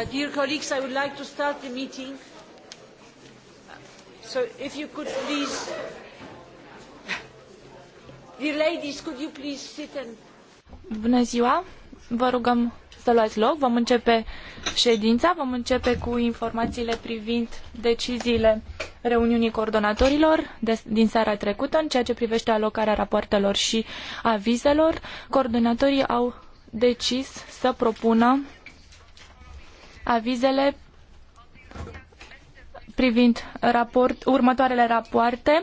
Uh, dear colleagues, I would like to start the meeting. So if you could please... Dear ladies, could you please sit and... Bună ziua! Vă rugăm să luați loc. Vom începe ședința. Vom începe cu informațiile privind deciziile reuniunii coordonatorilor de, din seara trecută în ceea ce privește alocarea rapoartelor și avizelor. Coordonatorii au decis să propună avizele privind raport, următoarele rapoarte.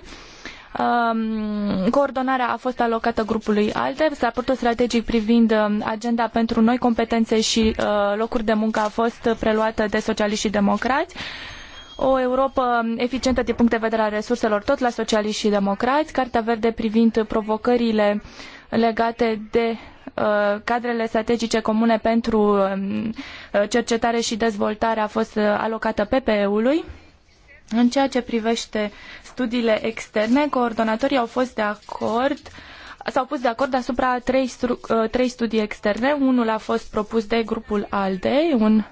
Um, coordonarea a fost alocată grupului ALTE. raportul strategic privind um, agenda pentru noi competențe și uh, locuri de muncă a fost preluată de socialiști și democrați. O Europa um, eficientă din punct de vedere al resurselor, tot la socialiști și democrați. Cartea verde privind provocările legate de Uh, cadrele strategice comune pentru um, uh, cercetare și dezvoltare a fost uh, alocată PPE-ului. În ceea ce privește studiile externe, coordonatorii au fost de acord s-au pus de acord asupra trei, trei studii externe. Unul a fost propus de grupul ALDE, un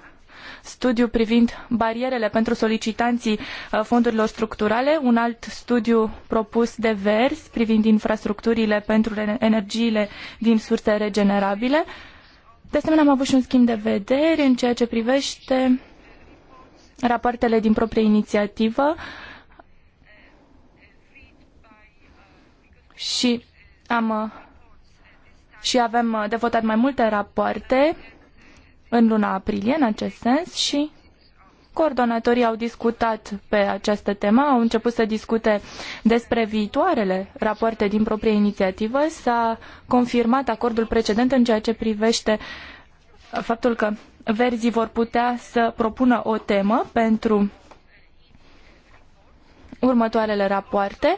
studiu privind barierele pentru solicitanții uh, fondurilor structurale, un alt studiu propus de Vers privind infrastructurile pentru energiile din surse regenerabile. De asemenea, am avut și un schimb de vedere în ceea ce privește rapoartele din proprie inițiativă și am uh, și avem uh, de votat mai multe rapoarte în luna aprilie în acest sens și coordonatorii au discutat pe această temă, au început să discute despre viitoarele rapoarte din proprie inițiativă. S-a confirmat acordul precedent în ceea ce privește faptul că verzii vor putea să propună o temă pentru următoarele rapoarte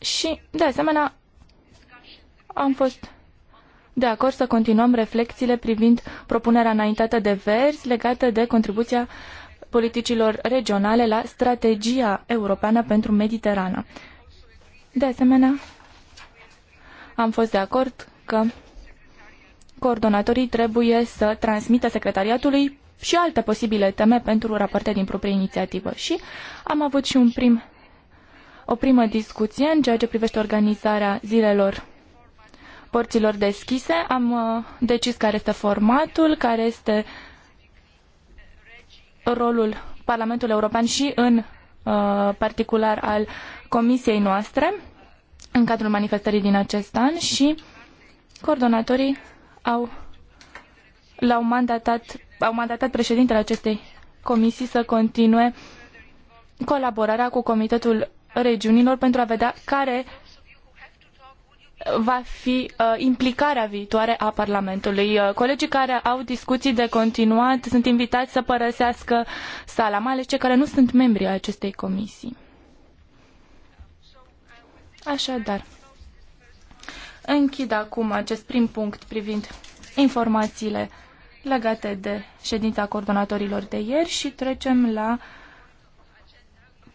și, de asemenea, am fost de acord să continuăm reflexiile privind propunerea înaintată de vers legată de contribuția politicilor regionale la strategia europeană pentru Mediterana. De asemenea, am fost de acord că coordonatorii trebuie să transmită secretariatului și alte posibile teme pentru rapoarte din proprie inițiativă. Și am avut și un prim, o primă discuție în ceea ce privește organizarea zilelor părților deschise. Am uh, decis care este formatul, care este rolul Parlamentului European și în uh, particular al comisiei noastre în cadrul manifestării din acest an și coordonatorii au l-au mandatat, au mandatat președintele acestei comisii să continue colaborarea cu Comitetul Regiunilor pentru a vedea care va fi uh, implicarea viitoare a Parlamentului. Uh, colegii care au discuții de continuat sunt invitați să părăsească sala, mai ales cei care nu sunt membri ai acestei comisii. Așadar, închid acum acest prim punct privind informațiile legate de ședința coordonatorilor de ieri și trecem la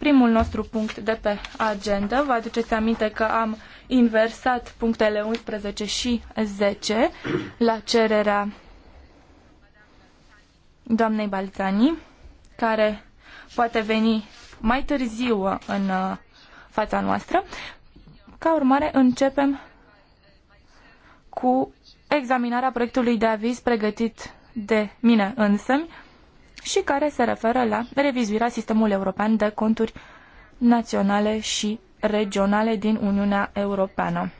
Primul nostru punct de pe agenda, vă aduceți aminte că am inversat punctele 11 și 10 la cererea doamnei Balzani, care poate veni mai târziu în uh, fața noastră. Ca urmare, începem cu examinarea proiectului de aviz pregătit de mine însămi și care se referă la revizuirea sistemului european de conturi naționale și regionale din Uniunea Europeană.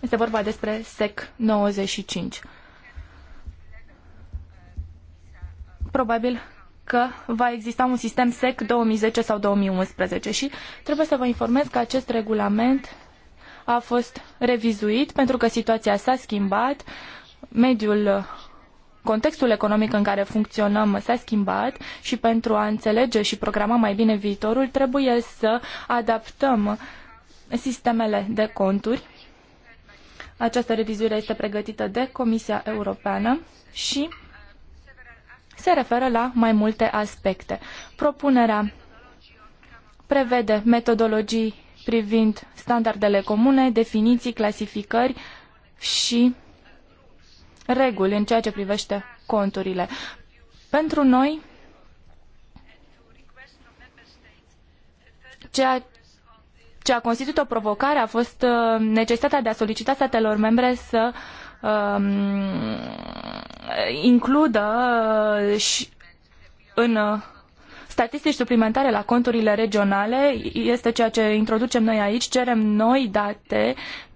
Este vorba despre SEC 95. Probabil că va exista un sistem SEC 2010 sau 2011 și trebuie să vă informez că acest regulament a fost revizuit pentru că situația s-a schimbat, mediul contextul economic în care funcționăm s-a schimbat și pentru a înțelege și programa mai bine viitorul trebuie să adaptăm sistemele de conturi. Această revizuire este pregătită de Comisia Europeană și se referă la mai multe aspecte. Propunerea prevede metodologii privind standardele comune, definiții, clasificări și reguli în ceea ce privește conturile. Pentru noi, ceea ce a constituit o provocare a fost uh, necesitatea de a solicita statelor membre să um, includă uh, și în uh, statistici suplimentare la conturile regionale. Este ceea ce introducem noi aici. Cerem noi date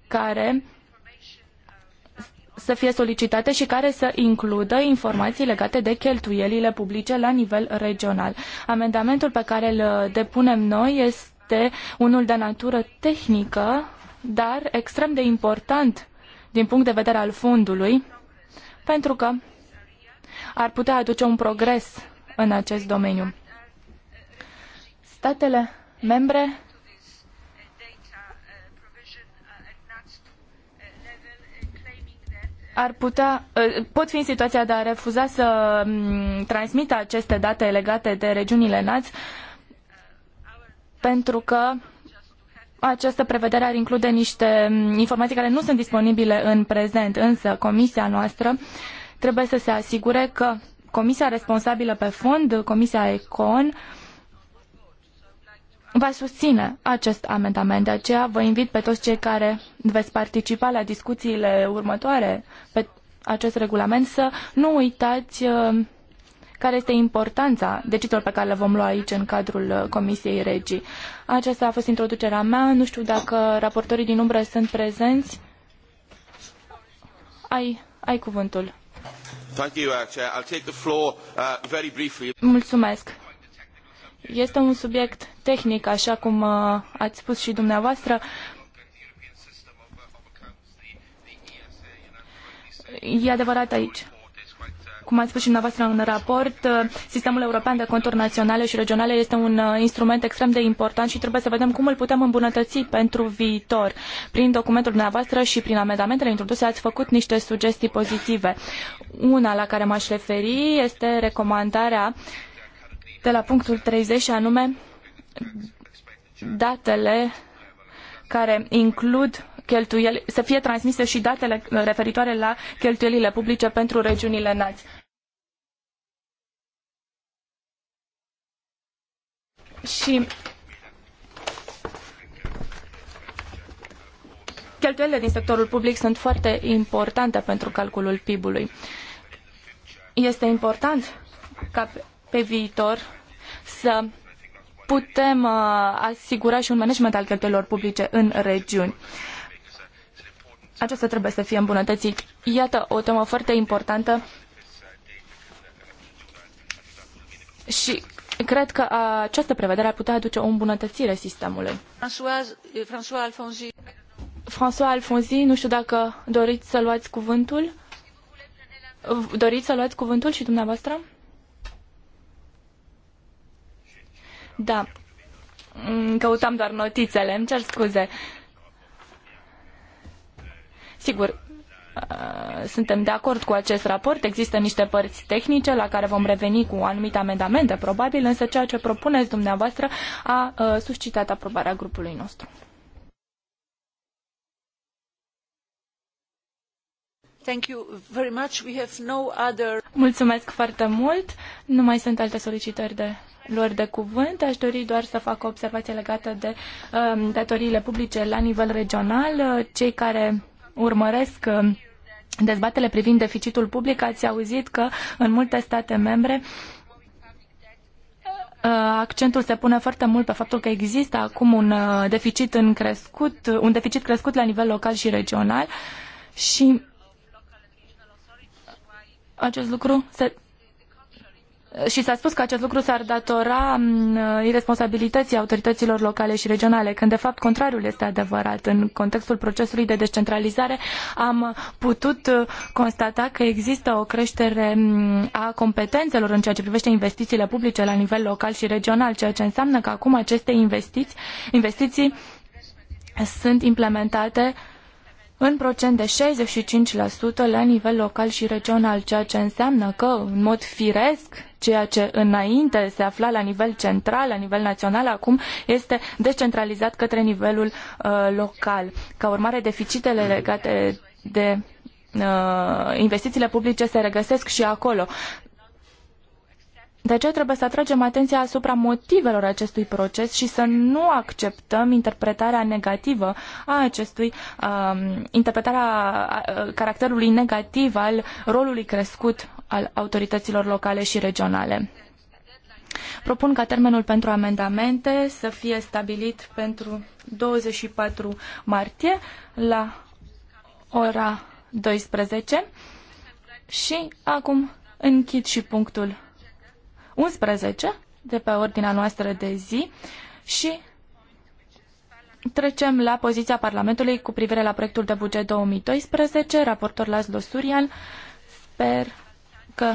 care să fie solicitate și care să includă informații legate de cheltuielile publice la nivel regional. Amendamentul pe care îl uh, depunem noi este unul de natură tehnică, dar extrem de important din punct de vedere al fondului, pentru că ar putea aduce un progres în acest domeniu. Statele membre ar putea, ă, pot fi în situația de a refuza să transmită aceste date legate de regiunile NAți pentru că această prevedere ar include niște informații care nu sunt disponibile în prezent, însă comisia noastră trebuie să se asigure că comisia responsabilă pe fond, comisia ECON, uh, va susține acest amendament. De aceea vă invit pe toți cei care veți participa la discuțiile următoare pe acest regulament să nu uitați uh, care este importanța deciziilor pe care le vom lua aici în cadrul uh, Comisiei Regii. Aceasta a fost introducerea mea. Nu știu dacă raportorii din umbră sunt prezenți. Ai, ai cuvântul. Mulțumesc. Este un subiect tehnic, așa cum uh, ați spus și dumneavoastră. E adevărat aici cum ați spus și dumneavoastră în raport, uh, sistemul european de conturi naționale și regionale este un uh, instrument extrem de important și trebuie să vedem cum îl putem îmbunătăți pentru viitor. Prin documentul dumneavoastră și prin amendamentele introduse ați făcut niște sugestii pozitive. Una la care m-aș referi este recomandarea uh, de la punctul 30 și anume datele care includ cheltuieli, să fie transmise și datele referitoare la cheltuielile publice pentru regiunile nați. Și cheltuielile din sectorul public sunt foarte importante pentru calculul PIB-ului. Este important ca pe viitor să putem uh, asigura și un management al cheltuielor publice în regiuni. Aceasta trebuie să fie îmbunătățit. Iată o temă foarte importantă și cred că această prevedere ar putea aduce o îmbunătățire sistemului. Euh, François, Alfonzi. François Alfonzi, nu știu dacă doriți să luați cuvântul. Doriți să luați cuvântul și dumneavoastră? Da, mm, căutam doar notițele, îmi cer scuze. Sigur, uh, suntem de acord cu acest raport, există niște părți tehnice la care vom reveni cu anumite amendamente, probabil, însă ceea ce propuneți dumneavoastră a uh, suscitat aprobarea grupului nostru. Thank you very much. We have no other... Mulțumesc foarte mult. Nu mai sunt alte solicitări de lor de cuvânt. Aș dori doar să fac o observație legată de um, datoriile publice la nivel regional. Uh, cei care urmăresc uh, dezbatele privind deficitul public, ați auzit că în multe state membre uh, accentul se pune foarte mult pe faptul că există acum un uh, deficit în crescut, un deficit crescut la nivel local și regional și acest lucru se și s-a spus că acest lucru s-ar datora mm, irresponsabilității autorităților locale și regionale, când de fapt contrariul este adevărat. În contextul procesului de descentralizare am putut uh, constata că există o creștere mm, a competențelor în ceea ce privește investițiile publice la nivel local și regional, ceea ce înseamnă că acum aceste investiții, investiții sunt implementate uh, în procent de 65% la nivel local și regional, ceea ce înseamnă că, în mod firesc, ceea ce înainte se afla la nivel central, la nivel național, acum este decentralizat către nivelul uh, local. Ca urmare, deficitele legate de uh, investițiile publice se regăsesc și acolo. De aceea trebuie să atragem atenția asupra motivelor acestui proces și să nu acceptăm interpretarea negativă a acestui, um, interpretarea uh, caracterului negativ al rolului crescut al autorităților locale și regionale. Propun ca termenul pentru amendamente să fie stabilit pentru 24 martie la ora 12 și acum închid și punctul 11 de pe ordinea noastră de zi și trecem la poziția Parlamentului cu privire la proiectul de buget 2012, raportor Laszlo Surian. Sper că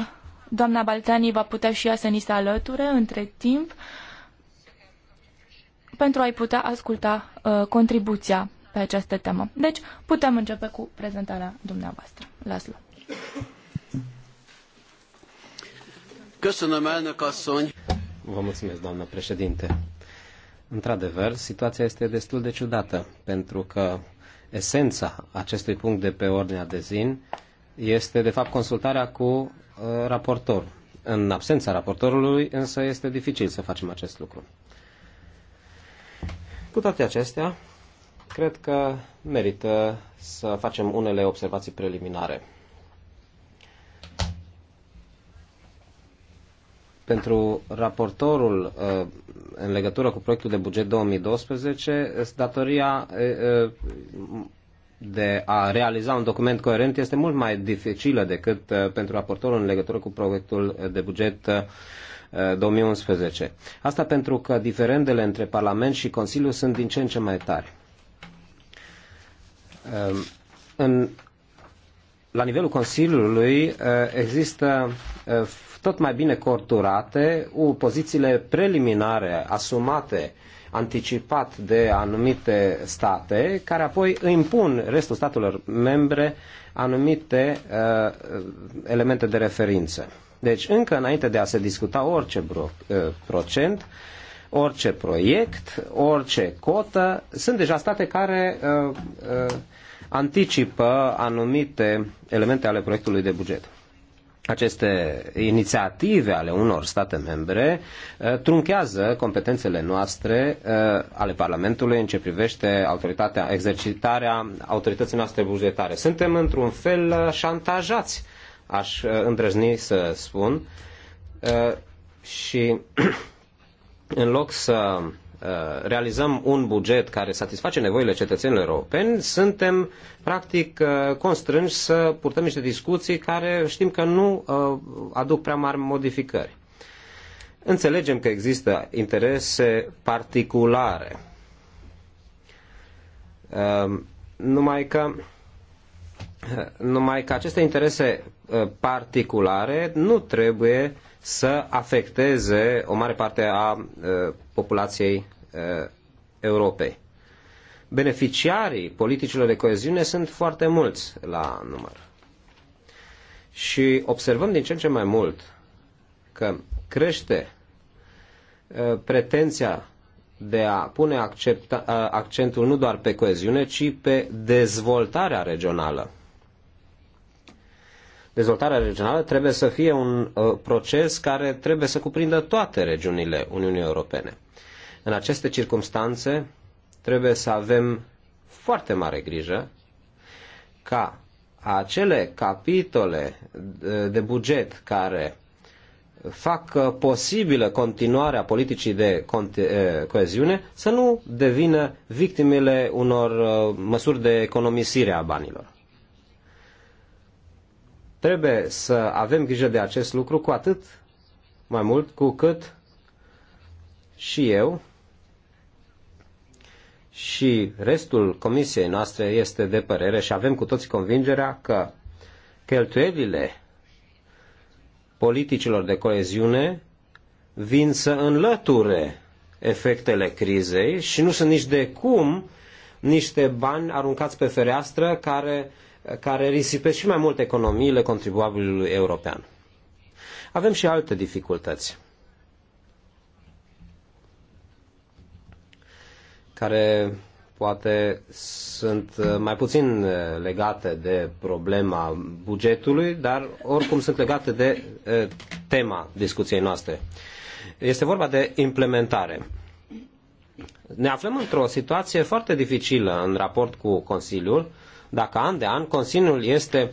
doamna Baltani va putea și ea să ni se alăture între timp pentru a-i putea asculta uh, contribuția pe această temă. Deci, putem începe cu prezentarea dumneavoastră. Laszlo. Köszönöm, elnök asszony! Vă mulțumesc, doamnă președinte. Într-adevăr, situația este destul de ciudată, pentru că esența acestui punct de pe ordinea de zi este, de fapt, consultarea cu uh, raportor. În absența raportorului, însă, este dificil să facem acest lucru. Cu toate acestea, cred că merită să facem unele observații preliminare. pentru raportorul uh, în legătură cu proiectul de buget 2012, datoria de a realiza un document coerent este mult mai dificilă decât uh, pentru raportorul în legătură cu proiectul de buget 2011. Uh, Asta pentru că diferendele între Parlament și Consiliu sunt din ce în ce mai tari. Um, în, la nivelul Consiliului există tot mai bine corturate, pozițiile preliminare asumate anticipat de anumite state, care apoi impun restul statelor membre anumite uh, elemente de referință. Deci, încă înainte de a se discuta orice bro, uh, procent, orice proiect, orice cotă, sunt deja state care uh, uh, anticipă anumite elemente ale proiectului de buget aceste inițiative ale unor state membre uh, trunchează competențele noastre uh, ale Parlamentului în ce privește autoritatea, exercitarea autorității noastre bugetare. Suntem într-un fel uh, șantajați, aș îndrăzni să spun, și în loc să Uh, realizăm un buget care satisface nevoile cetățenilor europeni, suntem practic uh, constrânși să purtăm niște discuții care știm că nu uh, aduc prea mari modificări. Înțelegem că există interese particulare. Numai că numai că aceste interese particulare nu trebuie uh, să afecteze o mare parte a uh, populației uh, Europei. Beneficiarii politicilor de coeziune sunt foarte mulți la număr. Și observăm din ce în ce mai mult că crește uh, pretenția de a pune accepta, accentul nu doar pe coeziune, ci pe dezvoltarea regională dezvoltarea regională trebuie să fie un uh, proces care trebuie să cuprindă toate regiunile Uniunii Europene. În aceste circunstanțe trebuie să avem foarte mare grijă ca acele capitole uh, de buget care fac uh, posibilă continuarea politicii de coeziune să nu devină victimele unor măsuri de economisire a banilor. Trebuie să avem grijă de acest lucru cu atât mai mult cu cât și eu și restul comisiei noastre este de părere și avem cu toți convingerea că cheltuielile politicilor de coeziune vin să înlăture efectele crizei și nu sunt nici de cum niște bani aruncați pe fereastră care care risipesc și mai mult economiile contribuabilului european. Avem și alte dificultăți care poate sunt mai puțin legate de problema bugetului, dar oricum sunt legate de tema discuției noastre. Este vorba de implementare. Ne aflăm într-o situație foarte dificilă în raport cu Consiliul, dacă an de an Consiliul este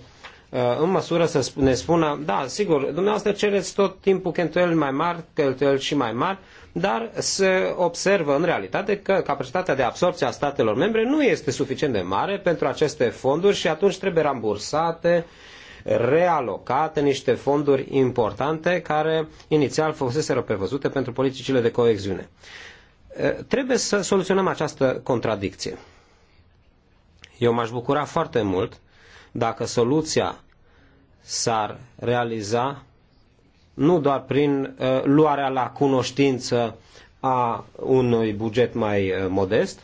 uh, în măsură să ne spună, da, sigur, dumneavoastră cereți tot timpul cheltuieli mai mari, cheltuieli și mai mari, dar se observă în realitate că capacitatea de absorpție a statelor membre nu este suficient de mare pentru aceste fonduri și atunci trebuie rambursate, realocate niște fonduri importante care inițial fuseseră prevăzute pentru politicile de coeziune. Uh, trebuie să soluționăm această contradicție. Eu m-aș bucura foarte mult dacă soluția s-ar realiza nu doar prin uh, luarea la cunoștință a unui buget mai uh, modest,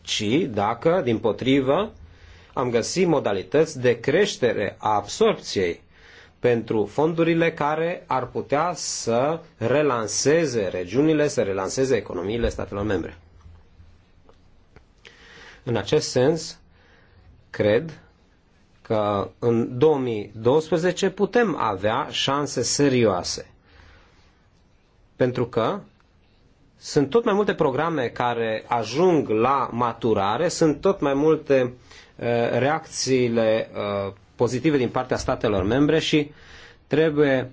ci dacă, din potrivă, am găsit modalități de creștere a absorpției pentru fondurile care ar putea să relanseze regiunile, să relanseze economiile statelor membre. În acest sens, cred că în 2012 putem avea șanse serioase. Pentru că sunt tot mai multe programe care ajung la maturare, sunt tot mai multe uh, reacțiile uh, pozitive din partea statelor membre și trebuie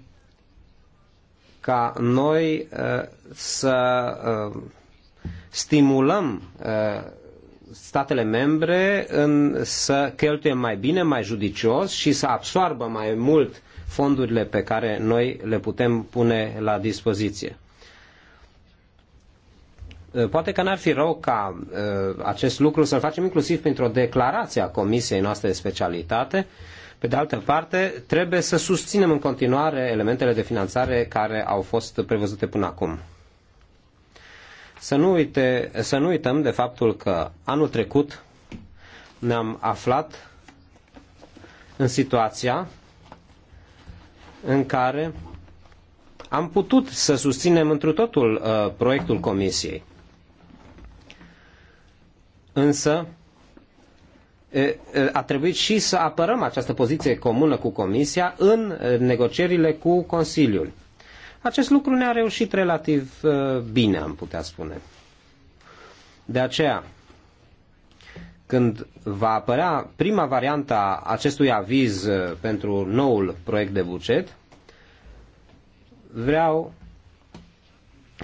ca noi uh, să stimulăm statele membre în, să cheltuie mai bine, mai judicios și să absoarbă mai mult fondurile pe care noi le putem pune la dispoziție. Uh, poate că n-ar fi rău ca uh, acest lucru să-l facem inclusiv printr-o declarație a Comisiei noastre de specialitate. Pe de altă parte, trebuie să susținem în continuare elementele de finanțare care au fost prevăzute până acum. Să nu, uite, să nu uităm de faptul că anul trecut ne-am aflat în situația în care am putut să susținem întru totul uh, proiectul Comisiei. Însă a trebuit și să apărăm această poziție comună cu Comisia în uh, negocierile cu Consiliul. Acest lucru ne-a reușit relativ uh, bine, am putea spune. De aceea, când va apărea prima variantă a acestui aviz uh, pentru noul proiect de buget, vreau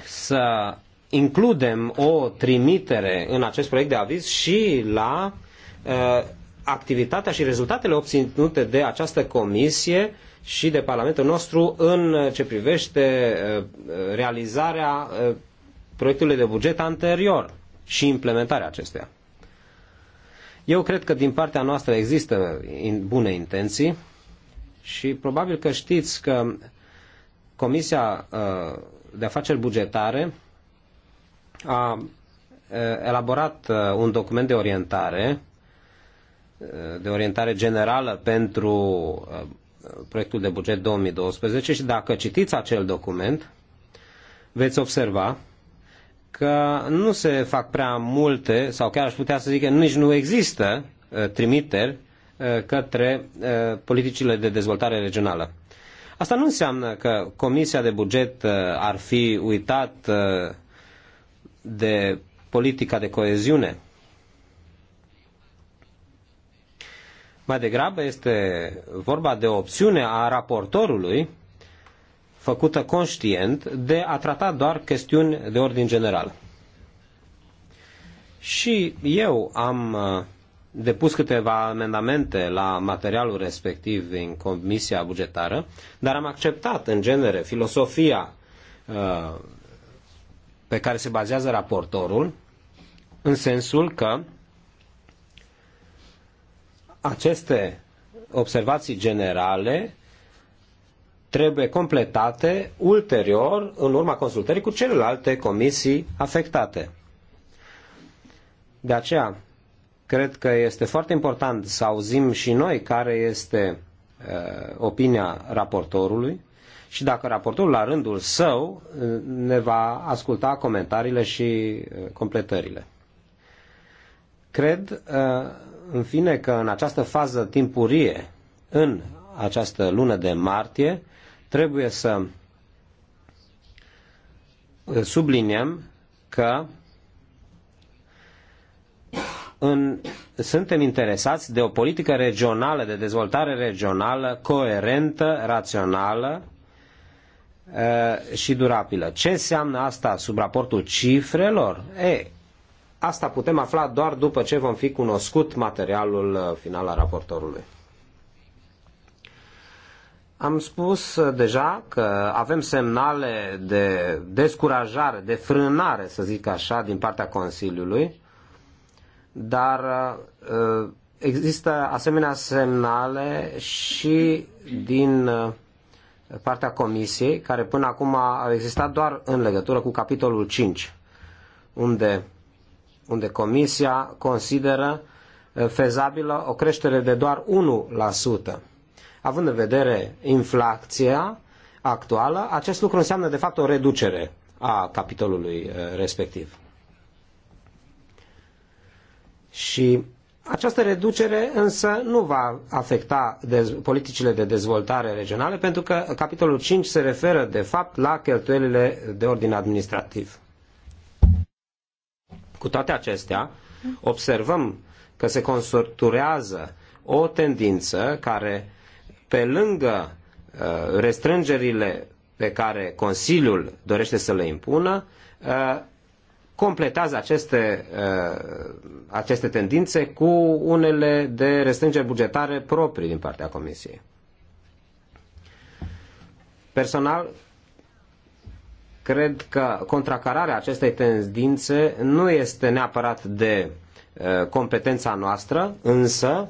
să includem o trimitere în acest proiect de aviz și la uh, activitatea și rezultatele obținute de această comisie și de Parlamentul nostru în ce privește uh, realizarea uh, proiectului de buget anterior și implementarea acesteia. Eu cred că din partea noastră există bune intenții și probabil că știți că Comisia uh, de Afaceri Bugetare a elaborat un document de orientare, de orientare generală pentru proiectul de buget 2012 și dacă citiți acel document, veți observa că nu se fac prea multe, sau chiar aș putea să zic că nici nu există uh, trimiteri uh, către uh, politicile de dezvoltare regională. Asta nu înseamnă că Comisia de Buget ar fi uitat de politica de coeziune. Mai degrabă este vorba de o opțiune a raportorului făcută conștient de a trata doar chestiuni de ordin general. Și eu am uh, depus câteva amendamente la materialul respectiv în Comisia Bugetară, dar am acceptat în genere filosofia uh, pe care se bazează raportorul, în sensul că aceste observații generale trebuie completate ulterior în urma consultării cu celelalte comisii afectate. De aceea, cred că este foarte important să auzim și noi care este uh, opinia raportorului și dacă raportorul la rândul său uh, ne va asculta comentariile și uh, completările. Cred uh, în fine că în această fază timpurie, în această lună de martie, trebuie să subliniem că în, suntem interesați de o politică regională, de dezvoltare regională, coerentă, rațională și durabilă. Ce înseamnă asta sub raportul cifrelor? E, Asta putem afla doar după ce vom fi cunoscut materialul uh, final al raportorului. Am spus uh, deja că avem semnale de descurajare, de frânare, să zic așa, din partea Consiliului, dar uh, există asemenea semnale și din partea Comisiei, care până acum au existat doar în legătură cu capitolul 5, unde unde Comisia consideră uh, fezabilă o creștere de doar 1%. Având în vedere inflația actuală, acest lucru înseamnă de fapt o reducere a capitolului uh, respectiv. Și această reducere însă nu va afecta politicile de dezvoltare regionale pentru că capitolul 5 se referă de fapt la cheltuielile de ordin administrativ. Cu toate acestea, observăm că se consorturează o tendință care, pe lângă uh, restrângerile pe care Consiliul dorește să le impună, uh, completează aceste, uh, aceste tendințe cu unele de restrângeri bugetare proprii din partea Comisiei. Personal, cred că contracararea acestei tendințe nu este neapărat de uh, competența noastră, însă,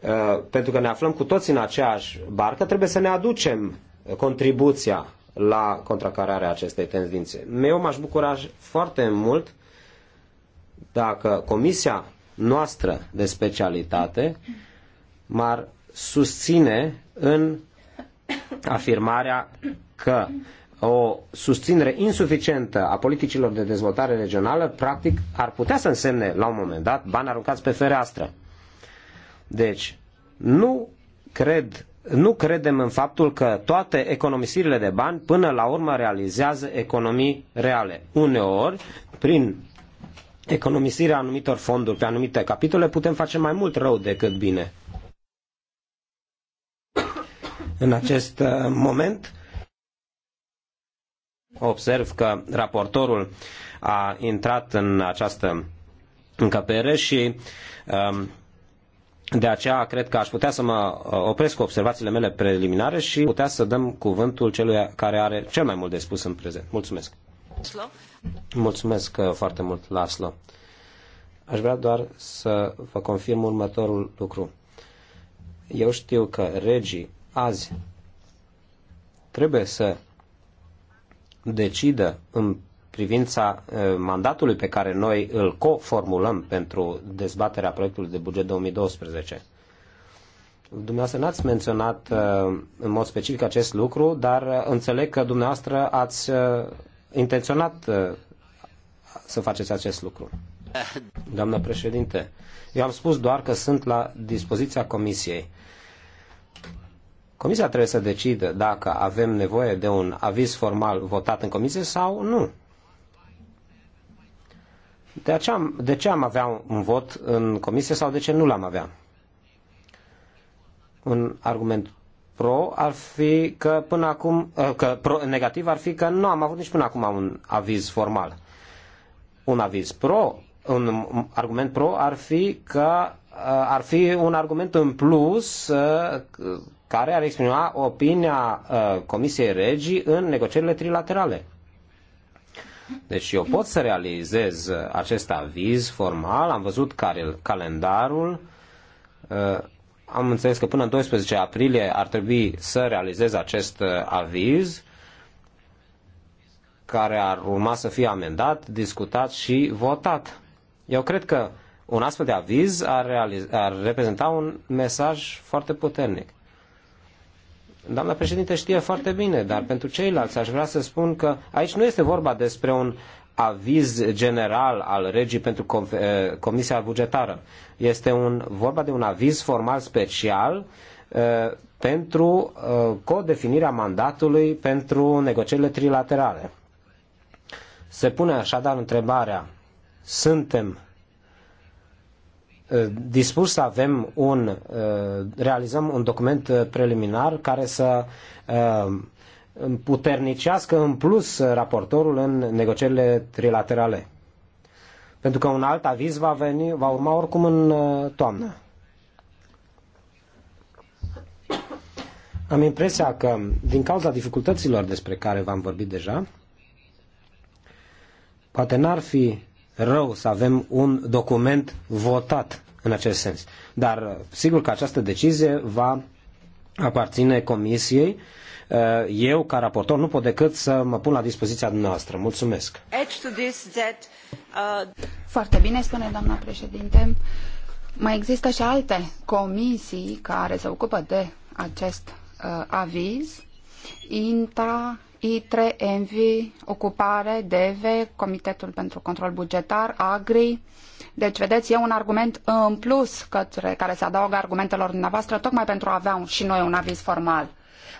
uh, pentru că ne aflăm cu toți în aceeași barcă, trebuie să ne aducem contribuția la contracararea acestei tendințe. Eu m-aș bucura foarte mult dacă comisia noastră de specialitate m-ar susține în afirmarea că uh, o susținere insuficientă a politicilor de dezvoltare regională, practic ar putea să însemne la un moment dat bani aruncați pe fereastră. Deci, nu cred nu credem în faptul că toate economisirile de bani până la urmă realizează economii reale. Uneori, prin economisirea anumitor fonduri pe anumite capitole, putem face mai mult rău decât bine. În acest uh, moment, observ că raportorul a intrat în această încăpere și um, de aceea cred că aș putea să mă uh, opresc cu observațiile mele preliminare și putea să dăm cuvântul celui care are cel mai mult de spus în prezent. Mulțumesc! Mulțumesc uh, foarte mult, Laslo. Aș vrea doar să vă confirm următorul lucru. Eu știu că regii azi trebuie să decidă în privința mandatului pe care noi îl coformulăm pentru dezbaterea proiectului de buget 2012. Dumneavoastră n-ați menționat în mod specific acest lucru, dar înțeleg că dumneavoastră ați intenționat să faceți acest lucru. Doamnă președinte, eu am spus doar că sunt la dispoziția comisiei Comisia trebuie să decidă dacă avem nevoie de un aviz formal votat în comisie sau nu. De, aceea, de ce am avea un vot în comisie sau de ce nu l-am avea? Un argument pro ar fi că până acum, uh, că pro, negativ ar fi că nu am avut nici până acum un aviz formal. Un aviz pro, un argument pro ar fi că uh, ar fi un argument în plus uh, care ar exprima opinia uh, Comisiei Regii în negocierile trilaterale. Deci eu pot să realizez uh, acest aviz formal, am văzut care, calendarul, uh, am înțeles că până în 12 aprilie ar trebui să realizez acest aviz care ar urma să fie amendat, discutat și votat. Eu cred că un astfel de aviz ar, realiza, ar reprezenta un mesaj foarte puternic. Doamna președinte știe foarte bine, dar pentru ceilalți aș vrea să spun că aici nu este vorba despre un aviz general al regii pentru eh, Comisia Bugetară. Este un, vorba de un aviz formal special eh, pentru eh, codefinirea mandatului pentru negocierile trilaterale. Se pune așadar întrebarea, suntem Eh, dispus să avem un, eh, realizăm un document eh, preliminar care să puternicească în plus raportorul în negocierile trilaterale. Pentru că un alt aviz va, veni, va urma oricum în toamnă. Am impresia că, din cauza dificultăților despre care v-am vorbit deja, poate n-ar fi rău să avem un document votat în acest sens. Dar uh, sigur că această decizie va aparține Comisiei. Uh, eu, ca raportor, nu pot decât să mă pun la dispoziția dumneavoastră. Mulțumesc. Uh, Foarte bine, spune doamna președinte. Mai există și alte comisii care se ocupă de acest uh, aviz. INTA, ITRE, ENVI, Ocupare, DEVE, Comitetul pentru Control Bugetar, AGRI. Deci, vedeți, e un argument în plus către, care se adaugă argumentelor dumneavoastră, tocmai pentru a avea un, și noi un aviz formal.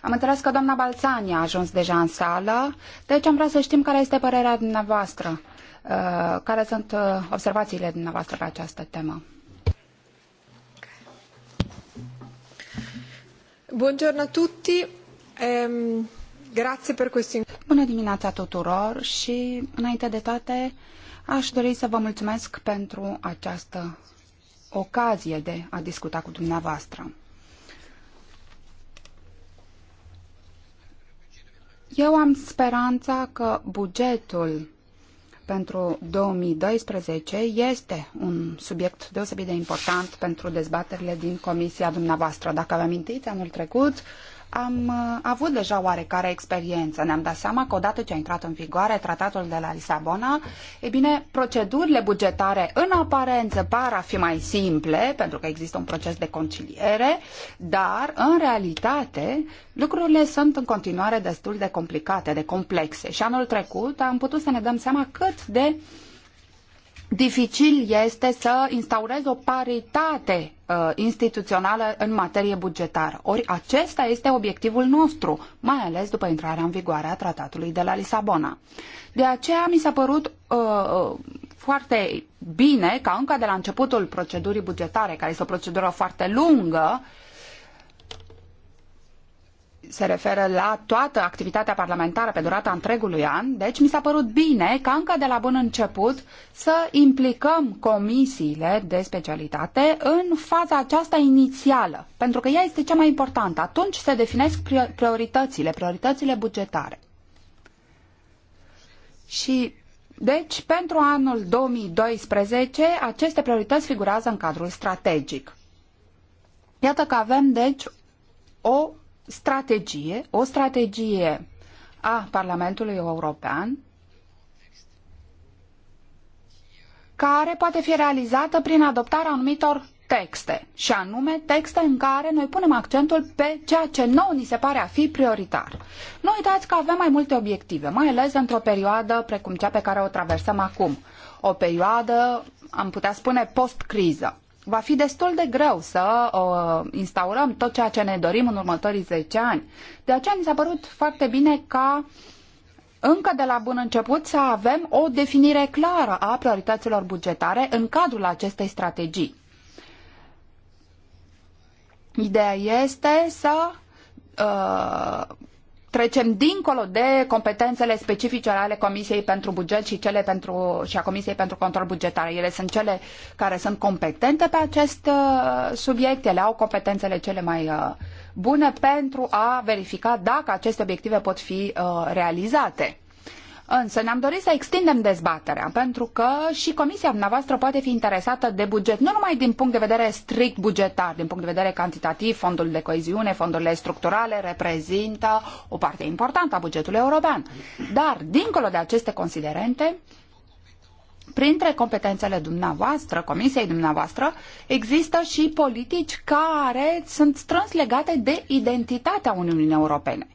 Am înțeles că doamna Balțani a ajuns deja în sală, deci am vrea să știm care este părerea dumneavoastră, uh, care sunt uh, observațiile dumneavoastră pe această temă. Buongiorno a tutti. Ehm... Bună dimineața tuturor și, înainte de toate, aș dori să vă mulțumesc pentru această ocazie de a discuta cu dumneavoastră. Eu am speranța că bugetul pentru 2012 este un subiect deosebit de important pentru dezbaterile din comisia dumneavoastră. Dacă vă amintiți, anul trecut am uh, avut deja oarecare experiență. Ne-am dat seama că odată ce a intrat în vigoare tratatul de la Lisabona, e bine, procedurile bugetare în aparență par a fi mai simple, pentru că există un proces de conciliere, dar în realitate lucrurile sunt în continuare destul de complicate, de complexe. Și anul trecut am putut să ne dăm seama cât de uh, dificil este să instaurezi o paritate uh, instituțională în materie bugetară. Ori acesta este obiectivul nostru, mai ales după intrarea în vigoare a tratatului de la Lisabona. De aceea mi s-a părut uh, uh foarte bine ca încă de la începutul procedurii bugetare, care este o procedură foarte lungă, uh, se referă la toată activitatea parlamentară pe durata întregului an, deci mi s-a părut bine ca încă de la bun început să implicăm comisiile de specialitate în faza aceasta inițială, pentru că ea este cea mai importantă. Atunci se definesc prioritățile, prioritățile bugetare. Și deci, pentru anul 2012, aceste priorități figurează în cadrul strategic. Iată că avem, deci, o strategie, o strategie a Parlamentului European care poate fi realizată prin adoptarea anumitor texte, și anume texte în care noi punem accentul pe ceea ce nou ni se pare a fi prioritar. Nu uitați că avem mai multe obiective, mai ales într-o perioadă precum cea pe care o traversăm acum, o perioadă, am putea spune, post-criză va fi destul de greu să uh, instaurăm tot ceea ce ne dorim în următorii 10 ani. De aceea mi s-a părut foarte bine ca încă de la bun început să avem o definire clară a priorităților bugetare în cadrul acestei strategii. Ideea este să uh, trecem dincolo de competențele specifice ale Comisiei pentru Buget și, cele pentru, și a Comisiei pentru Control Bugetar. Ele sunt cele care sunt competente pe acest uh, subiect, ele au competențele cele mai uh, bune pentru a verifica dacă aceste obiective pot fi uh, realizate. Însă ne-am dorit să extindem dezbaterea, pentru că și comisia dumneavoastră poate fi interesată de buget, nu numai din punct de vedere strict bugetar, din punct de vedere cantitativ, fondul de coeziune, fondurile structurale reprezintă o parte importantă a bugetului european. Dar, dincolo de aceste considerente, printre competențele dumneavoastră, comisiei dumneavoastră, există și politici care sunt strâns legate de identitatea Uniunii Europene.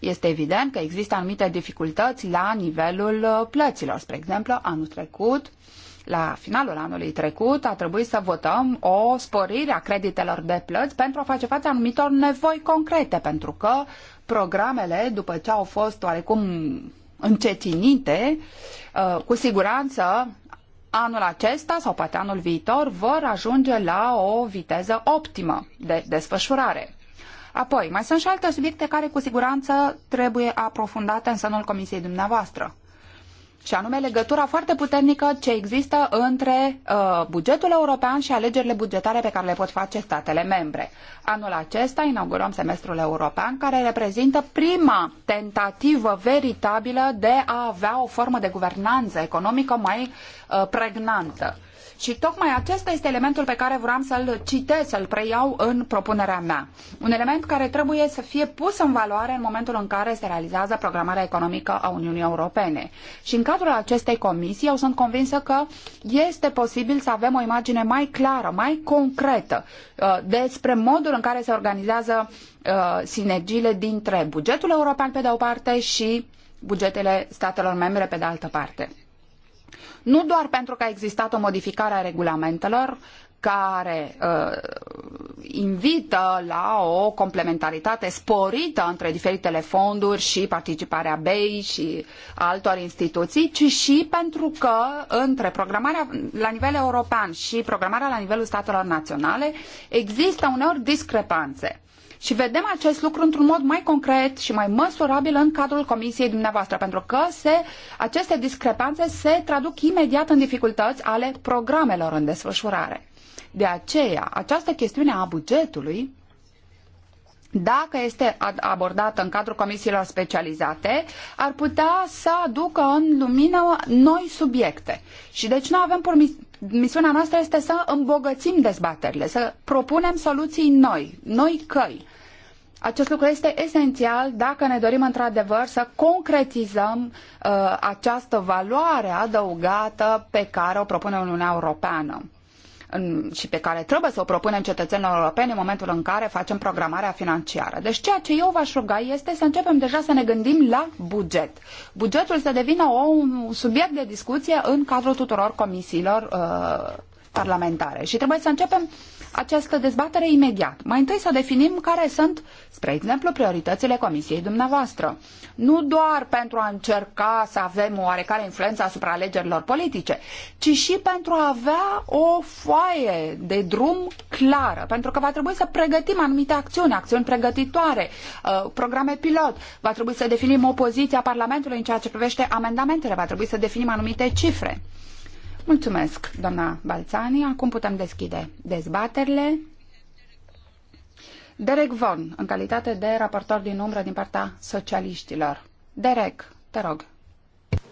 Este evident că există anumite dificultăți la nivelul uh, plăților. Spre exemplu, anul trecut, la finalul anului trecut, a trebuit să votăm o sporire a creditelor de plăți pentru a face față anumitor nevoi concrete, pentru că programele, după ce au fost oarecum încetinite, uh, cu siguranță anul acesta sau poate anul viitor vor ajunge la o viteză optimă de desfășurare. Apoi, mai sunt și alte subiecte care cu siguranță trebuie aprofundate în sânul comisiei dumneavoastră. Și anume legătura foarte puternică ce există între uh, bugetul european și alegerile bugetare pe care le pot face statele membre. Anul acesta inaugurăm semestrul european care reprezintă prima tentativă veritabilă de a avea o formă de guvernanță economică mai uh, pregnantă și tocmai acesta este elementul pe care vreau să-l citez, să-l preiau în propunerea mea. Un element care trebuie să fie pus în valoare în momentul în care se realizează programarea economică a Uniunii Europene. Și în cadrul acestei comisii eu sunt convinsă că este posibil să avem o imagine mai clară, mai concretă uh, despre modul în care se organizează uh, sinergiile dintre bugetul european pe de o parte și bugetele statelor membre pe de altă parte nu doar pentru că a existat o modificare a regulamentelor care uh, invită la o complementaritate sporită între diferitele fonduri și participarea BEI și altor instituții, ci și pentru că între programarea la nivel european și programarea la nivelul statelor naționale există uneori discrepanțe. Și vedem acest lucru într-un mod mai concret și mai măsurabil în cadrul comisiei dumneavoastră, pentru că se, aceste discrepanțe se traduc imediat în dificultăți ale programelor în desfășurare. De aceea, această chestiune a bugetului dacă este abordată în cadrul comisiilor specializate, ar putea să aducă în lumină noi subiecte. Și deci nu avem misiunea noastră este să îmbogățim dezbaterile, să propunem soluții noi, noi căi. Acest lucru este esențial dacă ne dorim într-adevăr să concretizăm uh, această valoare adăugată pe care o propune Uniunea Europeană și pe care trebuie să o propunem cetățenilor europeni în momentul în care facem programarea financiară. Deci ceea ce eu v-aș ruga este să începem deja să ne gândim la buget. Bugetul să devină o, un subiect de discuție în cadrul tuturor comisiilor uh, parlamentare și trebuie să începem această dezbatere imediat. Mai întâi să definim care sunt, spre exemplu, prioritățile Comisiei dumneavoastră. Nu doar pentru a încerca să avem o oarecare influență asupra alegerilor politice, ci și pentru a avea o foaie de drum clară, pentru că va trebui să pregătim anumite acțiuni, acțiuni pregătitoare, uh, programe pilot, va trebui să definim opoziția Parlamentului în ceea ce privește amendamentele, va trebui să definim anumite cifre. Mulțumesc, doamna Balțani. Acum putem deschide dezbaterile. Derek Von, în calitate de raportor din umbră din partea socialiștilor. Derek, te rog.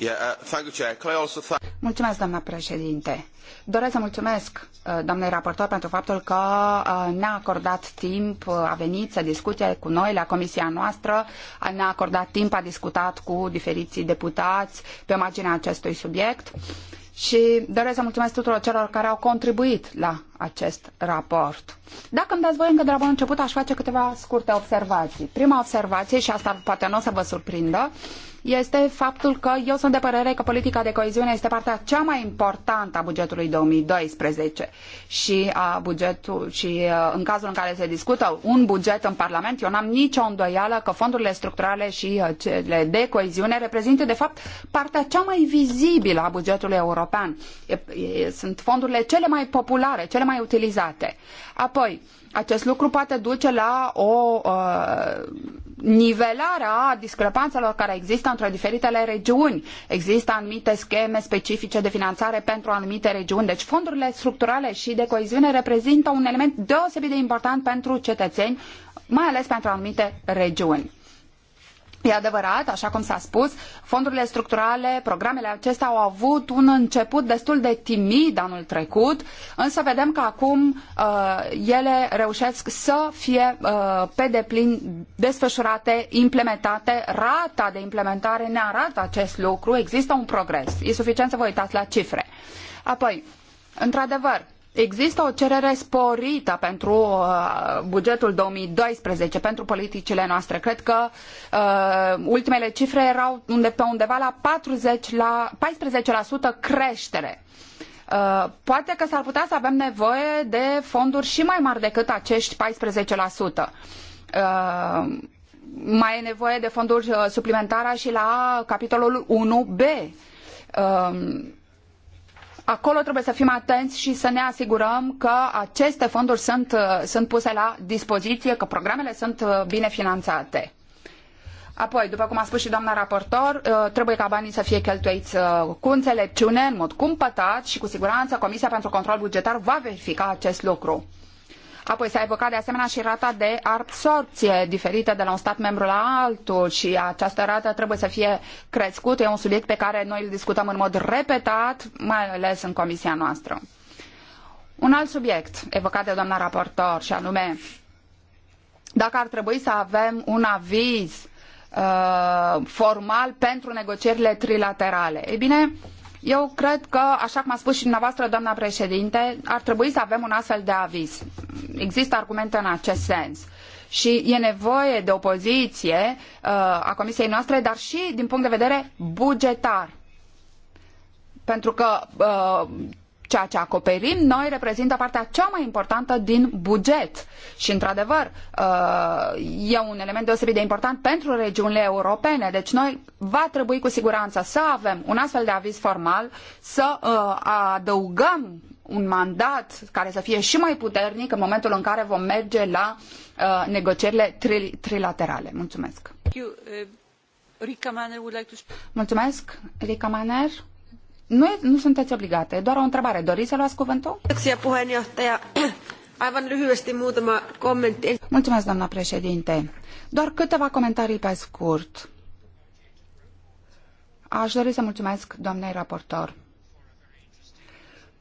Uh, mulțumesc, doamna președinte. Doresc să mulțumesc uh, doamnei raportor pentru faptul că uh, ne-a acordat timp, a venit să discute cu noi la comisia noastră, ne-a acordat timp, a discutat cu diferiții deputați pe marginea acestui subiect și doresc să mulțumesc tuturor celor care au contribuit la acest raport. Dacă îmi dați voi încă de la bun început, aș face câteva scurte observații. Prima observație, și asta poate nu o să vă surprindă, este faptul că eu sunt de părere că politica de coeziune este partea cea mai importantă a bugetului 2012 și a bugetul și uh, în cazul în care se discută un buget în Parlament, eu n-am nicio îndoială că fondurile structurale și uh, cele de coeziune reprezintă de fapt partea cea mai vizibilă a bugetului european. Sunt fondurile cele mai populare, cele mai utilizate. Apoi, acest lucru poate duce la o uh, nivelarea discrepanțelor care există între diferitele regiuni. Există anumite scheme specifice de finanțare pentru anumite regiuni. Deci fondurile structurale și de coeziune reprezintă un element deosebit de important pentru cetățeni, mai ales pentru anumite regiuni. E adevărat, așa cum s-a spus, fondurile structurale, programele acestea au avut un început destul de timid anul trecut, însă vedem că acum uh, ele reușesc să fie uh, pe deplin desfășurate, implementate. Rata de implementare ne arată acest lucru, există un progres. E suficient să vă uitați la cifre. Apoi, într-adevăr, Există o cerere sporită pentru uh, bugetul 2012, pentru politicile noastre. Cred că uh, ultimele cifre erau unde, pe undeva la, 40 la 14% creștere. Uh, poate că s-ar putea să avem nevoie de fonduri și mai mari decât acești 14%. Uh, mai e nevoie de fonduri uh, suplimentare și la capitolul 1B. Uh, acolo trebuie să fim atenți și să ne asigurăm că aceste fonduri sunt, uh, sunt puse la dispoziție, că programele sunt uh, bine finanțate. Apoi, după cum a spus și doamna raportor, uh, trebuie ca banii să fie cheltuiți cu înțelepciune, în mod cumpătat și cu siguranță Comisia pentru Control Bugetar va verifica acest lucru apoi să aibă ca de asemenea și rata de absorpție diferită de la un stat membru la altul și această rată trebuie să fie crescută. E un subiect pe care noi îl discutăm în mod repetat, mai ales în comisia noastră. Un alt subiect evocat de doamna raportor și anume dacă ar trebui să avem un aviz uh, formal pentru negocierile trilaterale. Ei bine, uh, eu cred că, așa cum a spus și dumneavoastră, doamna președinte, ar trebui să avem un astfel de aviz. Există argumente în acest sens și e nevoie de o uh, a comisiei noastre, dar și din punct de vedere bugetar. Pentru că uh, ceea ce acoperim noi reprezintă partea cea mai importantă din buget. Și, într-adevăr, uh, e un element deosebit de important pentru regiunile europene. Deci noi va trebui cu siguranță să avem un astfel de aviz formal, să uh, adăugăm un mandat care să fie și mai puternic în momentul în care vom merge la uh, negocierile tri trilaterale. Mulțumesc! Mulțumesc, Rica nu, nu sunteți obligate, doar o întrebare. Doriți să luați cuvântul? Mulțumesc, doamna președinte. Doar câteva comentarii pe scurt. Aș dori să mulțumesc doamnei raportor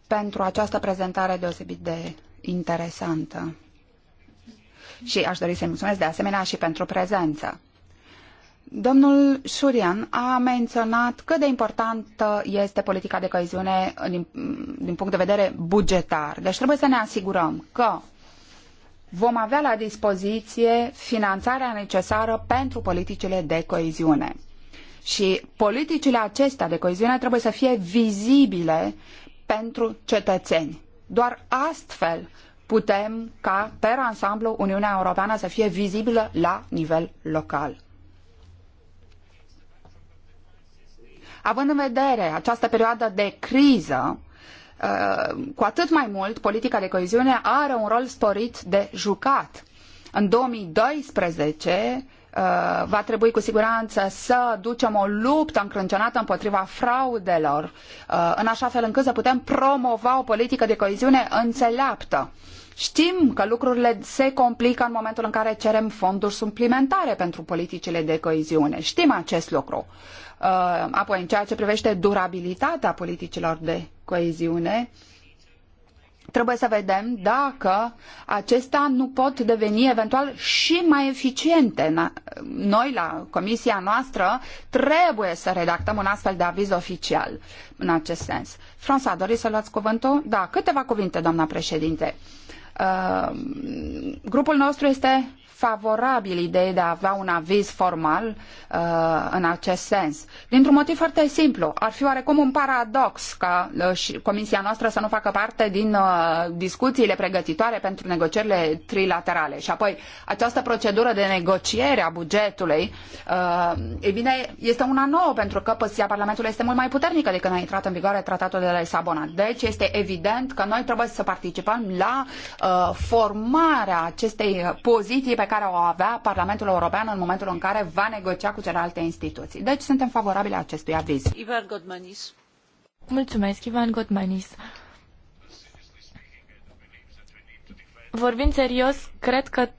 pentru această prezentare deosebit de interesantă. Și aș dori să-i mulțumesc de asemenea și pentru prezență. Domnul Șurian a menționat cât de importantă este politica de coeziune din, din punct de vedere bugetar. Deci trebuie să ne asigurăm că vom avea la dispoziție finanțarea necesară pentru politicile de coeziune. Și politicile acestea de coeziune trebuie să fie vizibile pentru cetățeni. Doar astfel putem ca, per ansamblu, Uniunea Europeană să fie vizibilă la nivel local. Având în vedere această perioadă de criză, uh, cu atât mai mult politica de coeziune are un rol sporit de jucat. În 2012 uh, va trebui cu siguranță să ducem o luptă încrâncenată împotriva fraudelor, uh, în așa fel încât să putem promova o politică de coeziune înțeleaptă. Știm că lucrurile se complică în momentul în care cerem fonduri suplimentare pentru politicile de coeziune. Știm acest lucru. Uh, apoi, în ceea ce privește durabilitatea politicilor de coeziune, trebuie să vedem dacă acestea nu pot deveni eventual și mai eficiente. Noi, la comisia noastră, trebuie să redactăm un astfel de aviz oficial în acest sens. François, doriți să luați cuvântul? Da, câteva cuvinte, doamna președinte. Uh, grupul nostru este favorabil ideii de a avea un aviz formal uh, în acest sens. Dintr-un motiv foarte simplu, ar fi oarecum un paradox ca uh, comisia noastră să nu facă parte din uh, discuțiile pregătitoare pentru negocierile trilaterale. Și apoi, această procedură de negociere a bugetului, uh, bine, este una nouă pentru că poziția Parlamentului este mult mai puternică decât a intrat în vigoare tratatul de la Lisabona. Deci este evident că noi trebuie să participăm la uh, formarea acestei poziții pe pe care o avea Parlamentul European în momentul în care va negocia cu celelalte instituții. Deci suntem favorabili acestui aviz. Ivan Godmanis. Mulțumesc, Ivan Godmanis. Vorbind serios, cred că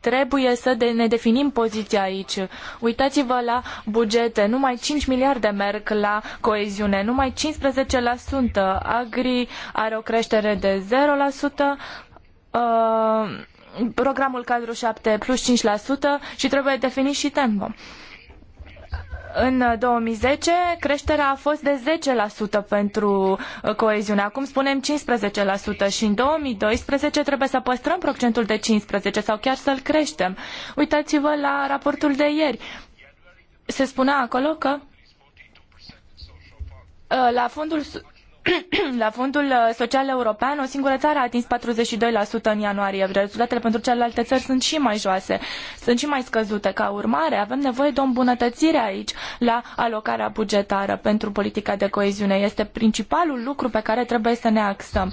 trebuie să ne definim poziția aici. Uitați-vă la bugete. Numai 5 miliarde merg la coeziune, numai 15%. Agri are o creștere de 0%. Uh, programul cadru 7 plus 5% și trebuie definit și tempo. În 2010 creșterea a fost de 10% pentru uh, coeziune, acum spunem 15% și în 2012 trebuie să păstrăm procentul de 15% sau chiar să-l creștem. Uitați-vă la raportul de ieri. Se spunea acolo că uh, la fondul la Fondul uh, Social European, o singură țară a atins 42% în ianuarie. Rezultatele pentru celelalte țări sunt și mai joase, sunt și mai scăzute. Ca urmare, avem nevoie de o îmbunătățire aici la alocarea bugetară pentru politica de coeziune. Este principalul lucru pe care trebuie să ne axăm.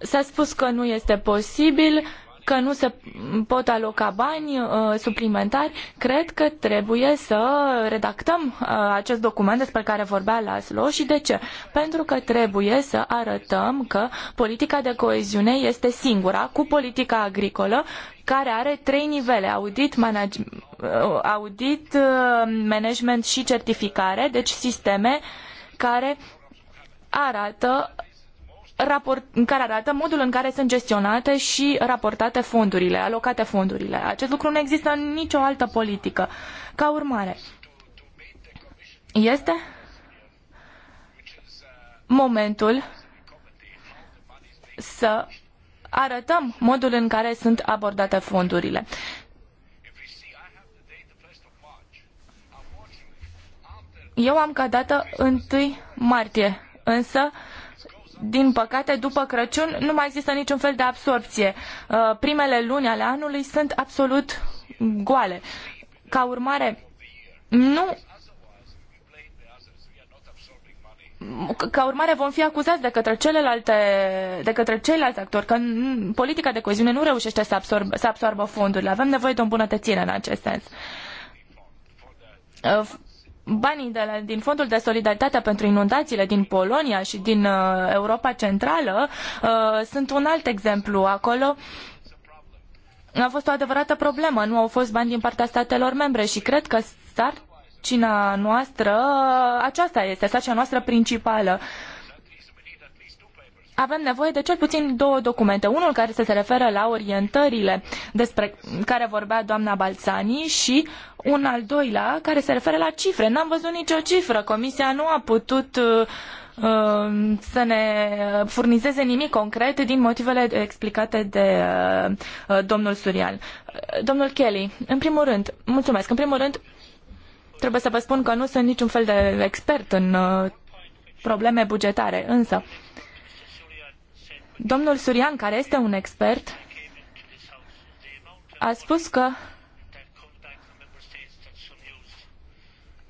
S-a spus că nu este posibil că nu se pot aloca bani uh, suplimentari, cred că trebuie să redactăm uh, acest document despre care vorbea Laslo și de ce? Pentru că trebuie să arătăm că politica de coeziune este singura cu politica agricolă care are trei nivele, audit, manage, uh, audit uh, management și certificare, deci sisteme care arată raport, care arată modul în care sunt gestionate și raportate fondurile, alocate fondurile. Acest lucru nu există în nicio altă politică. Ca urmare, este momentul să arătăm modul în care sunt abordate fondurile. Eu am ca dată 1 martie, însă din păcate, după Crăciun nu mai există niciun fel de absorpție. Uh, primele luni ale anului sunt absolut goale. Ca urmare, nu ca urmare vom fi acuzați de către, celelalte, de către ceilalți actori că politica de coeziune nu reușește să, absorb, să absorbă fondurile. Avem nevoie de o îmbunătățire în acest sens. Uh, banii de la, din Fondul de Solidaritate pentru Inundațiile din Polonia și din uh, Europa Centrală uh, sunt un alt exemplu. Acolo a fost o adevărată problemă. Nu au fost bani din partea statelor membre și cred că sarcina noastră, uh, aceasta este sarcina noastră principală. Uh, avem nevoie de cel puțin două documente. Unul care se referă la orientările despre care vorbea doamna Balțani și un al doilea care se referă la cifre. N-am văzut nicio cifră. Comisia nu a putut uh, uh să ne furnizeze nimic concret din motivele explicate de uh, uh domnul Surian. Uh, domnul Kelly, în primul rând, mulțumesc, în primul rând trebuie să vă spun că nu sunt niciun fel de expert în uh, probleme bugetare, însă Domnul Surian, care este un expert, a spus că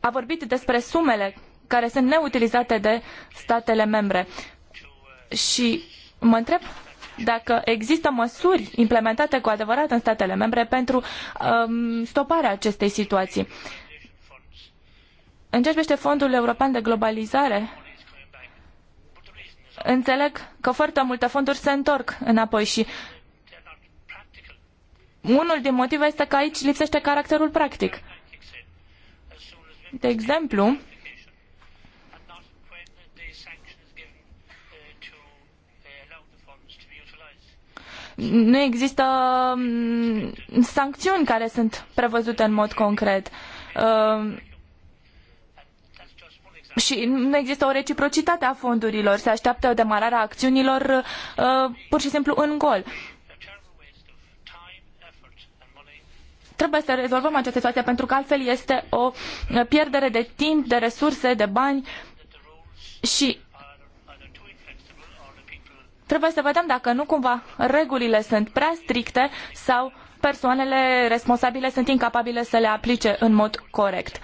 a vorbit despre sumele care sunt neutilizate de statele membre. Și mă întreb dacă există măsuri implementate cu adevărat în statele membre pentru um, stoparea acestei situații. În ceea ce Fondul European de Globalizare, înțeleg că foarte multe fonduri se întorc înapoi și unul din motive este că aici lipsește caracterul practic. De exemplu, nu există mm, sancțiuni care sunt prevăzute în mod concret. Uh, și nu există o reciprocitate a fondurilor. Se așteaptă demararea acțiunilor uh, pur și simplu în gol. Trebuie să rezolvăm această situație pentru că altfel este o pierdere de timp, de resurse, de bani și trebuie să vedem dacă nu cumva regulile sunt prea stricte sau persoanele responsabile sunt incapabile să le aplice în mod corect.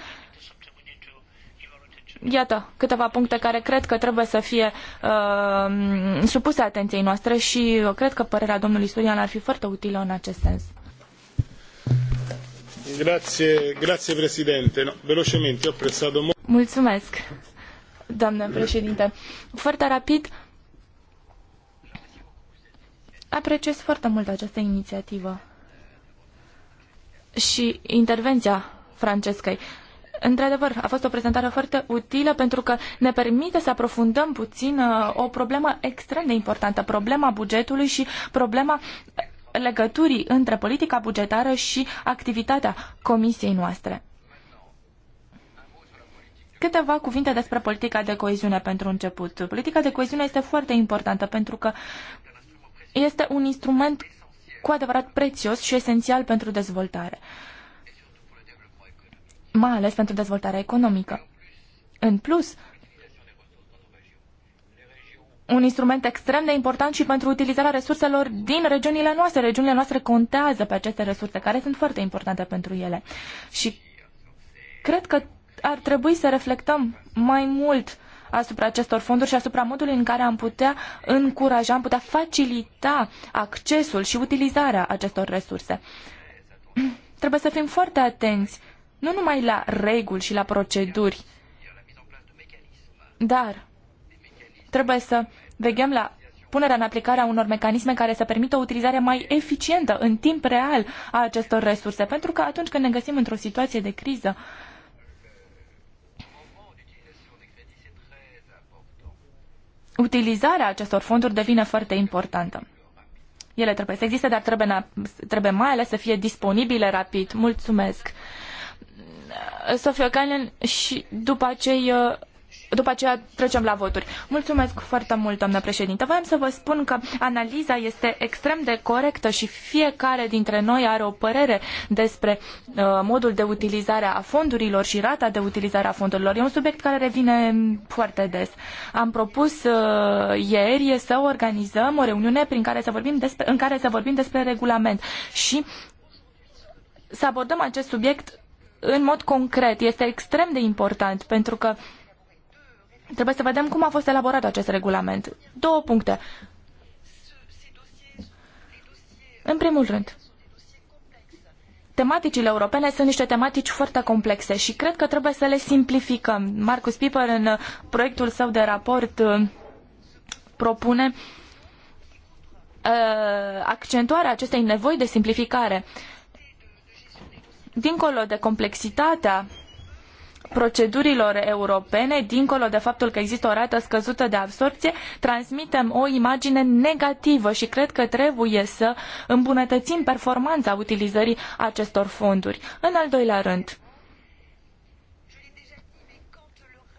Iată câteva puncte care cred că trebuie să fie uh, supuse atenției noastre și cred că părerea domnului Sturian ar fi foarte utilă în acest sens. Grazie, grazie No, velocemente, Mulțumesc, doamnă președinte. Foarte rapid, apreciez foarte mult această inițiativă și intervenția Francescai. Într-adevăr, a fost o prezentare foarte utilă pentru că ne permite să aprofundăm puțin uh, o problemă extrem de importantă, problema bugetului și problema legăturii între politica bugetară și activitatea comisiei noastre. Câteva cuvinte despre politica de coeziune pentru început. Politica de coeziune este foarte importantă pentru că este un instrument cu adevărat prețios și esențial pentru dezvoltare mai ales pentru dezvoltarea economică. În plus, un instrument extrem de important și pentru utilizarea resurselor din regiunile noastre. Regiunile noastre contează pe aceste resurse, care sunt foarte importante pentru ele. Și cred că ar trebui să reflectăm mai mult asupra acestor fonduri și asupra modului în care am putea încuraja, am putea facilita accesul și utilizarea acestor resurse. Trebuie să fim foarte atenți nu numai la reguli și la proceduri, dar trebuie să vegem la punerea în aplicare a unor mecanisme care să permită o utilizare mai eficientă în timp real a acestor resurse, pentru că atunci când ne găsim într-o situație de criză, utilizarea acestor fonduri devine foarte importantă. Ele trebuie să existe, dar trebuie, trebuie mai ales să fie disponibile rapid. Mulțumesc! Sofia Canen și după aceea după aceea trecem la voturi. Mulțumesc foarte mult, doamnă președintă. Voiam să vă spun că analiza este extrem de corectă și fiecare dintre noi are o părere despre uh, modul de utilizare a fondurilor și rata de utilizare a fondurilor. E un subiect care revine foarte des. Am propus uh, ieri să organizăm o reuniune prin care să vorbim despre, în care să vorbim despre regulament și să abordăm acest subiect în mod concret este extrem de important pentru că trebuie să vedem cum a fost elaborat acest regulament. Două puncte. În primul rând, tematicile europene sunt niște tematici foarte complexe și cred că trebuie să le simplificăm. Marcus Piper în uh, proiectul său de raport uh, propune uh, accentuarea acestei nevoi de simplificare. Uh, dincolo de complexitatea procedurilor europene, dincolo de faptul că există o rată scăzută de absorpție, transmitem o imagine negativă și cred că trebuie să îmbunătățim performanța utilizării acestor fonduri. În al doilea rând,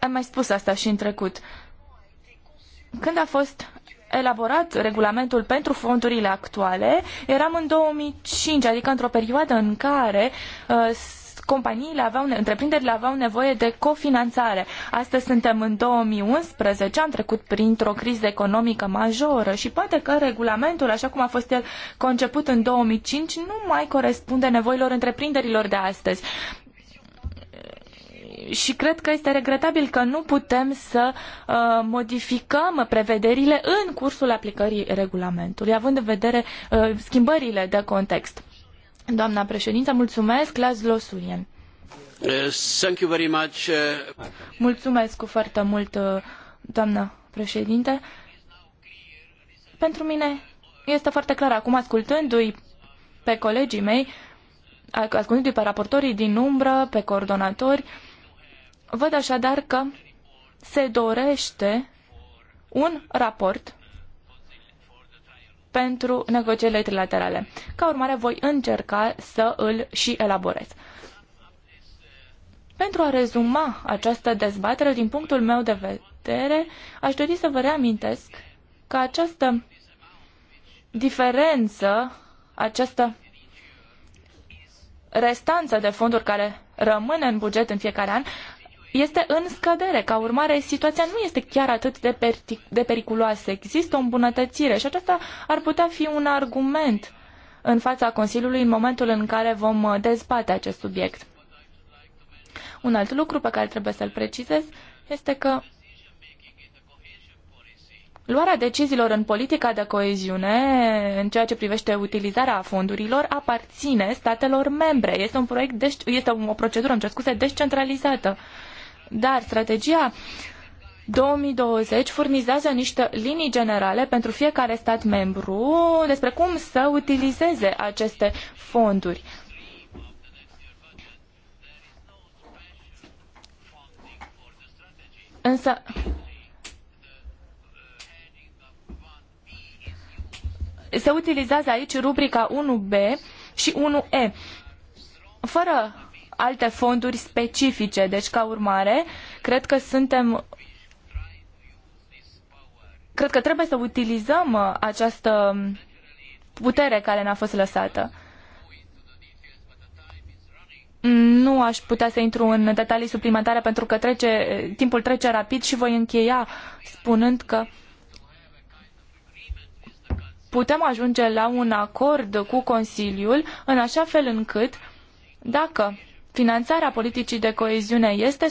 am mai spus asta și în trecut, când a fost elaborat regulamentul pentru fondurile actuale eram în 2005, adică într-o perioadă în care uh, companiile aveau, întreprinderile aveau nevoie de cofinanțare. Astăzi suntem în 2011, am trecut printr-o criză economică majoră și poate că regulamentul, așa cum a fost el conceput în 2005, nu mai corespunde nevoilor întreprinderilor de astăzi și cred că este regretabil că nu putem să uh, modificăm prevederile în cursul aplicării regulamentului, având în vedere uh, schimbările de context. Doamna președintă, mulțumesc, Laszlo Surien. Thank you very much. Uh, mulțumesc foarte mult, uh, doamnă președinte. Pentru mine este foarte clar acum, ascultându-i pe colegii mei, ascultându-i pe raportorii din umbră, pe coordonatori, uh, Văd așadar că se dorește un raport pentru negocierile trilaterale. Ca urmare, voi încerca să îl și elaborez. Pentru a rezuma această dezbatere, din punctul meu de vedere, aș dori să vă reamintesc că această diferență, această restanță de fonduri care rămâne în buget în fiecare an, este în scădere. Ca urmare, situația nu este chiar atât de, per- de periculoasă. Există o îmbunătățire și aceasta ar putea fi un argument în fața Consiliului în momentul în care vom uh, dezbate acest subiect. Un alt lucru pe care trebuie să-l precizez este că Luarea deciziilor în politica de coeziune, în ceea ce privește utilizarea fondurilor, aparține statelor membre. Este un proiect, este o procedură, îmi cer scuze, descentralizată. Dar strategia 2020 furnizează niște linii generale pentru fiecare stat membru despre cum să utilizeze aceste fonduri. Însă se utilizează aici rubrica 1B și 1E. Fără alte fonduri specifice. Deci, ca urmare, cred că suntem cred că trebuie să utilizăm uh, această putere care ne-a fost lăsată. Nu aș putea să intru în detalii suplimentare pentru că trece, uh, timpul trece rapid și voi încheia spunând că putem ajunge la un acord cu Consiliul în așa fel încât dacă finanțarea politicii de coeziune este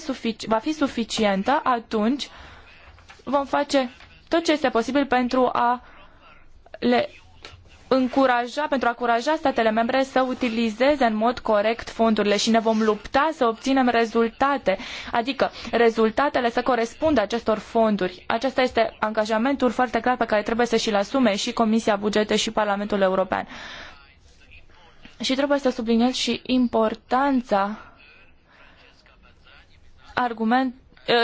va fi suficientă, atunci vom face tot ce este posibil pentru a le încuraja, pentru a încuraja statele membre să utilizeze în mod corect fondurile și ne vom lupta să obținem rezultate, adică rezultatele să corespundă acestor fonduri. Acesta este angajamentul foarte clar pe care trebuie să și-l asume și Comisia Bugete și Parlamentul European. Și trebuie să subliniez și importanța argument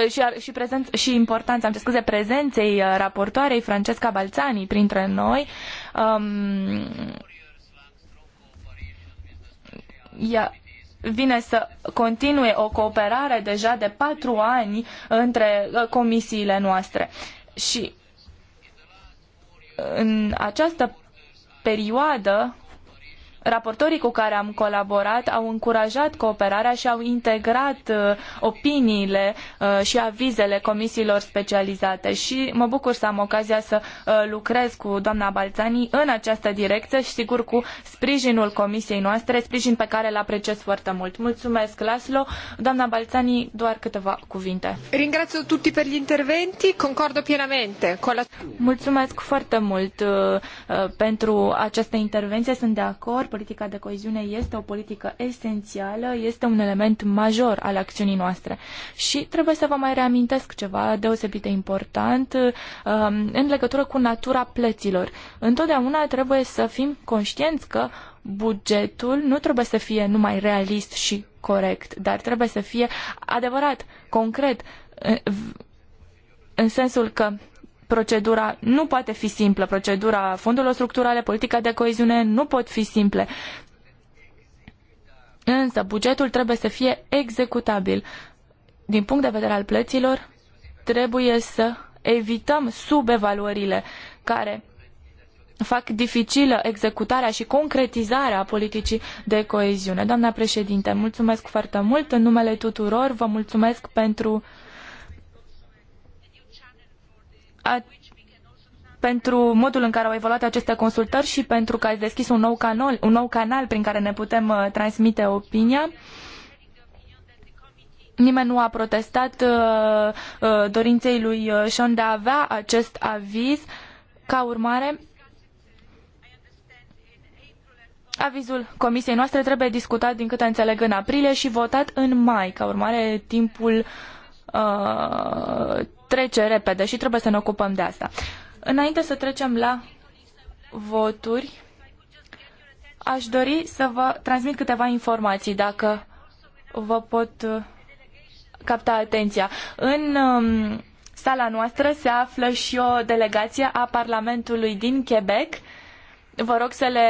uh, și, și, prezenț, și importanța, am scuze, prezenței uh, raportoarei Francesca Balțani printre noi. Um, ea vine să continue o cooperare deja de patru ani între uh, comisiile noastre. Și în această perioadă raportorii cu care am colaborat au încurajat cooperarea și au integrat uh, opiniile uh, și avizele comisiilor specializate și mă bucur să am ocazia să uh, lucrez cu doamna Balzani în această direcție și sigur cu sprijinul comisiei noastre, sprijin pe care îl apreciez foarte mult. Mulțumesc, Laslo. Doamna Balzani, doar câteva cuvinte. Ringrazio tutti per gli interventi, concordo pienamente. Mulțumesc foarte mult pentru aceste intervenție, sunt de acord politica de coeziune este o politică esențială, este un element major al acțiunii noastre. Și trebuie să vă mai reamintesc ceva deosebit de important um, în legătură cu natura plăților. Întotdeauna trebuie să fim conștienți că bugetul nu trebuie să fie numai realist și corect, dar trebuie să fie adevărat, concret, în sensul că procedura nu poate fi simplă. Procedura fondurilor structurale, politica de coeziune nu pot fi simple. Însă bugetul trebuie să fie executabil. Din punct de vedere al plăților, trebuie să evităm subevaluările care fac dificilă executarea și concretizarea politicii de coeziune. Doamna președinte, mulțumesc foarte mult în numele tuturor, vă mulțumesc pentru pentru modul în care au evoluat aceste consultări și pentru că ați deschis un nou canal, un nou canal prin care ne putem uh, transmite opinia. Nimeni nu a protestat uh, uh, dorinței lui Sean de a avea acest aviz. Ca urmare, Avizul comisiei noastre trebuie discutat, din câte înțeleg, în aprilie și votat în mai. Ca urmare, timpul uh, trece repede și trebuie să ne ocupăm de asta. Înainte să trecem la voturi, aș dori să vă transmit câteva informații, dacă vă pot uh, capta atenția. În um, sala noastră se află și o delegație a Parlamentului din Quebec. Vă rog să le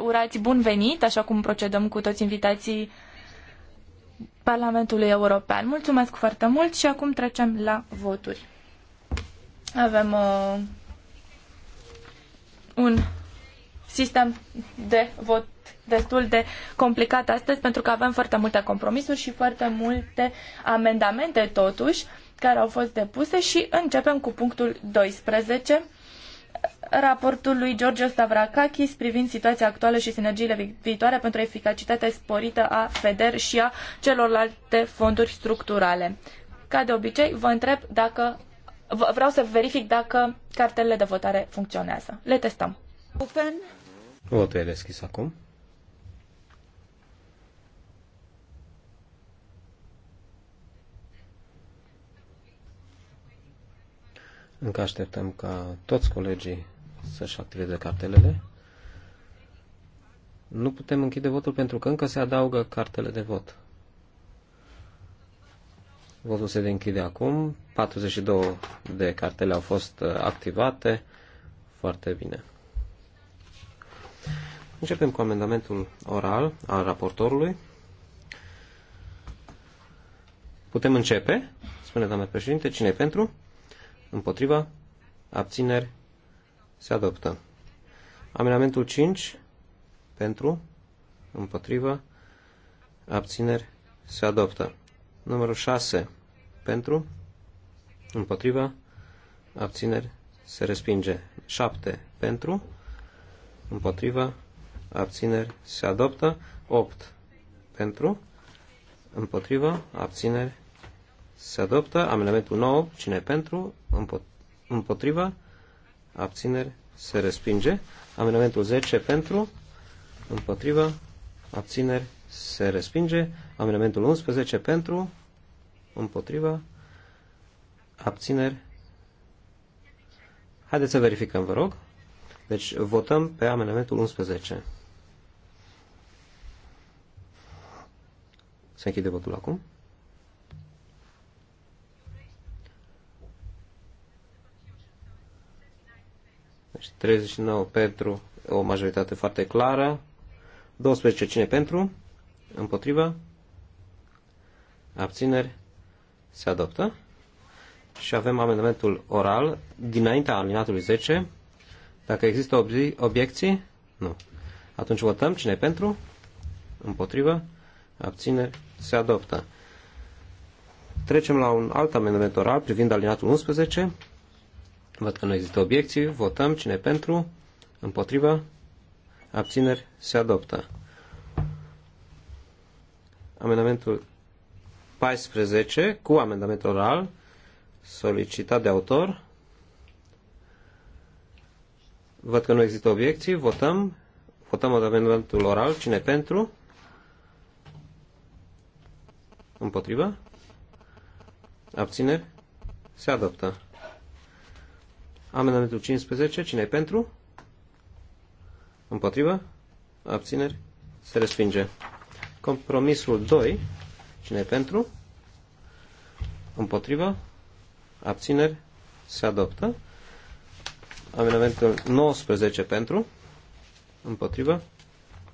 urați bun venit, așa cum procedăm cu toți invitații uh, Parlamentului European. Mulțumesc foarte mult și acum trecem la voturi. Avem uh, un sistem de vot destul de complicat astăzi pentru că avem foarte multe compromisuri și foarte multe amendamente totuși care au fost depuse și începem cu punctul 12 raportul lui George Stavrakakis privind situația actuală și sinergiile viitoare pentru eficacitatea sporită a FEDER și a celorlalte fonduri structurale. Ca de obicei, vă întreb dacă vreau să verific dacă cartelele de votare funcționează. Le testăm. Open. Votul e deschis acum. Încă așteptăm ca toți colegii să-și activeze cartelele. Nu putem închide votul pentru că încă se adaugă cartele de vot. Votul se închide acum. 42 de cartele au fost uh, activate. Foarte bine. Începem cu amendamentul oral al raportorului. Putem începe, spune doamna președinte, cine e pentru, împotriva, abțineri, se adoptă. Amendamentul 5 pentru, împotrivă, abțineri, se adoptă. Numărul 6 pentru, împotrivă, abțineri, se respinge. 7 pentru, împotrivă, abțineri, se adoptă. 8 pentru, împotrivă, abțineri, se adoptă. Amendamentul 9, cine pentru, împotrivă, abțineri, se respinge. Amendamentul 10 pentru, împotriva, abțineri, se respinge. Amendamentul 11 pentru, împotriva, abțineri. Haideți să verificăm, vă rog. Deci votăm pe amendamentul 11. Se închide votul acum. și 39 pentru o majoritate foarte clară. 12 cine pentru? Împotriva? Abțineri? Se adoptă. Și avem amendamentul oral dinaintea alinatului 10. Dacă există obi- obiecții? Nu. Atunci votăm cine pentru? Împotrivă? Abțineri? Se adoptă. Trecem la un alt amendament oral privind alinatul 11. Văd că nu există obiecții. Votăm. Cine pentru? Împotriva? Abțineri? Se adoptă. Amendamentul 14 cu amendament oral solicitat de autor. Văd că nu există obiecții. Votăm. Votăm amendamentul oral. Cine pentru? Împotriva? Abțineri? Se adoptă. Amendamentul 15. cine e pentru? Împotrivă? Abțineri? Se respinge. Compromisul 2. cine e pentru? Împotrivă? Abțineri? Se adoptă. Amendamentul 19 pentru. Împotrivă?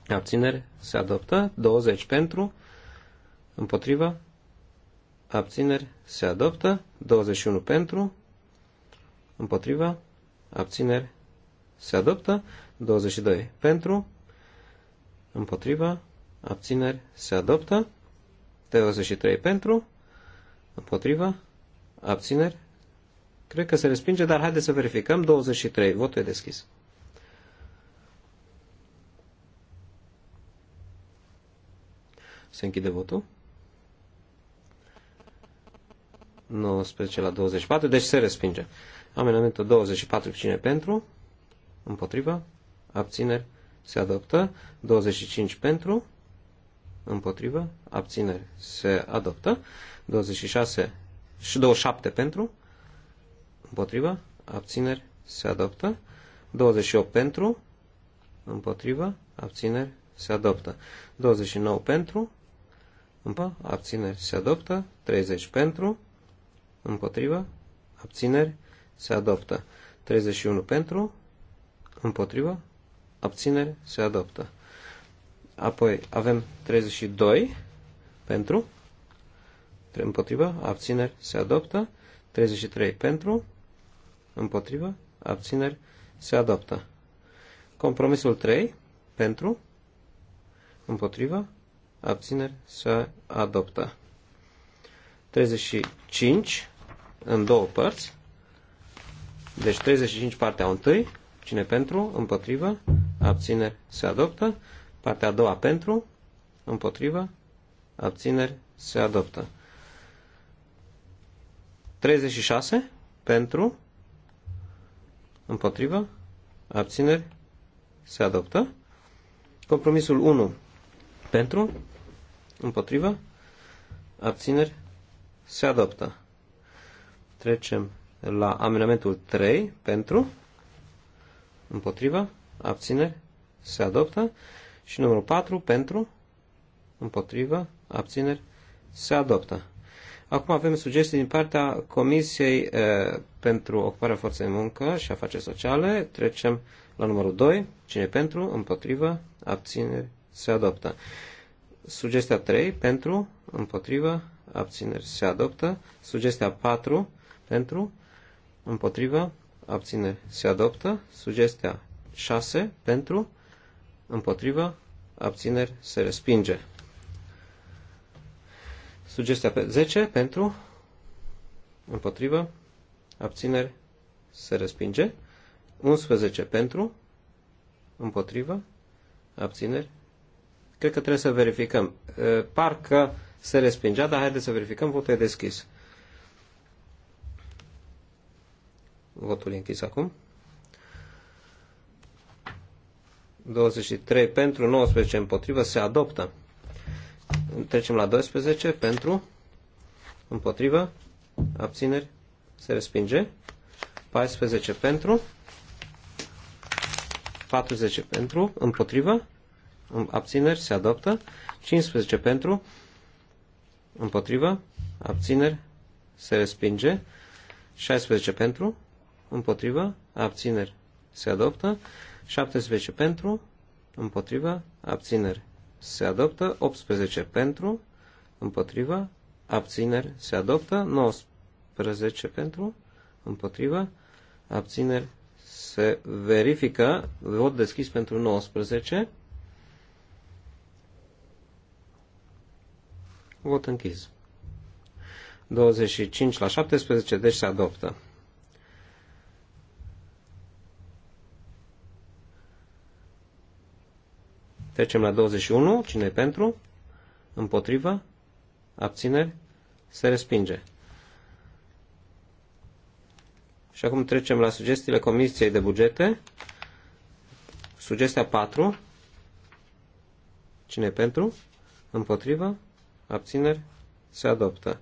Abțineri? Se adoptă. 20 pentru. Împotrivă? Abțineri? Se adoptă. 21 pentru împotriva, abțineri, se adoptă. 22 pentru, împotriva, abțineri, se adoptă. 23 pentru, împotriva, abțineri, cred că se respinge, dar haideți să verificăm. 23, votul e deschis. Se închide votul. 19 la 24, deci se respinge. Amendamentul 24, cine pentru? Împotrivă. Abțineri. Se adoptă. 25 pentru. Împotrivă. Abțineri. Se adoptă. 26 și 27 pentru. Împotrivă. Abțineri. Se adoptă. 28 pentru. Împotrivă. Abțineri. Se adoptă. 29 pentru. Împotrivă. Abțineri. Se adoptă. 30 pentru. Împotrivă. Abțineri se adoptă. 31 pentru, împotrivă, abținere, se adoptă. Apoi avem 32 pentru, împotrivă, abțineri, se adoptă. 33 pentru, împotrivă, abțineri, se adoptă. Compromisul 3 pentru, împotrivă, abțineri, se adoptă. 35 în două părți. Deci 35 partea 1, cine pentru, împotrivă, abțineri, se adoptă. Partea a doua pentru, împotrivă, abțineri, se adoptă. 36 pentru, împotrivă, abțineri, se adoptă. Compromisul 1 pentru, împotrivă, abțineri, se adoptă. Trecem la amenamentul 3 pentru, împotriva, abțineri, se adoptă și numărul 4 pentru, împotriva, abțineri, se adoptă. Acum avem sugestii din partea Comisiei e, eh, pentru Ocuparea Forței de Muncă și Afaceri Sociale. Trecem la numărul 2. Cine pentru, împotriva, abțineri, se adoptă. Sugestia 3, pentru, împotriva, abțineri, se adoptă. Sugestia 4, pentru, împotrivă, abțineri se adoptă. Sugestia 6 pentru, împotrivă, abțineri se respinge. Sugestia 10 pentru, împotrivă, abțineri se respinge. 11 pentru, împotrivă, abțineri. Cred că trebuie să verificăm. Parcă se respingea, dar haideți să verificăm. Votul e deschis. Votul e închis acum. 23 pentru, 19 împotrivă, se adoptă. Trecem la 12 pentru, împotrivă, abțineri, se respinge. 14 pentru, 40 pentru, împotrivă, abțineri, se adoptă. 15 pentru, împotrivă, abțineri, se respinge. 16 pentru, împotriva, abțineri, se adoptă. 17 pentru, împotriva, abțineri, se adoptă. 18 pentru, împotriva, abțineri, se adoptă. 19 pentru, împotriva, abțineri, se verifică. Vot deschis pentru 19. Vot închis. 25 la 17, deci se adoptă. Trecem la 21. Cine pentru? Împotrivă? Abțineri? Se respinge. Și acum trecem la sugestiile Comisiei de Bugete. Sugestia 4. Cine pentru? Împotrivă? Abțineri? Se adoptă.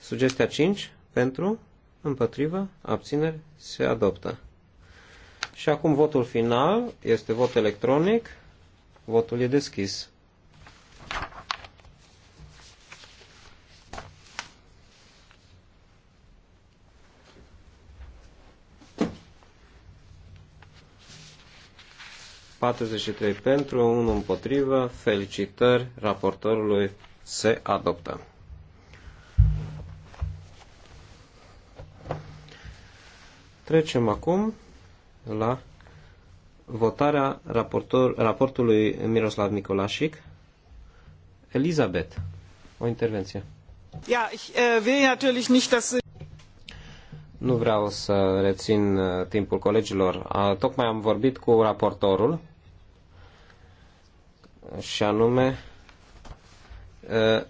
Sugestia 5. Pentru? Împotrivă? Abțineri? Se adoptă. Și acum votul final este vot electronic. Votul e deschis. ...43 pentru, 1 împotrivă. Felicitări raportorului. Se adoptă. Trecem acum la votarea raportor, raportului Miroslav Nicolașic. Elizabeth, o intervenție. Ja, ich uh, will natürlich nicht, dass nu vreau să rețin uh, timpul colegilor. Tocmai am vorbit cu raportorul și anume uh,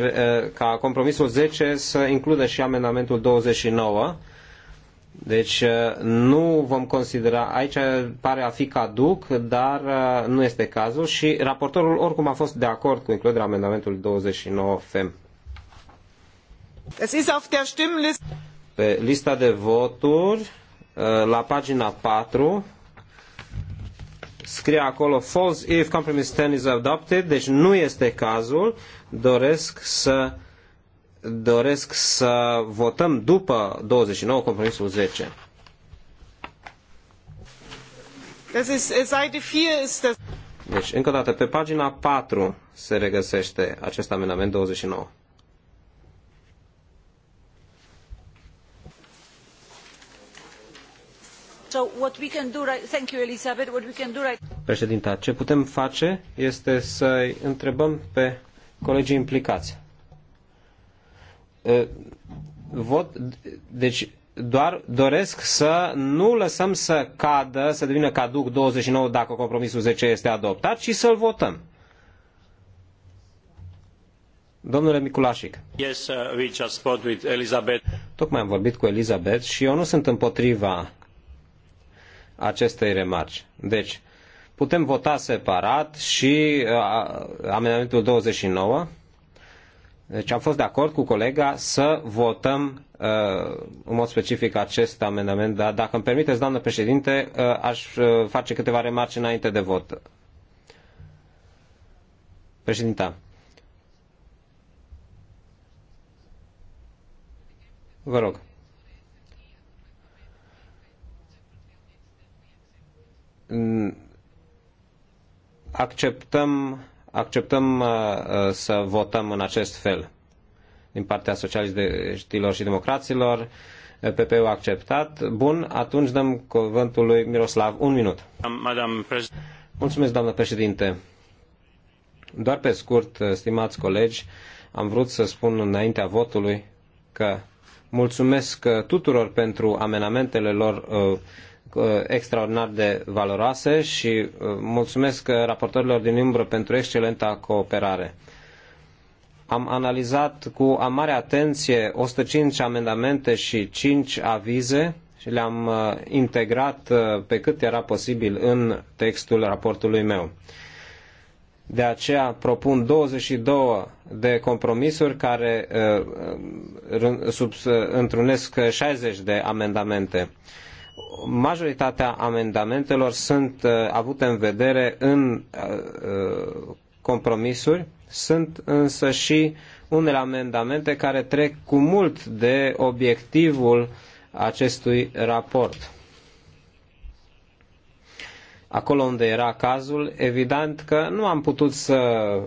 uh, ca compromisul 10 să includă și amendamentul 29 deci uh, nu vom considera, aici pare a fi caduc, dar uh, nu este cazul și raportorul oricum a fost de acord cu includerea amendamentului 29 FEM. Pe lista de voturi, uh, la pagina 4, scrie acolo false if compromise 10 is adopted, deci nu este cazul, doresc să doresc să votăm după 29 compromisul 10. Äh, deci, încă o dată, pe pagina 4 se regăsește acest amendament 29. So what we can do right... Thank you, Elizabeth. What we can do right... Președinta, ce putem face este să-i întrebăm pe colegii implicați vot, deci doar doresc să nu lăsăm să cadă, să devină caduc 29 dacă compromisul 10 este adoptat, ci să-l votăm. Domnule Miculașic. Yes, uh, we just spoke with Elizabeth. Tocmai am vorbit cu Elizabeth și eu nu sunt împotriva acestei remarci. Deci, putem vota separat și uh, amendamentul 29 deci am fost de acord cu colega să votăm uh, în mod specific acest amendament, dar dacă îmi permiteți, doamnă președinte, uh, aș uh, face câteva remarci înainte de vot. Președinta. Vă rog. Acceptăm acceptăm uh, uh, să votăm în acest fel. Din partea socialiștilor și democraților, uh, PP-ul a acceptat. Bun, atunci dăm cuvântul lui Miroslav. Un minut. Mulțumesc, doamnă președinte. Doar pe scurt, stimați colegi, am vrut să spun înaintea votului că mulțumesc tuturor pentru amenamentele lor Uh, extraordinar de valoroase și uh, mulțumesc uh, raportorilor din umbră pentru excelenta cooperare. Am analizat cu amare atenție 105 amendamente și 5 avize și le-am integrat pe cât era posibil în textul raportului meu. De aceea propun 22 de compromisuri care uh, sub, întrunesc 60 de amendamente. Uh, majoritatea amendamentelor sunt uh, avute în vedere în uh, uh, compromisuri, sunt însă și unele amendamente care trec cu mult de obiectivul acestui raport. Acolo unde era cazul, evident că nu am putut să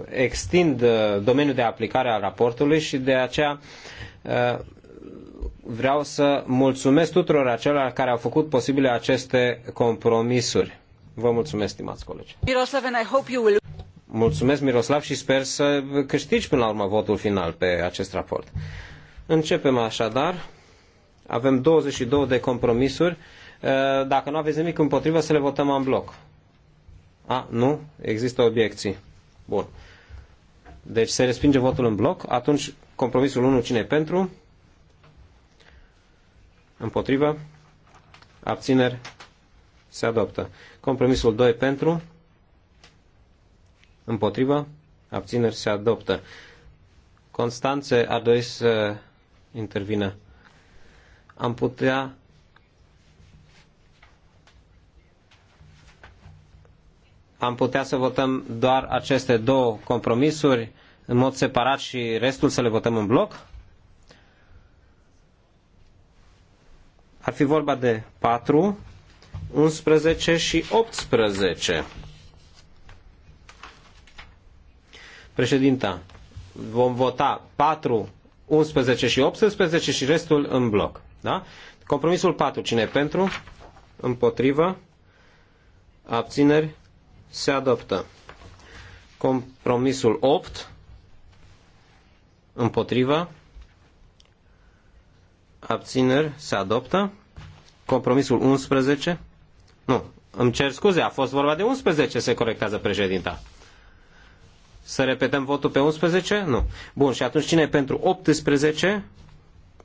extind domeniul de aplicare al raportului și de aceea vreau să mulțumesc tuturor acelora care au făcut posibile aceste compromisuri. Vă mulțumesc, stimați colegi. Miroslav, and I hope you will... Mulțumesc, Miroslav, și sper să câștigi până la urmă votul final pe acest raport. Începem așadar. Avem 22 de compromisuri. Eh, dacă nu aveți nimic împotrivă, să le votăm în bloc. A, nu? Există obiecții. Bun. Deci se respinge votul în bloc. Atunci, compromisul 1, cine pentru? Împotrivă. Abțineri. Se adoptă. Compromisul 2 pentru. Împotrivă. Abțineri. Se adoptă. Constanțe ar dori să intervină. Am putea am putea să votăm doar aceste două compromisuri în mod separat și restul să le votăm în bloc? ar fi vorba de 4, 11 și 18. Președinta, vom vota 4, 11 și 18 și restul în bloc. Da? Compromisul 4. Cine e pentru? Împotrivă? Abțineri? Se adoptă. Compromisul 8. Împotrivă? abțineri, se adoptă. Compromisul 11, nu, îmi cer scuze, a fost vorba de 11, se corectează președinta. Să repetăm votul pe 11? Nu. Bun, și atunci cine e pentru 18?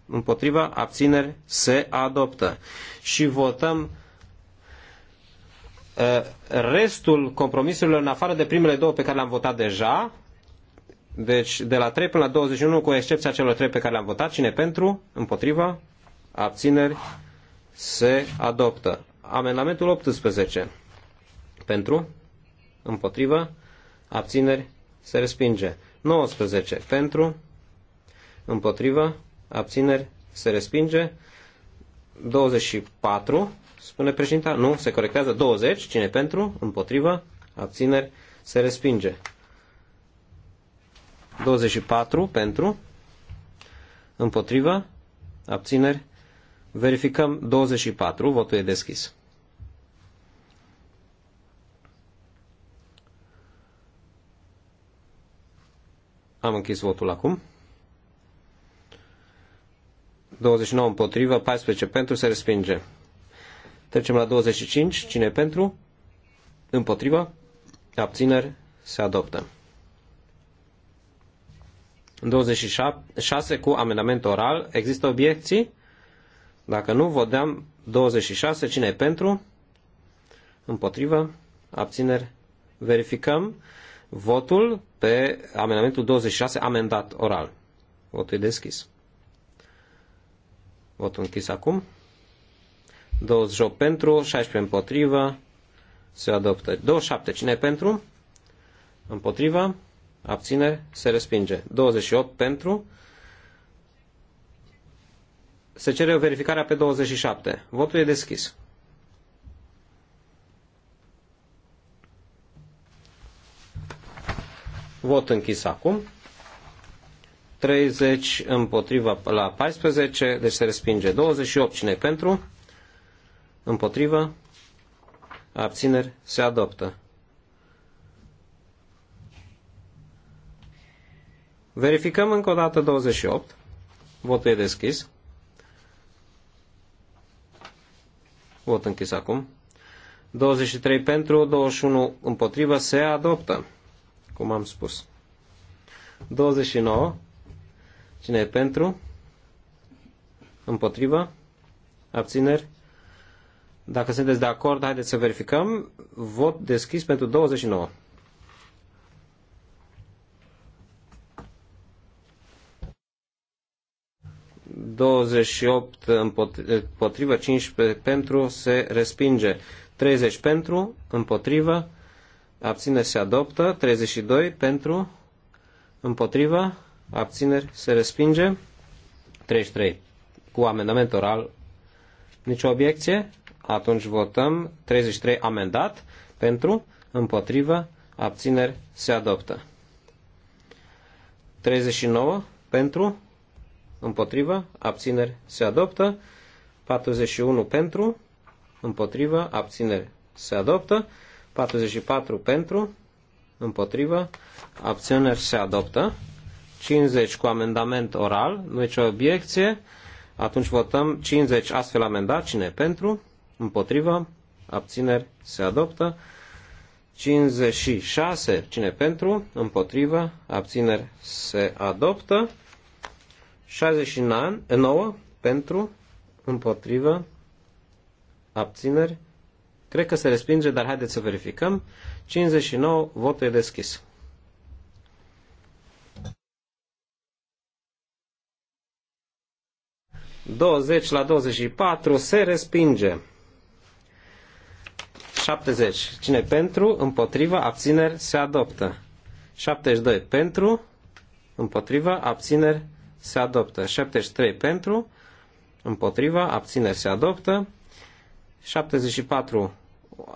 Împotriva, abțineri, se adoptă. Și votăm uh, restul compromisurilor în afară de primele două pe care le-am votat deja, deci de la 3 până la 21, cu excepția celor 3 pe care le-am votat, cine pentru, împotriva, abțineri, se adoptă. Amendamentul 18. Pentru, împotriva, abțineri, se respinge. 19. Pentru, împotriva, abțineri, se respinge. 24, spune președinta, nu, se corectează 20, cine pentru, împotriva, abțineri, se respinge. 24 pentru, împotrivă, abțineri. Verificăm 24, votul e deschis. Am închis votul acum. 29 împotrivă, 14 pentru, se respinge. Trecem la 25. Cine pentru? Împotrivă? Abțineri? Se adoptă. 26 cu amendament oral. Există obiecții? Dacă nu, votăm 26. Cine e pentru? Împotrivă? Abțineri? Verificăm votul pe amendamentul 26 amendat oral. Votul e deschis. Votul închis acum. 28 pentru, 16 împotrivă, se adoptă. 27, cine e pentru? Împotrivă, abțineri, se respinge. 28 pentru, se cere o verificare pe 27. Votul e deschis. Vot închis acum. 30 împotriva la 14, deci se respinge 28. Cine pentru? Împotriva? Abțineri? Se adoptă. Verificăm încă o dată 28. Votul e deschis. Vot închis acum. 23 pentru, 21 împotrivă, se adoptă, cum am spus. 29. Cine e pentru? Împotrivă? Abțineri? Dacă sunteți de acord, haideți să verificăm. Vot deschis pentru 29. 28 împotrivă, 15 pentru, se respinge. 30 pentru, împotrivă, abține, se adoptă. 32 pentru, împotrivă, abțineri se respinge. 33 cu amendament oral, nicio obiecție? Atunci votăm 33 amendat pentru, împotrivă, abțineri se adoptă. 39 pentru, împotrivă, abțineri se adoptă, 41 pentru, împotrivă, abțineri se adoptă, 44 pentru, împotrivă, abțineri se adoptă, 50 cu amendament oral, nu e ce obiecție, atunci votăm 50 astfel amendat, cine pentru, împotrivă, abțineri se adoptă, 56, cine pentru, împotrivă, abțineri se adoptă, 69 pentru, împotrivă, abțineri. Cred că se respinge, dar haideți să verificăm. 59, votul e deschis. Douăzeci la 24 se respinge. 70. Cine pentru, împotriva, abțineri, se adoptă. 72. Pentru, împotriva, abțineri, se adoptă. 73 pentru, împotriva, abțineri se adoptă. 74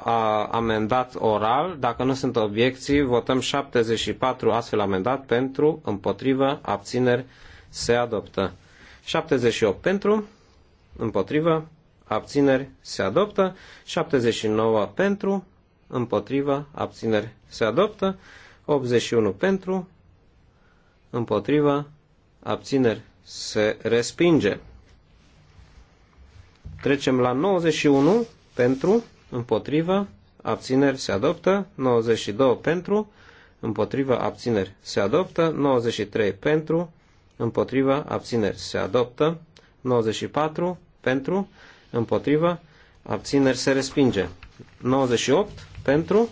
a, amendat oral, dacă nu sunt obiecții, votăm 74 astfel amendat pentru, împotrivă, abțineri se adoptă. 78 pentru, împotrivă, abțineri se adoptă. 79 pentru, împotrivă, abțineri se adoptă. 81 pentru, împotrivă, abțineri, se respinge. Trecem la 91 pentru, împotrivă, abțineri, se adoptă, 92 pentru, împotrivă, abțineri, se adoptă, 93 pentru, împotrivă, abțineri, se adoptă, 94 pentru, împotrivă, abțineri, se respinge, 98 pentru,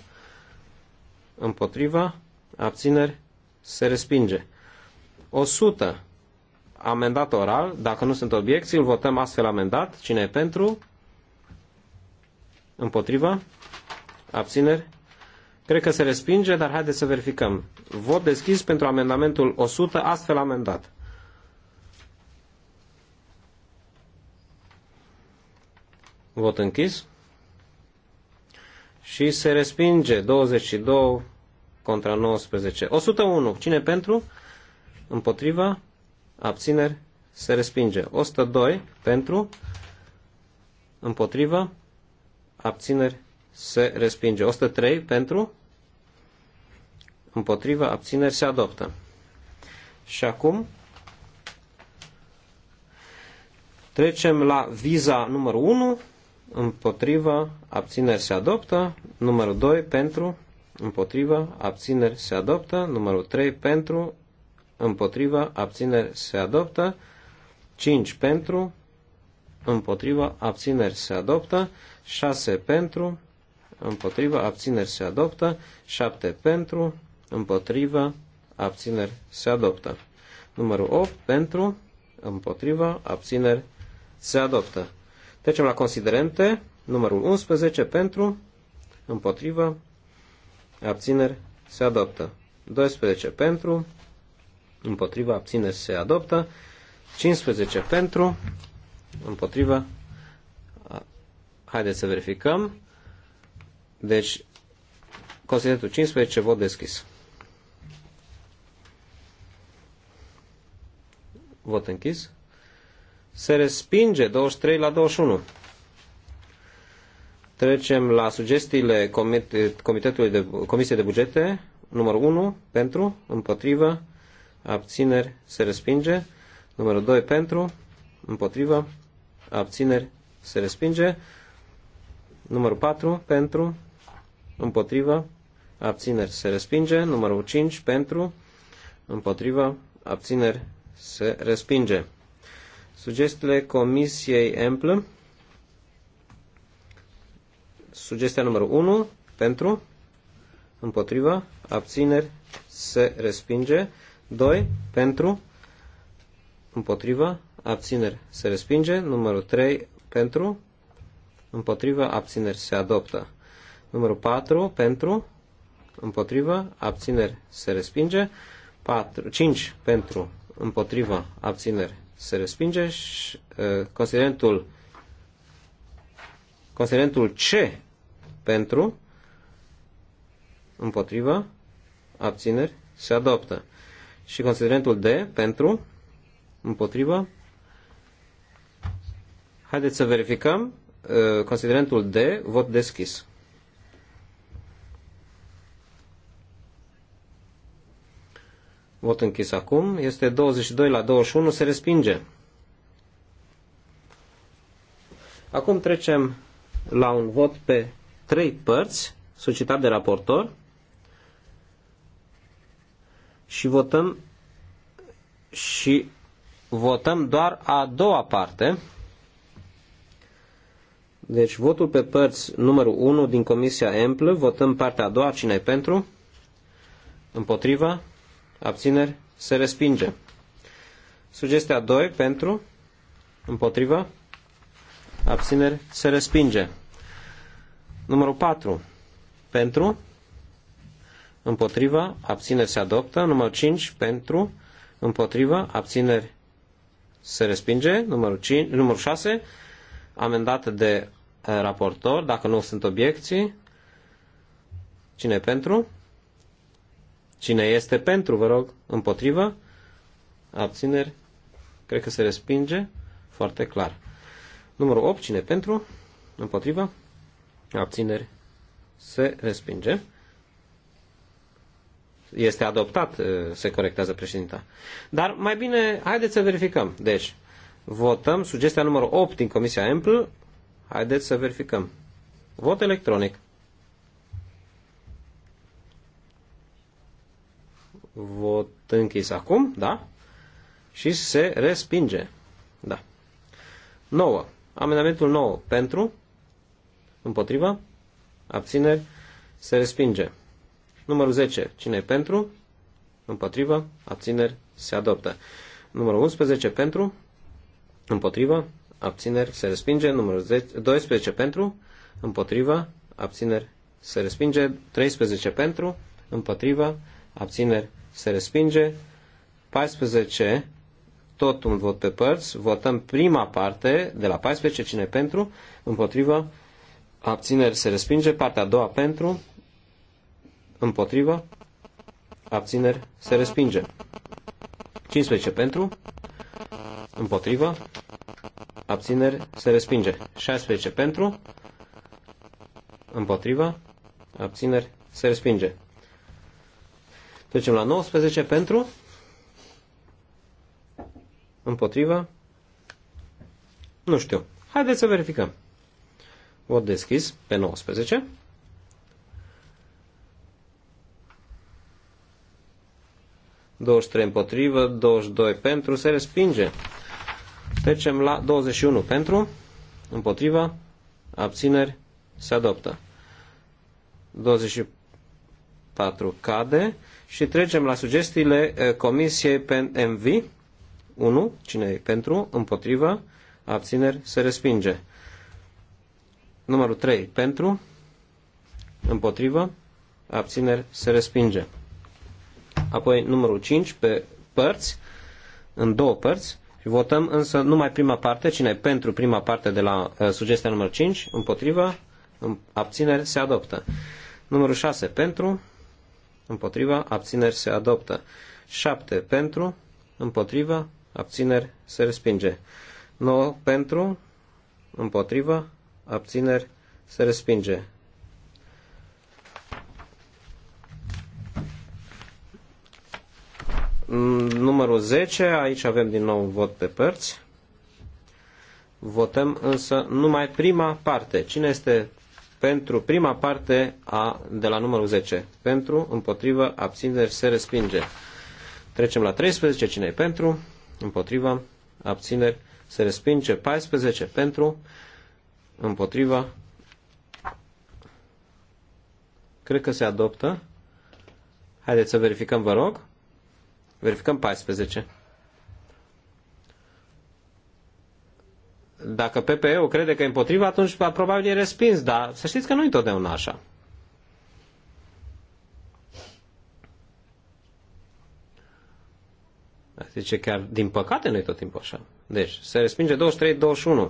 împotriva, abțineri, se respinge. 100 amendat oral, dacă nu sunt obiecții, îl votăm astfel amendat. Cine e pentru? Împotriva? Abțineri? Cred că se respinge, dar haideți să verificăm. Vot deschis pentru amendamentul 100, astfel amendat. Vot închis. Și se respinge 22 contra 19. 101. Cine pentru? împotriva, abțineri, se respinge. 102 pentru, împotriva, abțineri, se respinge. 103 pentru, împotriva, abțineri, se adoptă. Și acum trecem la viza numărul 1, împotriva, abțineri, se adoptă. Numărul 2 pentru, împotriva, abțineri, se adoptă. Numărul 3 pentru, împotriva, abțineri se adoptă, 5 pentru, împotriva, abțineri se adoptă, 6 pentru, împotriva, abțineri se adoptă, 7 pentru, împotriva, abțineri se adoptă. Numărul 8 pentru, împotriva, abțineri se adoptă. Trecem la considerente. Numărul 11 pentru, împotriva, abțineri se adoptă. 12 pentru, împotriva, abține, se adoptă, 15 pentru, împotriva, haideți să verificăm, deci considerentul 15, vot deschis. Vot închis. Se respinge 23 la 21. Trecem la sugestiile Comitetului de, Comisiei de Bugete, numărul 1, pentru, împotrivă, abțineri, se respinge. Numărul 2 pentru, împotriva, abțineri, se respinge. Numărul 4 pentru, împotriva, abțineri, se respinge. Numărul 5 pentru, împotriva, abțineri, se respinge. Sugestiile Comisiei Emplă. Sugestia numărul 1 pentru, împotriva, abțineri, se respinge. 2 pentru, împotriva, abțineri se respinge, numărul 3 pentru, împotriva, abțineri se adoptă, numărul 4 pentru, împotriva, abțineri se respinge, 4, 5 pentru, împotriva, abțineri se respinge, și, uh, considerentul, considerentul C pentru, împotriva, abțineri se adoptă. Și considerentul D pentru, împotrivă. Haideți să verificăm uh, considerentul D, vot deschis. Vot închis acum. Este 22 la 21, se respinge. Acum trecem la un vot pe trei părți, solicitat de raportor și votăm și votăm doar a doua parte. Deci votul pe părți numărul 1 din Comisia Emplă, votăm partea a doua, cine e pentru? Împotriva? Abțineri? Se respinge. Sugestia 2, pentru? Împotriva? Abțineri? Se respinge. Numărul 4, pentru? împotriva, abțineri se adoptă, numărul 5 pentru, împotriva, abțineri se respinge, numărul, 5, numărul 6, amendat de eh, raportor, dacă nu sunt obiecții, cine pentru? Cine este pentru, vă rog, împotriva, abțineri, cred că se respinge, foarte clar. Numărul 8, cine pentru, împotriva, abțineri, se respinge este adoptat, uh, se corectează președinta. Dar mai bine, haideți să verificăm. Deci, votăm sugestia numărul 8 din Comisia Empl. Haideți să verificăm. Vot electronic. Vot închis acum, da? Și se respinge. Da. 9. Amendamentul 9. Pentru. Împotriva. Abțineri. Se respinge. Numărul 10. Cine e pentru? Împotrivă. Abțineri. Se adoptă. Numărul 11. Pentru? Împotrivă. Abțineri. Se respinge. Numărul 10, 12. Pentru? Împotrivă. Abțineri. Se respinge. 13. Pentru? Împotrivă. Abțineri. Se respinge. 14 tot un vot pe părți, votăm prima parte de la 14, cine e pentru, împotrivă, abțineri se respinge, partea a doua pentru, împotrivă, abțineri, se respinge. 15 pentru, împotrivă, abțineri, se respinge. 16 pentru, împotrivă, abțineri, se respinge. Trecem la 19 pentru, împotrivă, nu știu. Haideți să verificăm. Vot deschis pe 19. 23 împotrivă, 22 pentru, se respinge. Trecem la 21 pentru, împotriva, abțineri, se adoptă. 24 cade și trecem la sugestiile eh, Comisiei MV. 1. Cine e pentru? Împotriva. Abțineri. Se respinge. Numărul 3. Pentru. Împotriva. Abțineri. Se respinge apoi numărul 5 pe părți, în două părți, și votăm însă numai prima parte, cine pentru prima parte de la uh, sugestia numărul 5, împotriva, abțineri, se adoptă. Numărul 6 pentru, împotriva, abțineri, se adoptă. 7 pentru, împotriva, abțineri, se respinge. 9 pentru, împotriva, abțineri, se respinge. Mm, numărul 10, aici avem din nou un vot pe părți. Votăm însă numai prima parte. Cine este pentru prima parte a, de la numărul 10? Pentru, împotrivă, abțineri, se respinge. Trecem la 13. Cine e pentru? Împotriva, abțineri, se respinge. 14. Pentru, împotriva, cred că se adoptă. Haideți să verificăm, vă rog. Verificăm 14. Dacă PPE-ul crede că e împotriva, atunci probabil e respins, dar să știți că nu e întotdeauna așa. Zice chiar, din păcate, nu e tot timpul așa. Deci, se respinge 23-21.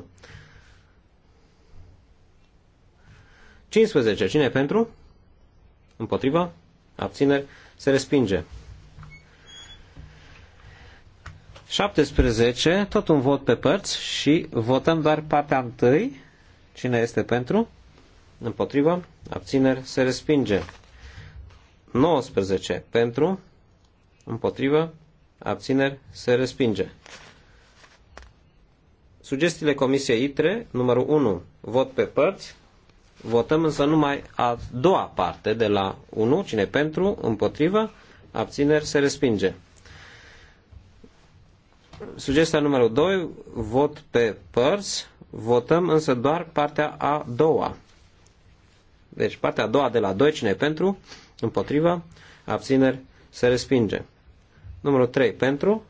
15. Cine e pentru? Împotriva? Abțineri? Se respinge. 17, tot un vot pe părți și votăm doar partea întâi. Cine este pentru? Împotrivă, Abțineri. Se respinge. 19. Pentru. Împotrivă, Abțineri. Se respinge. Sugestiile Comisiei ITRE, numărul 1, vot pe părți. Votăm însă numai a doua parte de la 1, cine pentru, Împotrivă, abțineri, se respinge. Sugestia numărul 2, vot pe părți, votăm însă doar partea a doua. Deci partea a doua de la 2, cine pentru, împotriva, abțineri, se respinge. Numărul 3, pentru,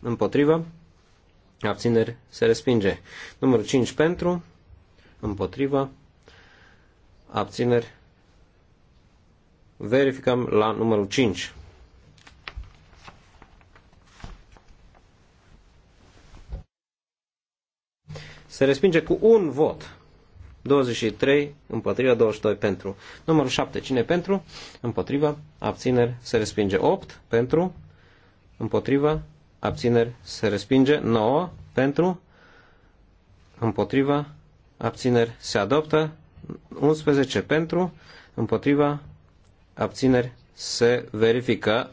împotriva, abțineri, se respinge. Numărul 5, pentru, împotriva, abțineri, verificăm la numărul 5. Se respinge cu un vot. 23 împotriva, 22 pentru. Numărul 7, cine pentru? Împotriva, abțineri, se respinge 8 pentru, împotriva, abțineri, se respinge 9 pentru, împotriva, abțineri, se adoptă 11 pentru, împotriva, abțineri, se verifică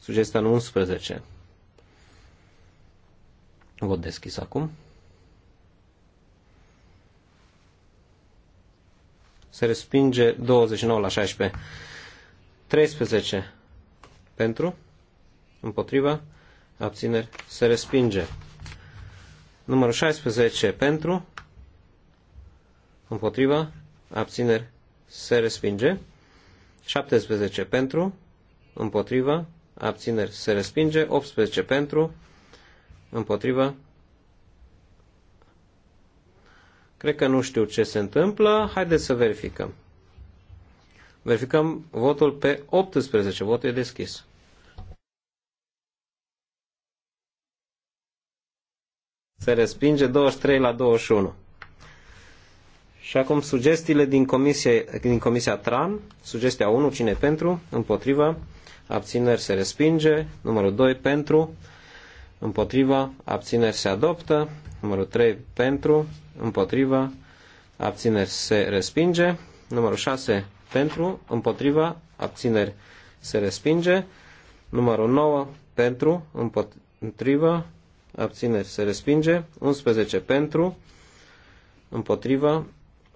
sugestia 11. Vot deschis acum. se respinge 29 la 16. 13 pentru, împotriva, abțineri, se respinge. Numărul 16 pentru, împotriva, abțineri, se respinge. 17 pentru, împotriva, abțineri, se respinge. 18 pentru, împotriva, Cred că nu știu ce se întâmplă. Haideți să verificăm. Verificăm votul pe 18. Votul e deschis. Se respinge 23 la 21. Și acum sugestiile din comisia, din comisia TRAN, sugestia 1, cine pentru, împotriva, abțineri se respinge, numărul 2, pentru, împotriva, abțineri se adoptă, numărul 3 pentru, împotriva, abțineri se respinge, numărul 6 pentru, împotriva, abțineri se respinge, numărul 9 pentru, împotriva, abțineri se respinge, 11 pentru, împotriva,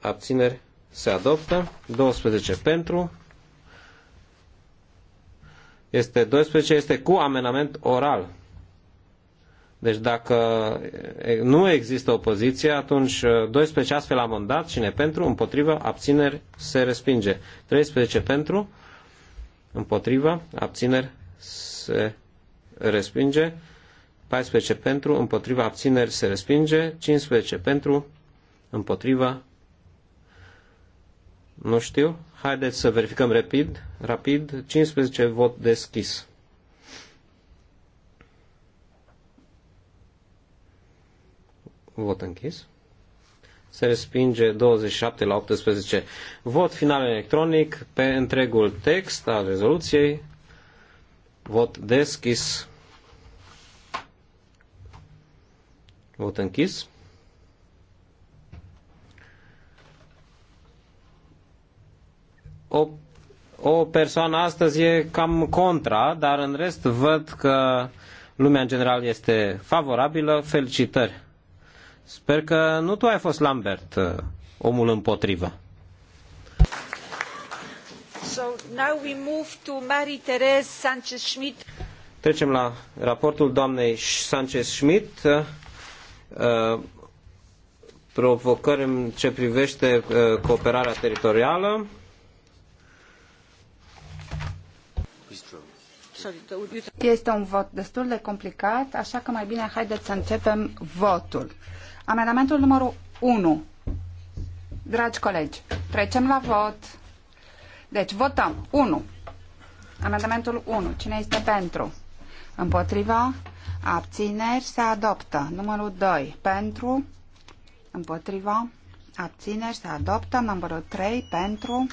abțineri se adoptă, 12 pentru, este 12, este cu amenament oral. Deci dacă nu există opoziție, atunci 12 astfel am mandat, cine pentru, împotrivă, abțineri, se respinge. 13 pentru, împotrivă, abțineri, se respinge. 14 pentru, împotrivă, abțineri, se respinge. 15 pentru, împotrivă, nu știu. Haideți să verificăm rapid. Rapid, 15 vot deschis. Vot închis. Se respinge 27 la 18. Vot final electronic pe întregul text al rezoluției. Vot deschis. Vot închis. O, o persoană astăzi e cam contra, dar în rest văd că lumea în general este favorabilă. Felicitări! Sper că nu tu ai fost Lambert, uh, omul împotrivă. So now we move to Marie Sanchez Schmidt. Trecem la raportul doamnei Sanchez Schmidt. Uh, uh, provocări în ce privește cooperarea teritorială. Este un vot destul de complicat, așa că mai bine haideți să începem votul. Amendamentul numărul 1. Dragi colegi, trecem la vot. Deci, votăm. 1. Amendamentul 1. Cine este pentru? Împotriva? Abțineri? Se adoptă. Numărul 2. Pentru? Împotriva? Abțineri? Se adoptă. Numărul 3. Pentru?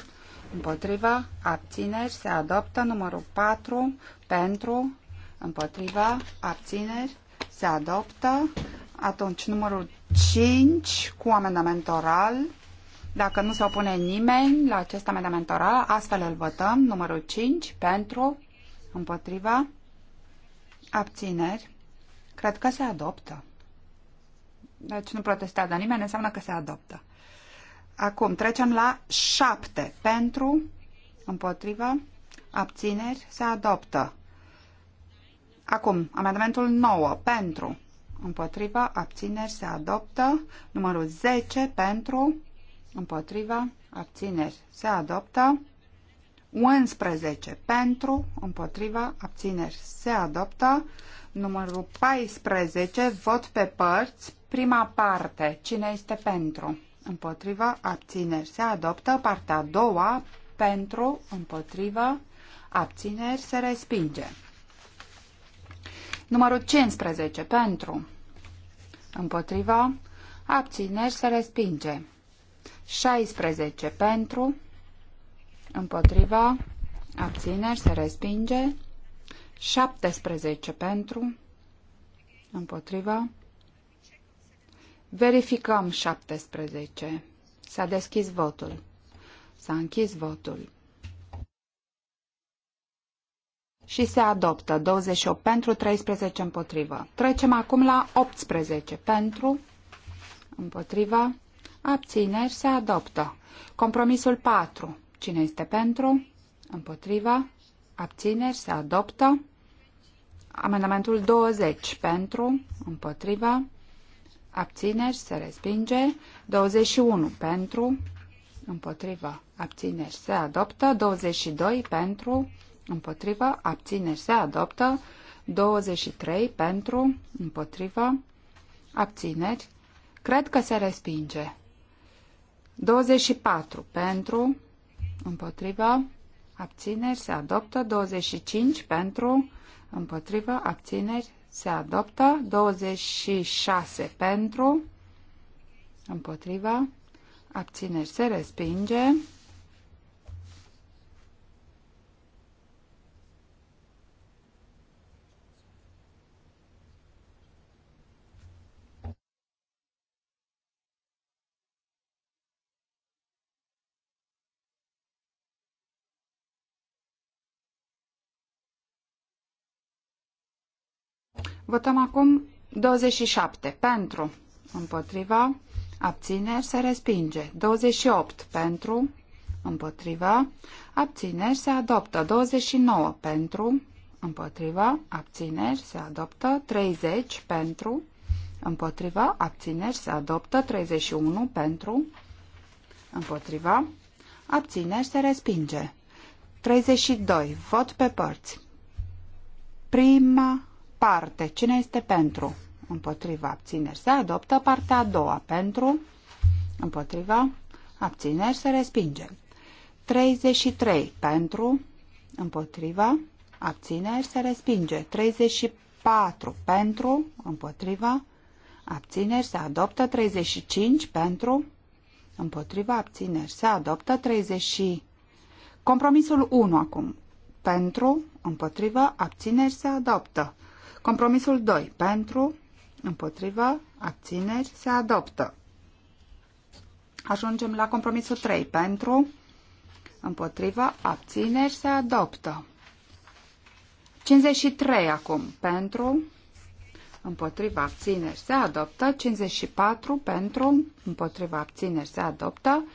Împotriva? Abțineri? Se adoptă. Numărul 4. Pentru? Împotriva? Abțineri? Se adoptă. Atunci, numărul 5 cu amendament oral. Dacă nu se opune nimeni la acest amendament oral, astfel îl votăm. Numărul 5 pentru, împotriva, abțineri. Cred că se adoptă. Deci nu protestează nimeni, înseamnă că se adoptă. Acum trecem la 7 pentru, împotriva, abțineri, se adoptă. Acum, amendamentul 9 pentru, împotriva, abțineri se adoptă. Numărul 10 pentru, împotriva, abțineri se adoptă. 11 pentru, împotriva, abțineri se adoptă. Numărul 14, vot pe părți, prima parte, cine este pentru, împotriva, abțineri se adoptă. Partea a doua, pentru, împotriva, abțineri se respinge. Numărul 15, pentru, împotriva, abțineri se respinge. 16 pentru, împotriva, abțineri se respinge. 17 pentru, împotriva. Verificăm 17. S-a deschis votul. S-a închis votul și se adoptă 28 pentru, 13 împotrivă. Trecem acum la 18 pentru, împotrivă, abțineri, se adoptă. Compromisul 4. Cine este pentru? Împotriva. Abțineri. Se adoptă. Amendamentul 20. Pentru. Împotriva. Abțineri. Se respinge. 21. Pentru. Împotriva. Abțineri. Se adoptă. 22. Pentru împotrivă, abțineri se adoptă, 23 pentru, împotrivă, abțineri, cred că se respinge. 24 pentru, împotrivă, abțineri se adoptă, 25 pentru, împotrivă, abțineri se adoptă, 26 pentru, împotriva, abțineri se respinge, Votăm acum 27 pentru, împotriva, abțineri se respinge. 28 pentru, împotriva, abțineri se adoptă. 29 pentru, împotriva, abțineri se adoptă. 30 pentru, împotriva, abțineri se adoptă. 31 pentru, împotriva, abțineri se respinge. 32. Vot pe părți. Prima parte. Cine este pentru? Împotriva abțineri se adoptă. Partea a doua pentru. Împotriva abțineri se respinge. 33 pentru. Împotriva abțineri se respinge. 34 pentru. Împotriva abțineri se adoptă. 35 pentru. Împotriva abțineri se adoptă. 30. Compromisul 1 acum. Pentru, împotrivă, abțineri se adoptă. Compromisul 2. Pentru, împotrivă, abțineri, se adoptă. Ajungem la compromisul 3. Pentru, împotrivă, abțineri, se adoptă. 53 acum. Pentru, împotriva abțineri se adoptă, 54 pentru, împotriva abțineri se adoptă,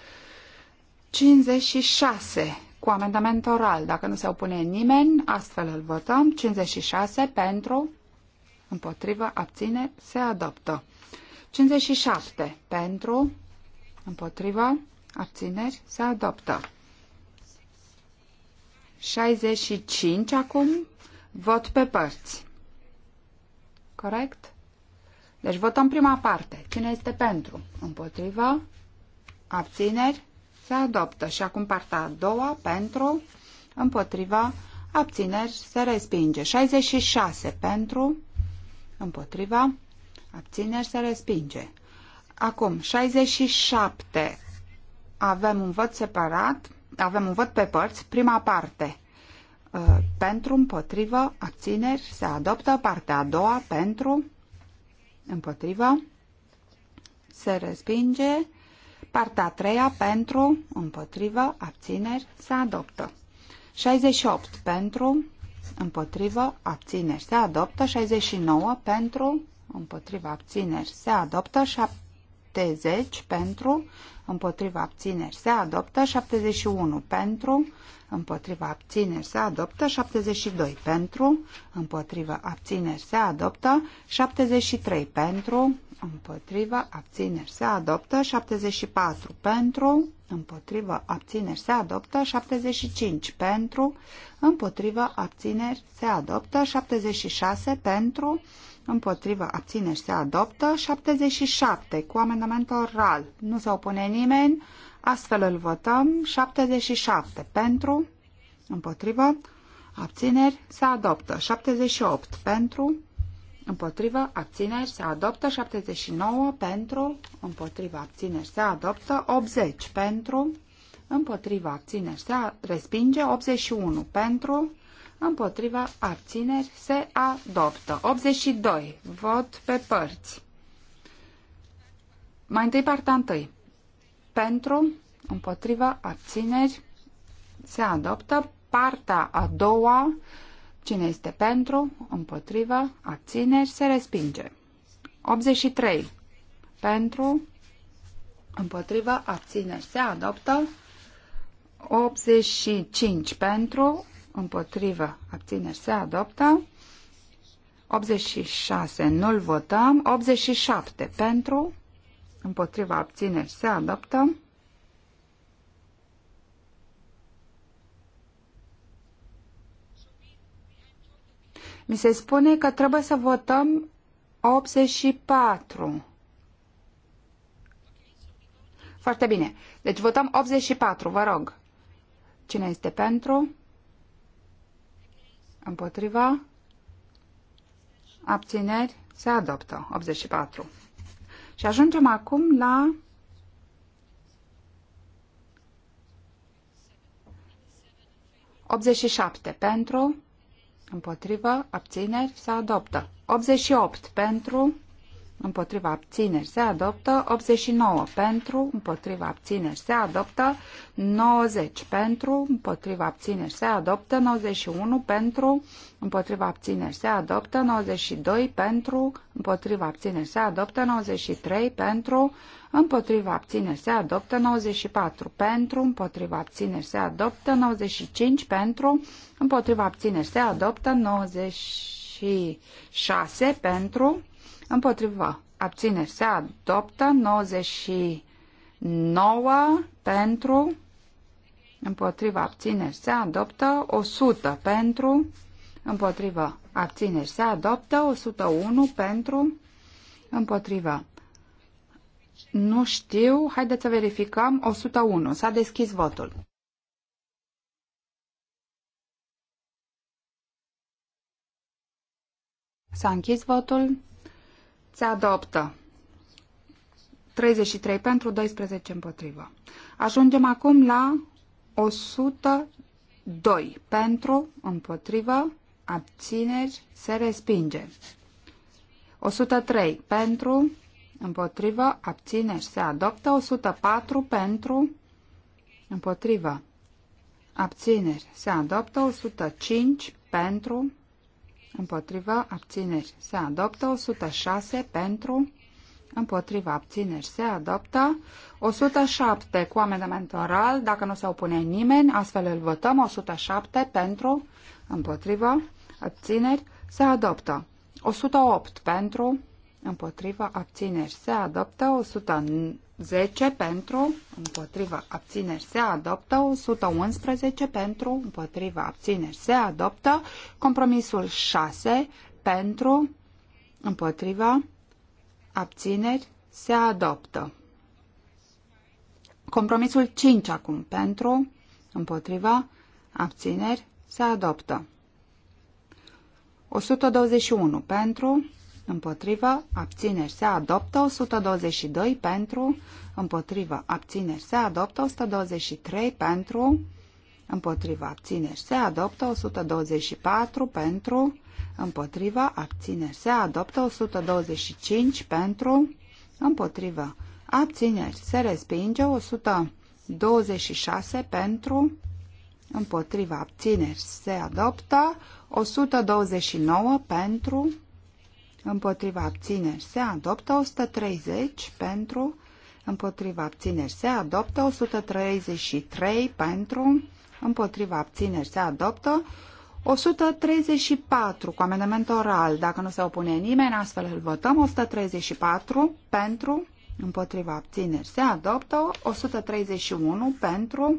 56 cu amendament oral, dacă nu se opune nimeni, astfel îl votăm, 56 pentru, împotrivă, abține se adoptă. 57 pentru, împotrivă, abțineri, se adoptă. 65 acum, vot pe părți. Corect? Deci votăm prima parte. Cine este pentru? Împotrivă, abțineri, se adoptă. Și acum partea a doua, pentru, împotriva, abțineri, se respinge. 66 pentru, Împotriva. Abțineri se respinge. Acum, 67. Avem un vot separat. Avem un vot pe părți. Prima parte. Uh, pentru, împotrivă, abțineri, se adoptă. Partea a doua, pentru, împotrivă, se respinge. Partea a treia, pentru, împotrivă, abțineri, se adoptă. 68 pentru, împotrivă, abțineri, se adoptă. 69 pentru, împotrivă, abțineri, se adoptă. 70 pentru, împotrivă, abțineri se adoptă, 71 pentru, împotrivă, abțineri se adoptă, 72 pentru, împotrivă, abțineri se adoptă, 73 pentru, împotrivă, abțineri se adoptă, 74 pentru, împotrivă, abțineri, se adoptă, 75 pentru, împotrivă, abțineri, se adoptă, 76 pentru, împotrivă, abțineri, se adoptă, 77 cu amendament oral, nu se opune nimeni, astfel îl votăm, 77 pentru, împotrivă, abțineri, se adoptă, 78 pentru, împotrivă, abțineri, se adoptă, 79 pentru, împotrivă, abțineri, se adoptă, 80 pentru, împotrivă, abțineri, se respinge, 81 pentru, împotrivă, abțineri, se adoptă, 82, vot pe părți. Mai întâi partea întâi. Pentru, împotrivă, abțineri, se adoptă, partea a doua, Cine este pentru, împotriva, abțineri, se respinge. 83. Pentru, împotriva, abțineri, se adoptă. 85 pentru, împotriva, abțineri, se adoptă. 86, nu-l votăm. 87 pentru, împotriva, abțineri, se adoptă. Mi se spune că trebuie să votăm 84. Foarte bine. Deci votăm 84, vă rog. Cine este pentru? Împotriva? Abțineri? Se adoptă. 84. Și ajungem acum la... ...87 pentru... Împotrivă, abțineri, se adoptă. 88 pentru, împotriva abțineri se adoptă, 89 pentru, împotriva abțineri se adoptă, 90 pentru, împotriva abțineri se adoptă, 91 pentru, împotriva abțineri se adoptă, 92 pentru, împotriva abțineri se adoptă, 93 pentru, împotriva abțineri se adoptă, 94 pentru, împotriva abțineri se adoptă, 95 pentru, împotriva abțineri se adoptă, 96 pentru, împotriva, abțineri se adoptă, 99 pentru, împotriva, abțineri se adoptă, 100 pentru, împotriva, abțineri se adoptă, 101 pentru, împotriva. Nu știu, haideți să verificăm, 101, s-a deschis votul. S-a închis votul. Se adoptă. 33 pentru, 12 împotrivă. Ajungem acum la 102 pentru, împotrivă, abțineri, se respinge. 103 pentru, împotrivă, abțineri, se adoptă. 104 pentru, împotrivă, abțineri, se adoptă. 105 pentru, împotriva abțineri se adoptă, 106 pentru, împotriva abțineri se adoptă, 107 cu amendament oral, dacă nu se opune nimeni, astfel îl votăm, 107 pentru, împotriva abțineri se adoptă, 108 pentru, împotriva abțineri se adoptă, 109 10 pentru, împotriva abțineri se adoptă, 111 pentru, împotriva abțineri se adoptă, compromisul 6 pentru, împotriva abțineri se adoptă. Compromisul 5 acum pentru, împotriva abțineri se adoptă. 121 pentru, împotrivă, abțineri se adoptă, 122 pentru, împotrivă, abțineri se adoptă, 123 pentru, împotrivă, abțineri se adoptă, 124 pentru, împotrivă, abțineri se adoptă, 125 pentru, împotrivă, abțineri se respinge, 126 pentru, împotriva abțineri se adoptă, 129 pentru, împotriva abțineri se adoptă 130 pentru, împotriva abțineri se adoptă 133 pentru, împotriva abțineri se adoptă 134 cu amendament oral, dacă nu se opune nimeni, astfel îl votăm, 134 pentru, împotriva abțineri se adoptă, 131 pentru,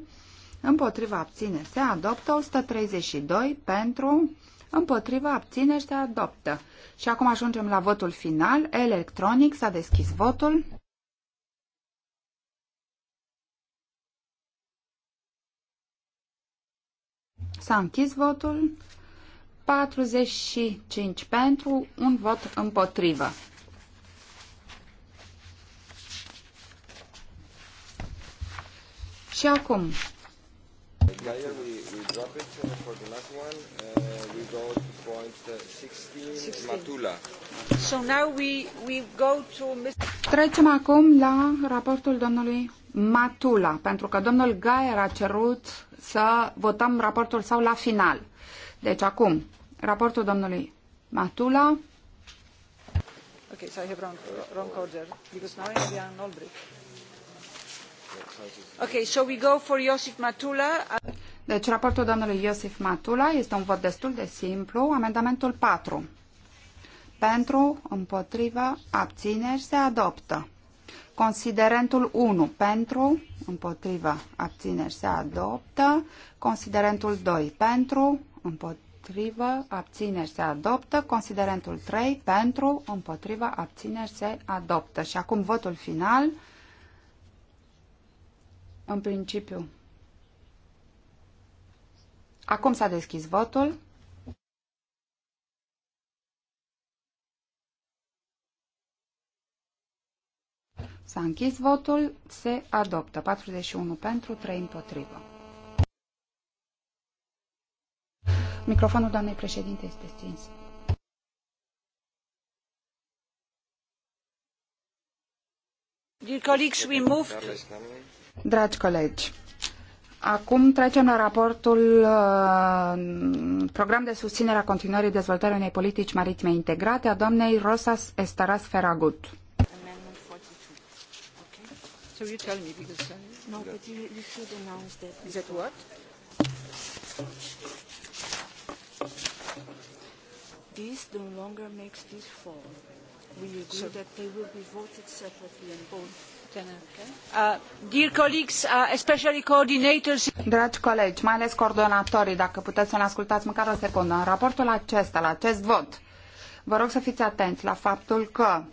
împotriva abțineri se adoptă, 132 pentru, împotriva, abțineri, se adoptă. Și acum ajungem la votul final. Electronic s-a deschis votul. S-a închis votul. 45 pentru, un vot împotrivă. Și acum we go to point 16, uh, 16. Matula. So now we, we go to... Trecem acum la raportul domnului Matula, pentru că domnul Gaier a cerut să votăm raportul sau la final. Deci acum, raportul domnului Matula. Okay, so I have wrong, wrong order, because now I have Jan Olbrich. Okay, so we go for Josip Matula. Deci raportul domnului Iosif Matula este un vot destul de simplu. Amendamentul 4. Pentru, împotrivă, abțineri, se adoptă. Considerentul 1. Pentru, împotrivă, abțineri, se adoptă. Considerentul 2. Pentru, împotrivă, abțineri, se adoptă. Considerentul 3. Pentru, împotriva, abțineri, se adoptă. Și acum votul final. În principiu, Acum s-a deschis votul. S-a închis votul, se adoptă. 41 pentru, 3 împotrivă. Microfonul doamnei președinte este stins. Dragi colegi, Acum trecem la raportul uh, Program de susținere a continuării dezvoltării unei politici maritime integrate a doamnei Rosas Estaras Feragut. Uh, this no longer makes this fall. We agree so, that they will be voted separately and both Uh, uh, Dragi colegi, mai ales coordonatorii, dacă puteți să ne ascultați măcar o secundă, în raportul acesta, la acest vot, vă rog să fiți atenți la faptul că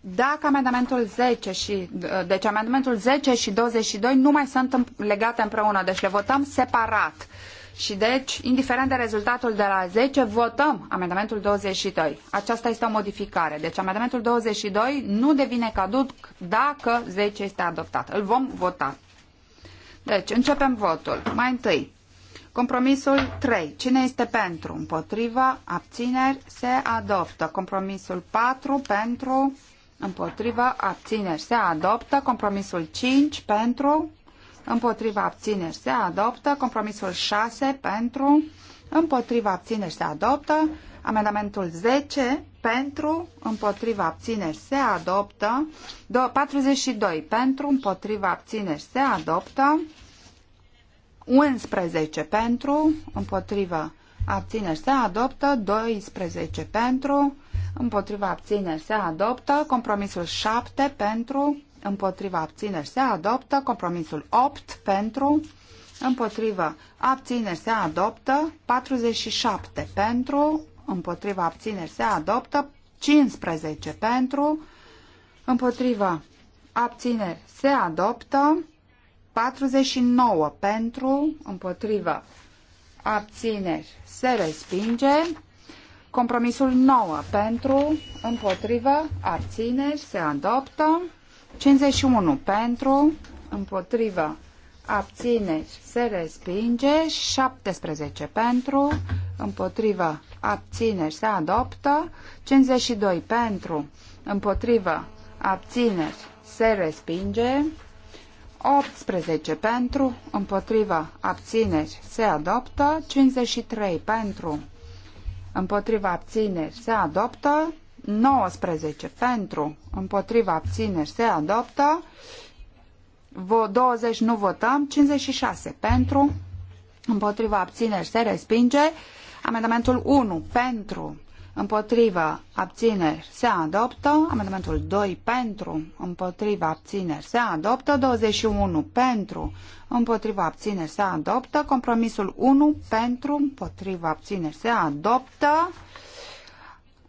dacă amendamentul 10 și, uh, deci amendamentul 10 și 22 nu mai sunt legate împreună, deci le votăm separat. Și deci, indiferent de rezultatul de la 10, votăm amendamentul 22. Aceasta este o modificare. Deci amendamentul 22 nu devine caduc dacă 10 este adoptat. Îl vom vota. Deci, începem votul. Mai întâi, compromisul 3. Cine este pentru? Împotriva? Abțineri? Se adoptă. Compromisul 4 pentru? Împotriva? Abțineri? Se adoptă. Compromisul 5 pentru? împotriva abțineri se adoptă, compromisul 6 pentru, împotriva abțineri se adoptă, amendamentul 10 pentru, împotriva abțineri se adoptă, 42 pentru, împotriva abțineri se adoptă, 11 pentru, împotriva abțineri se adoptă, 12 pentru, împotriva abțineri se adoptă, compromisul 7 pentru, împotriva abțineri se adoptă. Compromisul 8 pentru, împotriva abțineri se adoptă. 47 pentru, împotriva abțineri se adoptă. 15 pentru, împotriva abțineri se adoptă. 49 pentru, împotriva abțineri se respinge. Compromisul 9 pentru, împotrivă, abțineri, se adoptă. 51 pentru, împotrivă, abțineri, se respinge, 17 pentru, împotrivă, abțineri, se adoptă, 52 pentru, împotrivă, abțineri, se respinge, 18 pentru, împotriva, abțineri, se adoptă, 53 pentru, împotriva, abțineri, se adoptă, 19 pentru, împotriva abțineri se adoptă. 20 nu votăm, 56 pentru, împotriva abțineri se respinge. Amendamentul 1 pentru, împotriva abțineri se adoptă. Amendamentul 2 pentru, împotriva abțineri se adoptă. 21 pentru, împotriva abțineri se adoptă. Compromisul 1 pentru, împotriva abțineri se adoptă.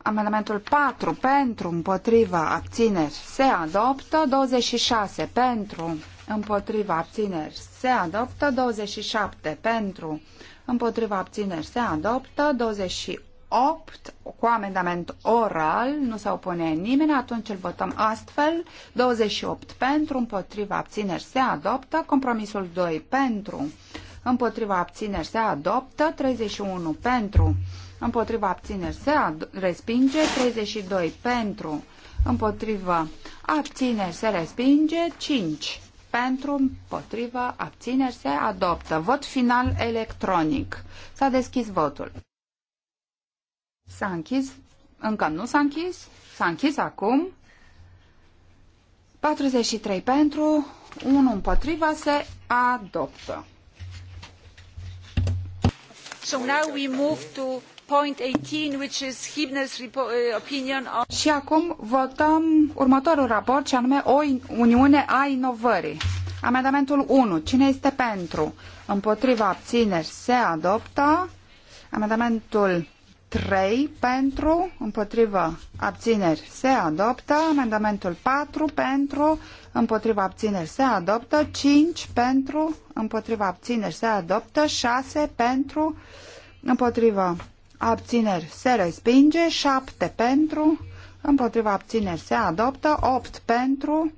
Amendamentul 4 pentru, împotriva, abțineri se adoptă. 26 pentru, împotriva, abțineri se adoptă. 27 pentru, împotriva, abțineri se adoptă. 28 cu amendament oral, nu se opune nimeni, atunci îl votăm astfel. 28 pentru, împotriva, abțineri se adoptă. Compromisul 2 pentru, împotriva abțineri se adoptă, 31 pentru, împotriva abțineri se respinge, 32 pentru, împotriva abțineri se respinge, 5 pentru, împotriva abțineri se adoptă. Vot final electronic. S-a deschis votul. S-a închis. Încă nu s-a închis. S-a închis acum. 43 pentru, 1 împotriva se adoptă. Și acum votăm următorul raport, și anume o Uniune a Inovării. Amendamentul 1. Cine este pentru? Împotriva abțineri se adoptă. Amendamentul 3 pentru, împotrivă abțineri se adoptă, amendamentul 4 pentru, împotrivă abțineri se adoptă, 5 pentru, împotrivă abțineri se adoptă, 6 pentru, împotrivă abțineri se respinge, 7 pentru, împotrivă abțineri se adoptă, 8 pentru,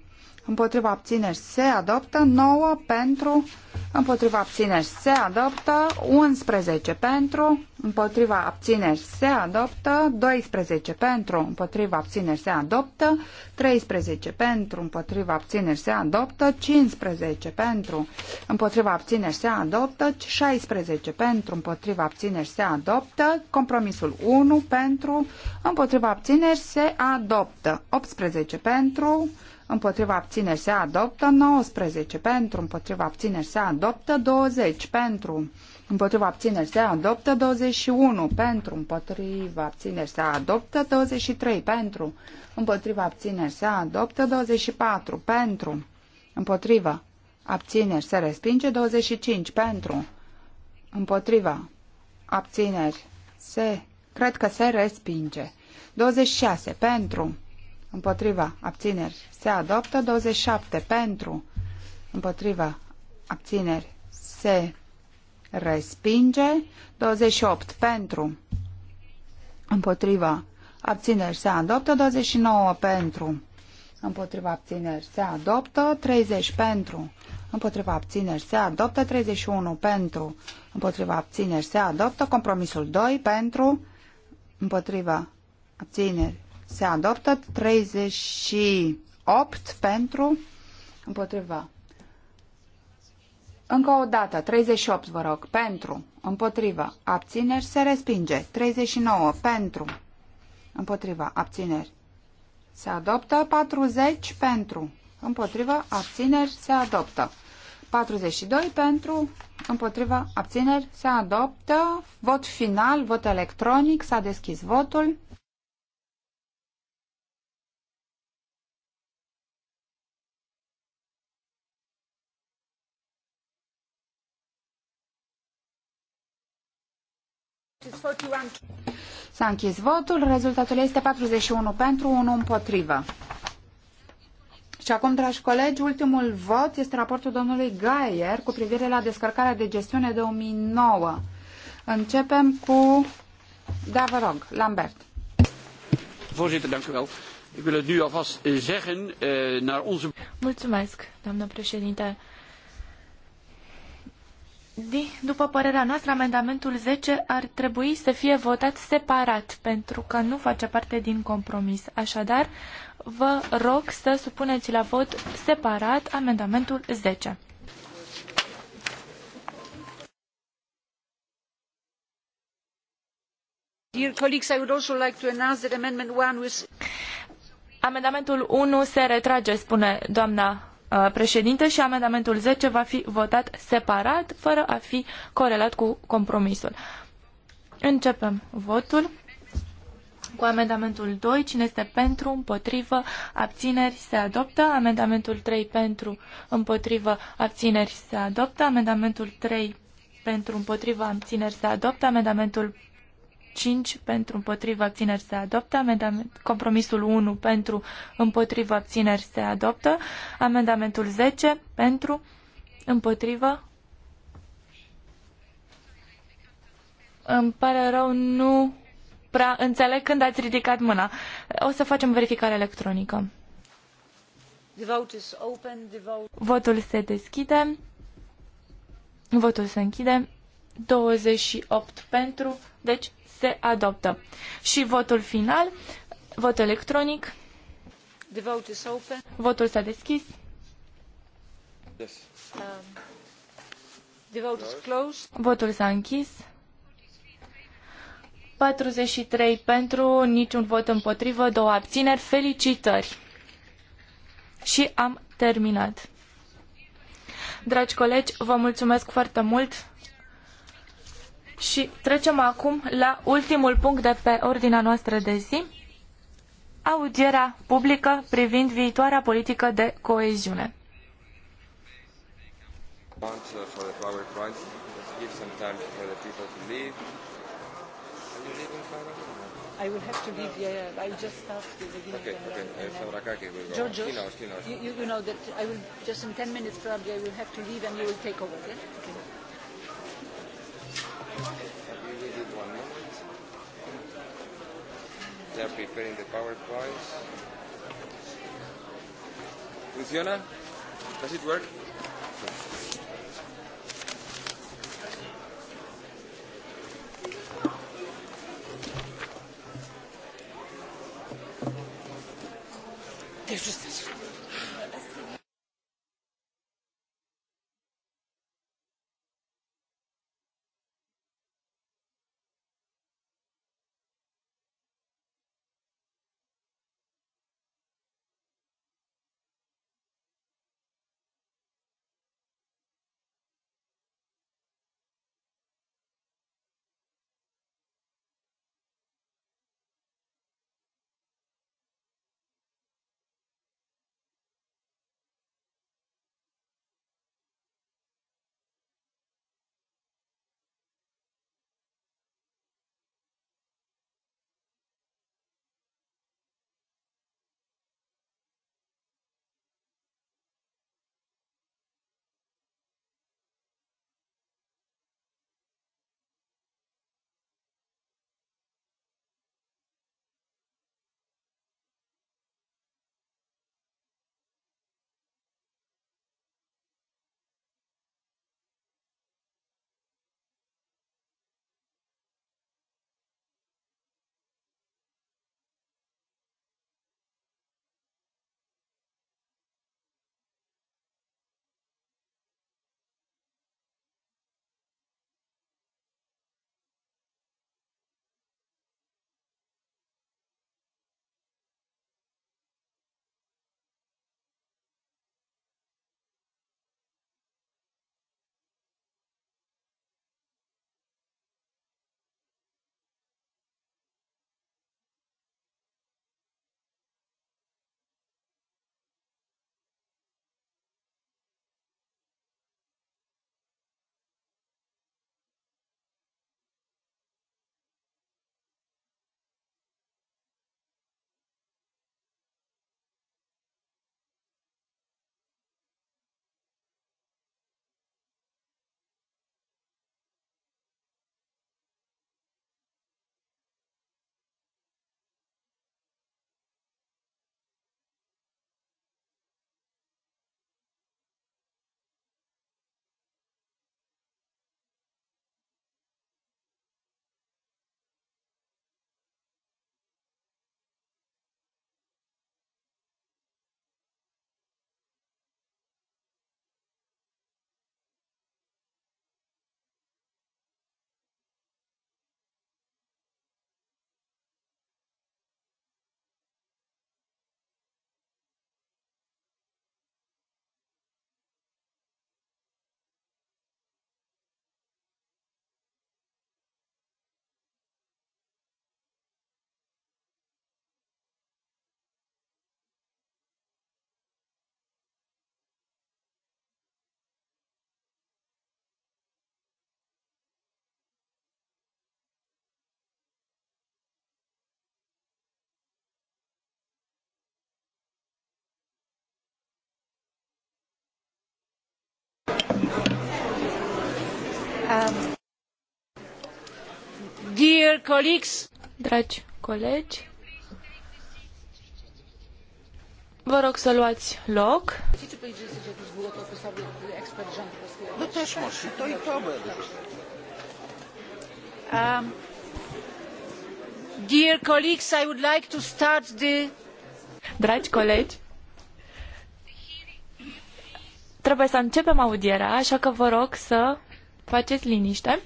împotriva abțineri se adoptă, 9 pentru, împotriva abțineri se adoptă, 11 pentru, împotriva abțineri se adoptă, 12 pentru, împotriva abțineri se adoptă, 13 pentru, împotriva abțineri se adoptă, 15 pentru, împotriva abțineri se adoptă, 16 pentru, împotriva abțineri se adoptă, compromisul 1 pentru, împotriva abțineri se adoptă, 18 pentru, împotriva abțineri se adoptă, 19 pentru, împotriva abțineri se adoptă, 20 pentru, împotriva abțineri se adoptă, 21 pentru, împotriva abțineri se adoptă, 23 pentru, împotriva abțineri se adoptă, 24 pentru, împotriva abțineri se respinge, 25 pentru, împotriva abțineri se, cred că se respinge, 26 pentru, împotriva abțineri se adoptă. 27 pentru, împotriva, abțineri, se respinge. 28 pentru, împotriva, abțineri, se adoptă. 29 pentru, împotriva, abțineri, se adoptă. 30 pentru, împotriva abțineri se adoptă, 31 pentru, împotriva abțineri se adoptă, compromisul 2 pentru, împotriva abțineri se adoptă, 30 și 8 pentru, împotriva. Încă o dată, 38, vă rog, pentru, împotriva, abțineri, se respinge. 39, pentru, împotriva, abțineri, se adoptă. 40, pentru, împotriva, abțineri, se adoptă. 42 pentru, împotriva, abțineri, se adoptă. Vot final, vot electronic, s-a deschis votul. S-a închis votul, rezultatul este 41 pentru, 1 împotrivă. Și acum, dragi colegi, ultimul vot este raportul domnului Gaier cu privire la descărcarea de gestiune 2009. Începem cu... Da, vă rog, Lambert. Voorzitter, dank u wel. Ik wil het nu alvast eh, zeggen uh, naar onze... Mulțumesc, doamnă președinte. După părerea noastră, amendamentul 10 ar trebui să fie votat separat, pentru că nu face parte din compromis. Așadar, vă rog să supuneți la vot separat amendamentul 10. Dear colleagues, I would also like to announce that amendment 1 was... Amendamentul 1 se retrage, spune doamna Uh, președinte și amendamentul 10 va fi votat separat, fără a fi corelat cu compromisul. Începem votul cu amendamentul 2. Cine este pentru, împotrivă, abțineri, se adoptă. Amendamentul 3 pentru, împotrivă, abțineri, se adoptă. Amendamentul 3 pentru, împotrivă, abțineri, se adoptă. Amendamentul 5 pentru împotriva abțineri se adoptă, amendament, compromisul 1 pentru împotriva abțineri se adoptă, amendamentul 10 pentru împotriva. Îmi pare rău, nu prea înțeleg când ați ridicat mâna. O să facem verificare electronică. Votul se deschide. Votul se închide. 28 pentru, deci se adoptă. Și votul final, vot electronic. The vote is open. Votul s-a deschis. Yes. Um, the vote is closed. Votul s-a închis. 43 pentru, niciun vot împotrivă, două abțineri. Felicitări! Și am terminat. Dragi colegi, vă mulțumesc foarte mult! Și trecem acum la ultimul punct de pe ordinea noastră de zi, audierea publică privind viitoarea politică de coeziune. I will have to leave. Yeah, yeah. I just the beginning. Okay, okay. Uh, you, you know that I will just in 10 minutes probably I will have to leave and you will take over. Okay. They are preparing the power points. ¿Funciona? Does it work? Te Um, dear colleagues, Dragi colegi, vă rog să luați loc. Um, dear colleagues, I would like to start the... Dragi colegi, trebuie să începem audierea, așa că vă rog să Faceți liniște.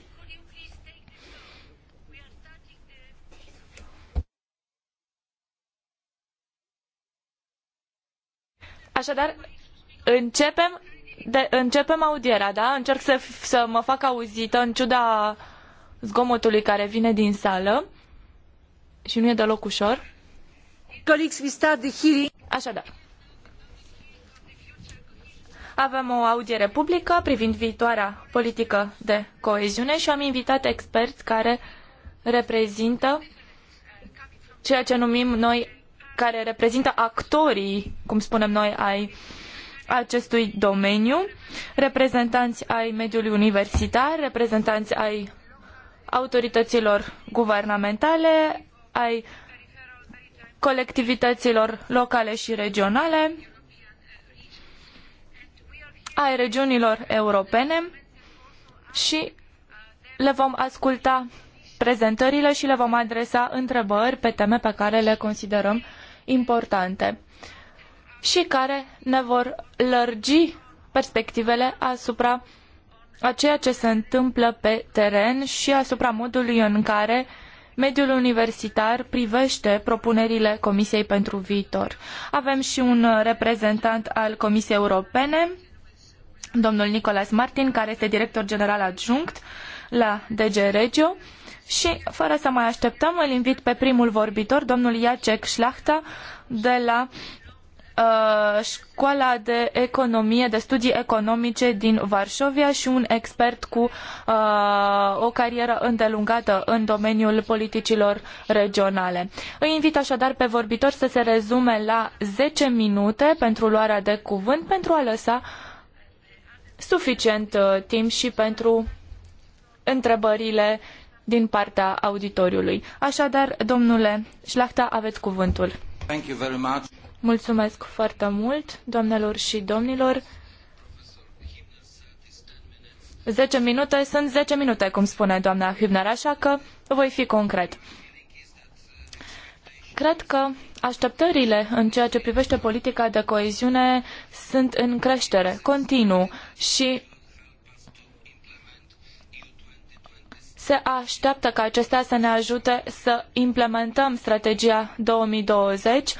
Așadar, începem, de, începem audierea, da? Încerc să, să mă fac auzită în ciuda zgomotului care vine din sală și nu e deloc ușor. Colegi, hearing. Așadar avem o audiere publică privind viitoarea politică de coeziune și am invitat experți care reprezintă ceea ce numim noi, care reprezintă actorii, cum spunem noi, ai acestui domeniu, reprezentanți ai mediului universitar, reprezentanți ai autorităților guvernamentale, ai colectivităților locale și regionale, ai regiunilor europene și le vom asculta prezentările și le vom adresa întrebări pe teme pe care le considerăm importante și care ne vor lărgi perspectivele asupra a ceea ce se întâmplă pe teren și asupra modului în care mediul universitar privește propunerile Comisiei pentru viitor. Avem și un reprezentant al Comisiei Europene domnul Nicolas Martin, care este director general adjunct la DG Regio. Și, fără să mai așteptăm, îl invit pe primul vorbitor, domnul Jacek Șlachta, de la uh, Școala de Economie, de Studii Economice din Varșovia și un expert cu uh, o carieră îndelungată în domeniul politicilor regionale. Îi invit așadar pe vorbitor să se rezume la zece minute pentru luarea de cuvânt, pentru a lăsa suficient uh, timp și pentru întrebările din partea auditoriului. Așadar, domnule Șlachta, aveți cuvântul. Mulțumesc foarte mult, doamnelor și domnilor. Zece minute sunt zece minute, cum spune doamna Hübner, așa că voi fi concret. Cred că așteptările în ceea ce privește politica de coeziune sunt în creștere, continuu și se așteaptă ca acestea să ne ajute să implementăm strategia 2020,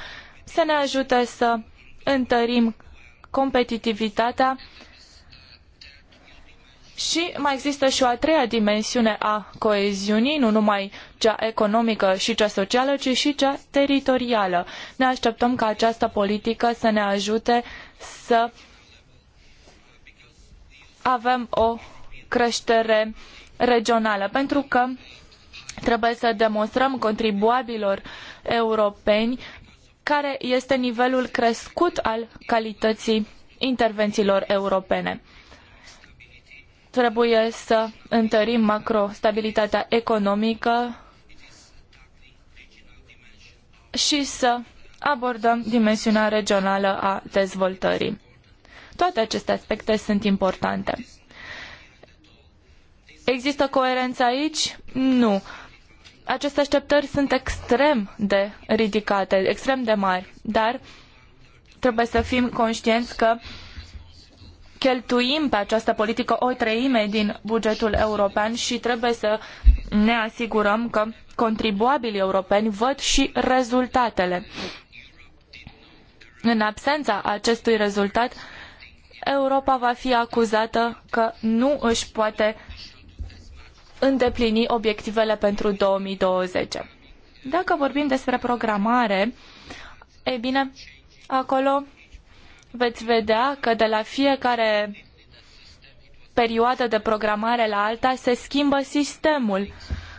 să ne ajute să întărim competitivitatea și mai există și o a treia dimensiune a coeziunii, nu numai cea economică și cea socială, ci și cea teritorială. Ne așteptăm ca această politică să ne ajute să avem o creștere regională, pentru că trebuie să demonstrăm contribuabilor europeni care este nivelul crescut al calității intervențiilor europene. Trebuie să întărim macrostabilitatea economică și să abordăm dimensiunea regională a dezvoltării. Toate aceste aspecte sunt importante. Există coerență aici? Nu. Aceste așteptări sunt extrem de ridicate, extrem de mari, dar trebuie să fim conștienți că uh, cheltuim pe această politică o treime din bugetul european și trebuie să ne asigurăm că contribuabilii europeni văd și rezultatele. În absența acestui rezultat, Europa va fi acuzată că nu își poate îndeplini obiectivele pentru 2020. Dacă vorbim despre programare, e bine, acolo veți vedea că de la fiecare perioadă de programare la alta se schimbă sistemul.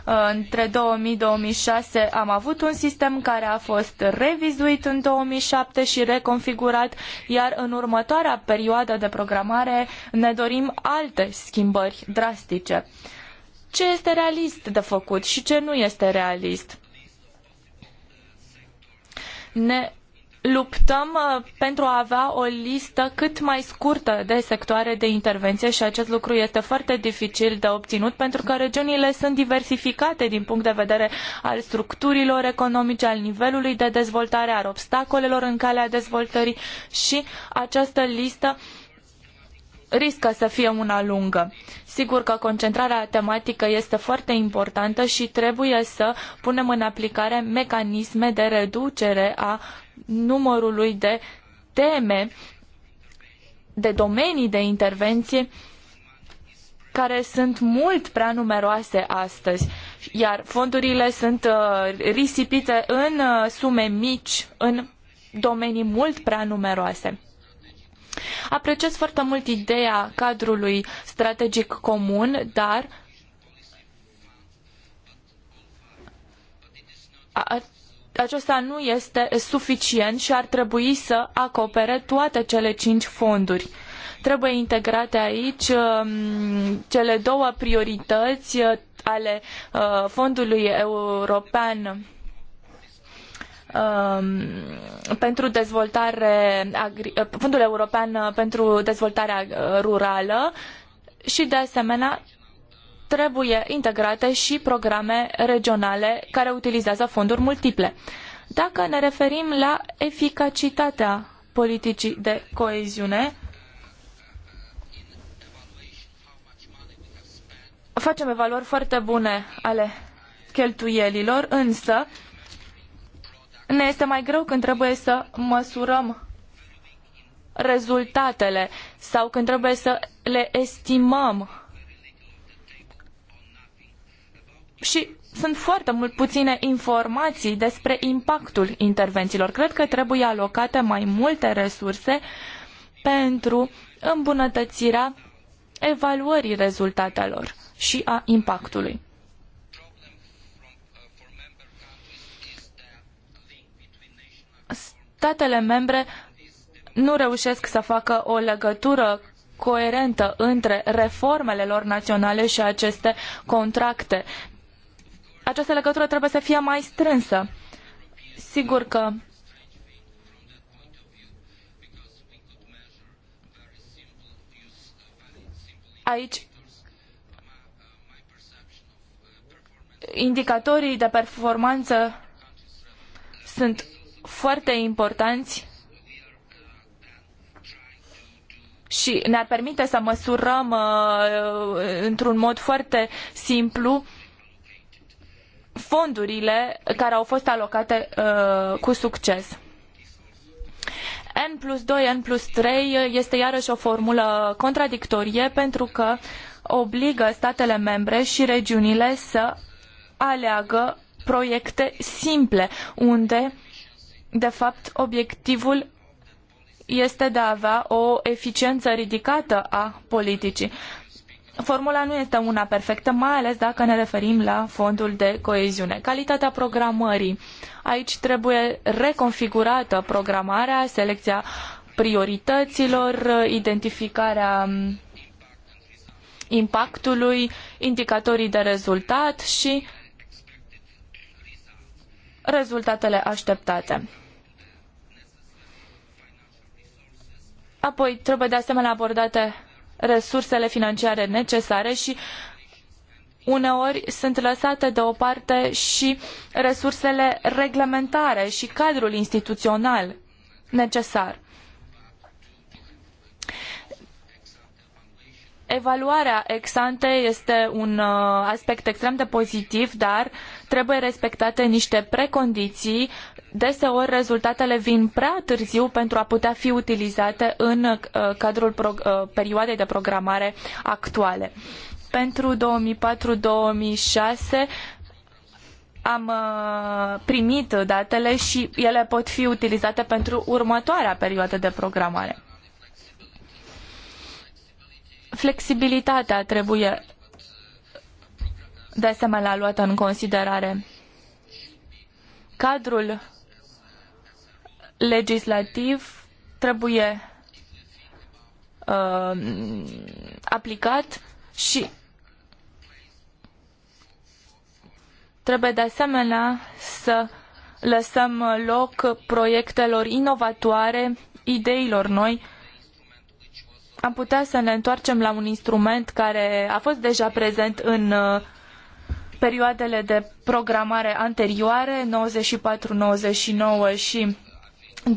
Uh, între 2000-2006 am avut un sistem care a fost revizuit în 2007 și reconfigurat, iar în următoarea perioadă de programare ne dorim alte schimbări drastice. Ce este realist de făcut și ce nu este realist? Ne luptăm uh, pentru a avea o listă cât mai scurtă de sectoare de intervenție și acest lucru este foarte dificil de obținut pentru că regiunile sunt diversificate din punct de vedere al structurilor economice, al nivelului de dezvoltare, al obstacolelor în calea dezvoltării și această listă riscă să fie una lungă. Sigur că concentrarea tematică este foarte importantă și trebuie să punem în aplicare mecanisme de reducere a numărului de teme, de domenii de intervenție care sunt mult prea numeroase astăzi, iar fondurile sunt uh, risipite în uh, sume mici, în domenii mult prea numeroase. Apreciez foarte mult ideea cadrului strategic comun, dar ar acesta nu este suficient și ar trebui să acopere toate cele cinci fonduri. Trebuie integrate aici um, cele două priorități uh, ale uh, Fondului European um, pentru dezvoltare, uh, Fondul European pentru Dezvoltarea Rurală și de asemenea trebuie integrate și programe regionale care utilizează fonduri multiple. Dacă ne referim la eficacitatea politicii de coeziune, facem evaluări foarte bune ale cheltuielilor, însă ne este mai greu când trebuie să măsurăm rezultatele sau când trebuie să le estimăm și sunt foarte mult puține informații despre impactul intervențiilor. Cred că trebuie alocate mai multe resurse pentru îmbunătățirea evaluării rezultatelor și a impactului. Statele membre nu reușesc să facă o legătură coerentă între reformele lor naționale și aceste contracte această legătură trebuie să fie mai strânsă. Sigur că aici indicatorii de performanță sunt foarte importanți și ne-ar permite să măsurăm uh, într-un mod foarte simplu fondurile care au fost alocate uh, cu succes. N plus 2, N plus 3 este iarăși o formulă contradictorie pentru că obligă statele membre și regiunile să aleagă proiecte simple, unde, de fapt, obiectivul este de a avea o eficiență ridicată a politicii formula nu este una perfectă, mai ales dacă ne referim la fondul de coeziune. Calitatea programării. Aici trebuie reconfigurată programarea, selecția priorităților, identificarea mm, impactului, indicatorii de rezultat și rezultatele așteptate. Apoi trebuie de asemenea abordate resursele financiare necesare și uneori sunt lăsate deoparte și resursele reglementare și cadrul instituțional necesar. Evaluarea ex ante este un uh, aspect extrem de pozitiv, dar trebuie respectate niște precondiții deseori rezultatele vin prea târziu pentru a putea fi utilizate în uh, cadrul uh, perioadei de programare actuale. Pentru 2004-2006 am uh, primit datele și ele pot fi utilizate pentru următoarea perioadă de programare. Flexibilitatea trebuie de asemenea luată în considerare. Cadrul legislativ trebuie uh, aplicat și trebuie de asemenea să lăsăm loc proiectelor inovatoare, ideilor noi. Am putea să ne întoarcem la un instrument care a fost deja prezent în uh, perioadele de programare anterioare, 94-99 și 2000-2006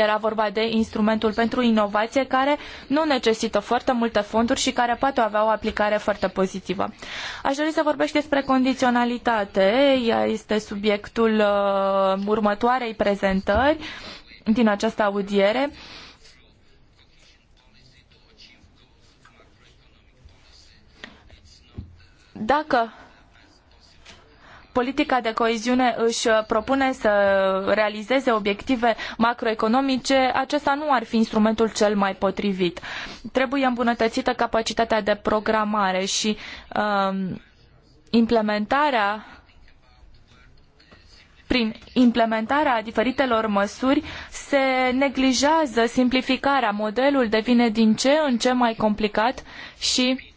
era vorba de instrumentul pentru inovație care nu necesită foarte multe fonduri și care poate avea o aplicare foarte pozitivă. Aș dori să vorbesc despre condiționalitate. Ea este subiectul uh, următoarei prezentări din această audiere. Dacă politica de coeziune își uh, propune să realizeze obiective macroeconomice, acesta nu ar fi instrumentul cel mai potrivit. Trebuie îmbunătățită capacitatea de programare și uh, implementarea prin implementarea diferitelor măsuri se neglijează simplificarea, modelul devine din ce în ce mai complicat și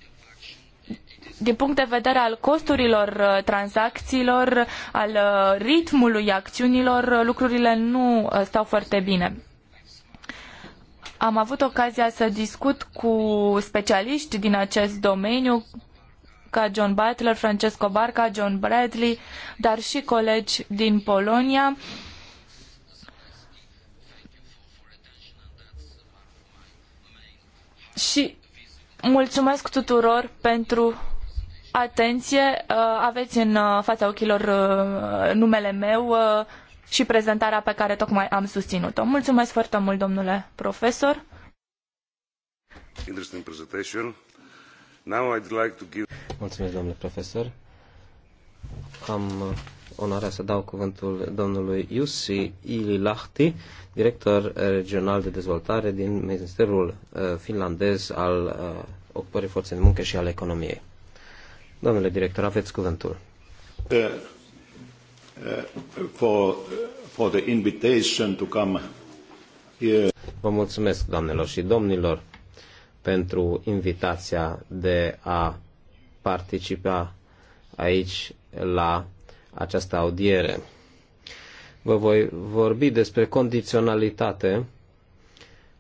din punct de vedere al costurilor uh, tranzacțiilor, al uh, ritmului acțiunilor, uh, lucrurile nu stau foarte bine. Am avut ocazia să discut cu specialiști din acest domeniu, ca John Butler, Francesco Barca, John Bradley, dar și colegi din Polonia. Și mulțumesc tuturor pentru Atenție, uh, aveți în uh, fața ochilor uh, numele meu și prezentarea pe care tocmai am susținut-o. Mulțumesc foarte mult, domnule profesor. Interesting presentation. Now I'd like to give... Mulțumesc, domnule profesor. Am onoarea să dau cuvântul domnului Iusi Ililahti, director regional de dezvoltare din Ministerul finlandez al ocupării forței de muncă și al economiei. Domnule director, aveți cuvântul. Uh, uh, for, for the invitation to come here. Vă mulțumesc, doamnelor și domnilor, pentru invitația de a participa aici la această audiere. Vă voi vorbi despre condiționalitate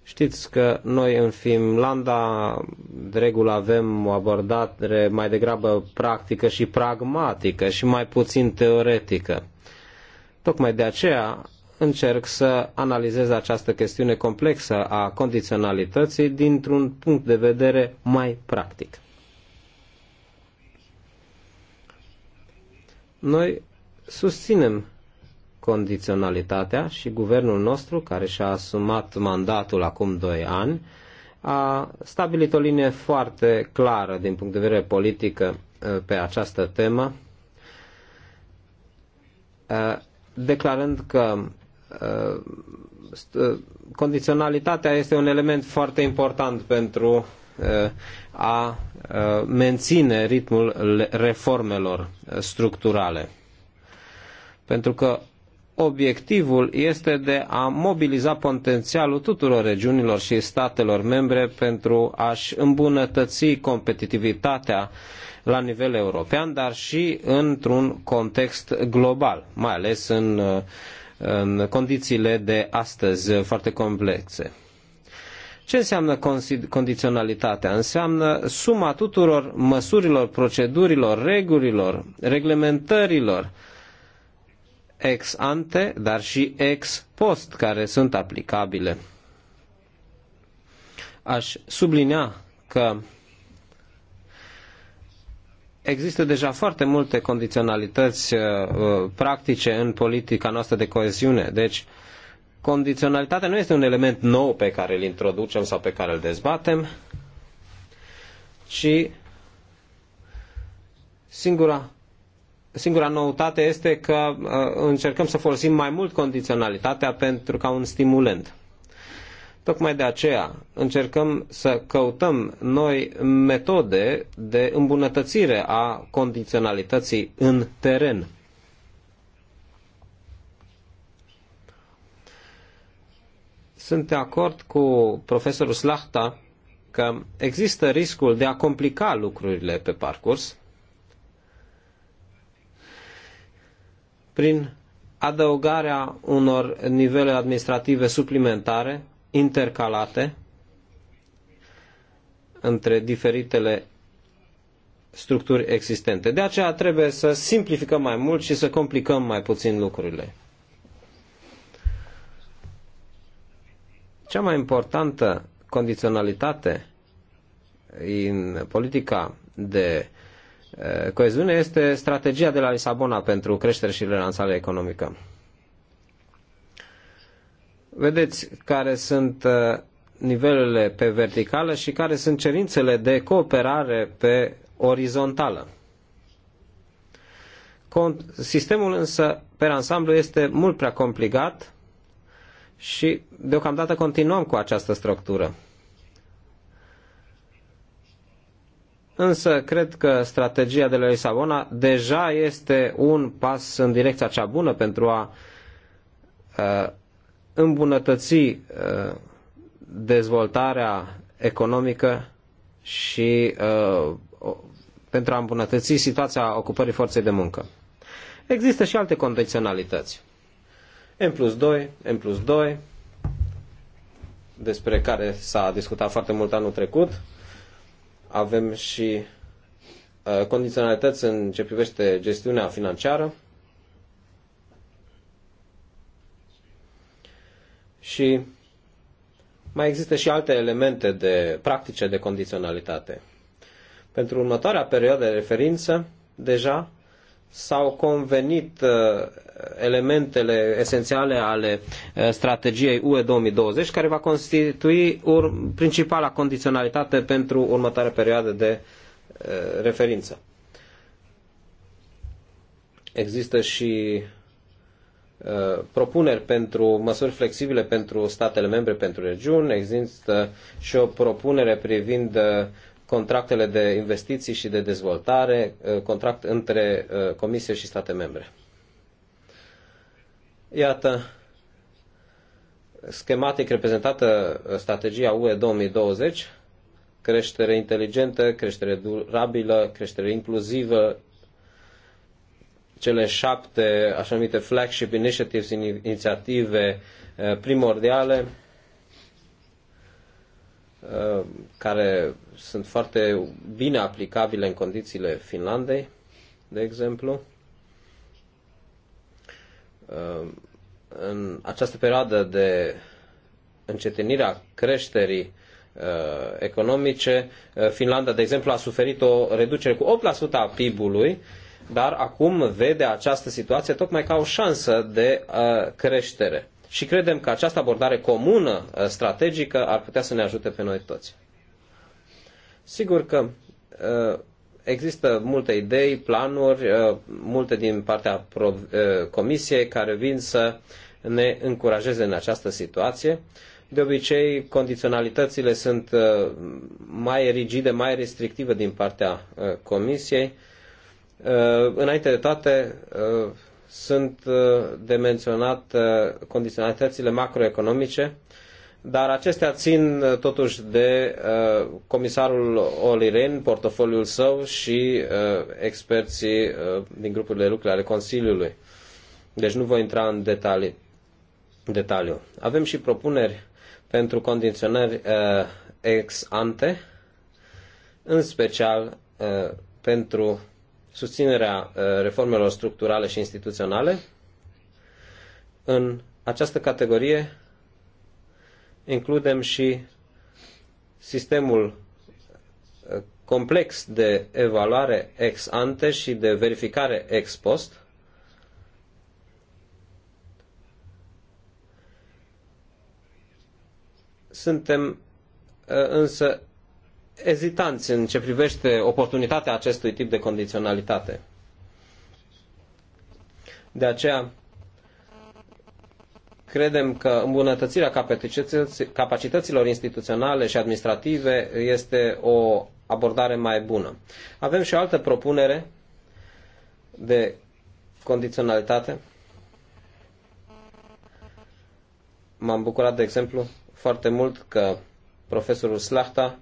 Știți că noi în Finlanda de regulă avem o abordare mai degrabă practică și pragmatică și mai puțin teoretică. Tocmai de aceea încerc să analizez această chestiune complexă a condiționalității dintr-un punct de vedere mai practic. Noi susținem condiționalitatea și guvernul nostru, care și-a asumat mandatul acum doi ani, a stabilit o linie foarte clară din punct de vedere politică uh, pe această temă, uh, declarând că uh, condiționalitatea este un element foarte important pentru a menține ritmul reformelor structurale. Pentru că obiectivul este de a mobiliza potențialul tuturor regiunilor și statelor membre pentru a-și îmbunătăți competitivitatea la nivel european, dar și într-un context global, mai ales în, în condițiile de astăzi foarte complexe. Ce înseamnă condiționalitatea? Înseamnă suma tuturor măsurilor, procedurilor, regulilor, reglementărilor ex ante, dar și ex post care sunt aplicabile. Aș sublinea că există deja foarte multe condiționalități uh, practice în politica noastră de coeziune. Deci, condiționalitatea nu este un element nou pe care îl introducem sau pe care îl dezbatem, ci singura Singura noutate este că uh, încercăm să folosim mai mult condiționalitatea pentru ca un stimulent. Tocmai de aceea încercăm să căutăm noi metode de îmbunătățire a condiționalității în teren. Sunt de acord cu profesorul Slachta că există riscul de a complica lucrurile pe parcurs prin adăugarea unor nivele administrative suplimentare, intercalate, între diferitele structuri existente. De aceea trebuie să simplificăm mai mult și să complicăm mai puțin lucrurile. Cea mai importantă condiționalitate în politica de Eh, coeziune este strategia de la Lisabona pentru creștere și relansare economică. Vedeți care sunt eh, nivelurile pe verticală și care sunt cerințele de cooperare pe orizontală. Sistemul însă, pe ansamblu, este mult prea complicat și deocamdată continuăm cu această structură. însă cred că strategia de la Lisabona deja este un pas în direcția cea bună pentru a uh, îmbunătăți uh, dezvoltarea economică și uh, pentru a îmbunătăți situația ocupării forței de muncă. Există și alte condiționalități. M plus 2, M plus 2, despre care s-a discutat foarte mult anul trecut, avem și uh, condiționalități în ce privește gestiunea financiară și mai există și alte elemente de practice de condiționalitate. Pentru următoarea perioadă de referință, deja s-au convenit uh, elementele esențiale ale uh, strategiei UE 2020, care va constitui principala condiționalitate pentru următoarea perioadă de uh, referință. Există și propuneri pentru măsuri flexibile pentru statele membre, pentru regiuni, există și o propunere privind contractele de investiții și de dezvoltare, uh, contract între uh, Comisie și state membre. Iată, schematic reprezentată uh, strategia UE 2020, creștere inteligentă, creștere durabilă, creștere inclusivă, cele șapte așa numite flagship initiatives, inițiative primordiale, Uh, care sunt foarte bine aplicabile în condițiile Finlandei, de exemplu. Uh, în această perioadă de încetinirea creșterii uh, economice, Finlanda, de exemplu, a suferit o reducere cu 8% a PIB-ului, dar acum vede această situație tocmai ca o șansă de creștere și credem că această abordare comună uh, strategică ar putea să ne ajute pe noi toți. Sigur că uh, există multe idei, planuri, uh, multe din partea comisiei care vin să ne încurajeze în această situație. De obicei, condiționalitățile sunt mai rigide, mai restrictive din partea comisiei. Înainte de toate, sunt uh, de menționat uh, condiționalitățile macroeconomice, dar acestea țin uh, totuși de comisarul Oli Rehn, portofoliul său și experții din grupurile de lucru ale Consiliului. Deci nu voi intra în detalii. detaliu. Avem și propuneri pentru condiționări ex ante, în special pentru susținerea uh, reformelor structurale și instituționale. În această categorie includem și sistemul uh, complex de evaluare ex ante și de verificare ex post. Suntem uh, însă ezitanți în ce privește oportunitatea acestui tip de condiționalitate. De aceea, credem că îmbunătățirea capacităților instituționale și administrative este o abordare mai bună. Avem și o altă propunere de condiționalitate. M-am bucurat, de exemplu, foarte mult că profesorul Slachta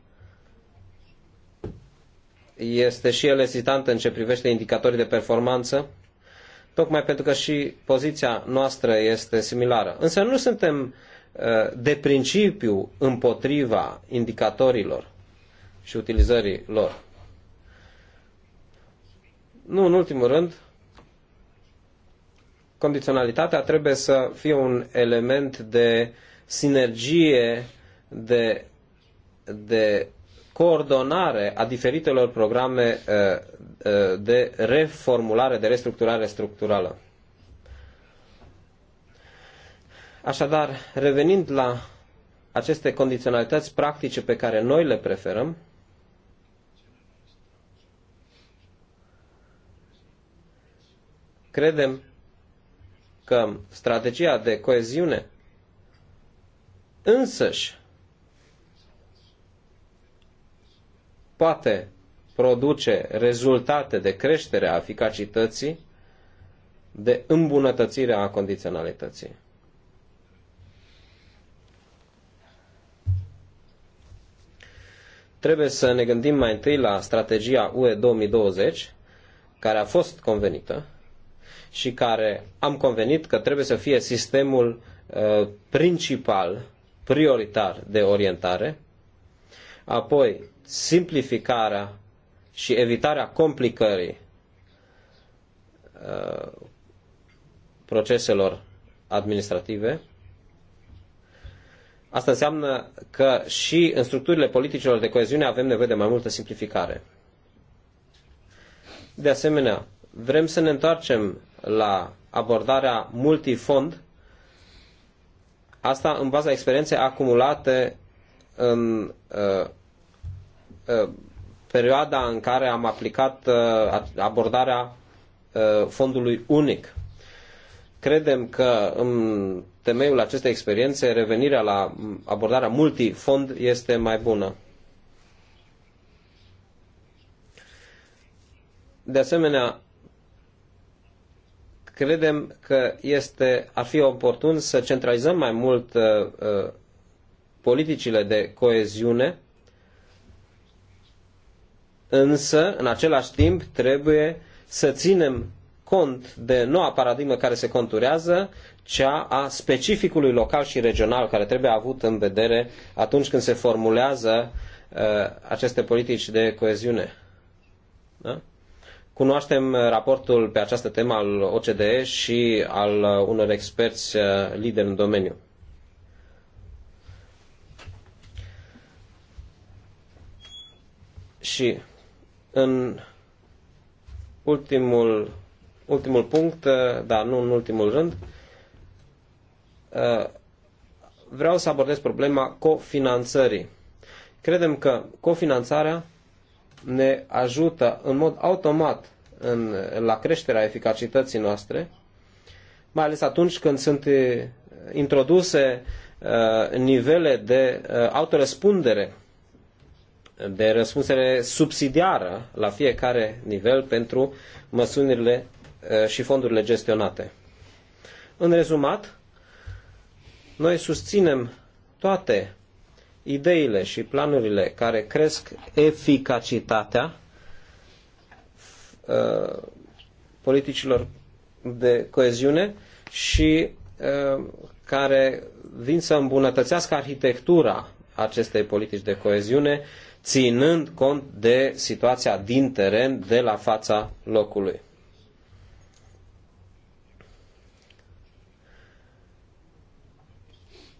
este și el ezitant în ce privește indicatorii de performanță, tocmai pentru că și poziția noastră este similară. Însă nu suntem uh, de principiu împotriva indicatorilor și utilizării lor. Nu în ultimul rând, condiționalitatea trebuie să fie un element de sinergie, de, de coordonare a diferitelor programe eh, eh, de reformulare, de restructurare structurală. Așadar, revenind la aceste condiționalități practice pe care noi le preferăm, credem că strategia de coeziune însăși poate produce rezultate de creștere a eficacității, de îmbunătățire a condiționalității. Trebuie să ne gândim mai întâi la strategia UE 2020, care a fost convenită și care am convenit că trebuie să fie sistemul uh, principal, prioritar de orientare. Apoi, simplificarea și evitarea complicării uh, proceselor administrative, asta înseamnă că și în structurile politicilor de coeziune avem nevoie de mai multă simplificare. De asemenea, vrem să ne întoarcem la abordarea multifond, asta în baza experienței acumulate în uh, Uh, perioada în care am aplicat uh, abordarea uh, fondului unic. Credem că în temeiul acestei experiențe revenirea la abordarea multifond este mai bună. De asemenea, credem că este, ar fi oportun să centralizăm mai mult uh, politicile de coeziune însă, în același timp, trebuie să ținem cont de noua paradigmă care se conturează, cea a specificului local și regional care trebuie avut în vedere atunci când se formulează uh, aceste politici de coeziune. Da? Cunoaștem raportul pe această temă al OCDE și al uh, unor experți uh, lideri în domeniu. Și în ultimul, ultimul punct, uh, dar nu în ultimul rând, uh, vreau să abordez problema cofinanțării. Credem că cofinanțarea ne ajută în mod automat în, la creșterea eficacității noastre, mai ales atunci când sunt uh, introduse nivele de autorespundere de răspunsere subsidiară la fiecare nivel pentru măsurile și fondurile gestionate. În rezumat, noi susținem toate ideile și planurile care cresc eficacitatea politicilor de coeziune și care vin să îmbunătățească arhitectura acestei politici de coeziune ținând cont de situația din teren, de la fața locului.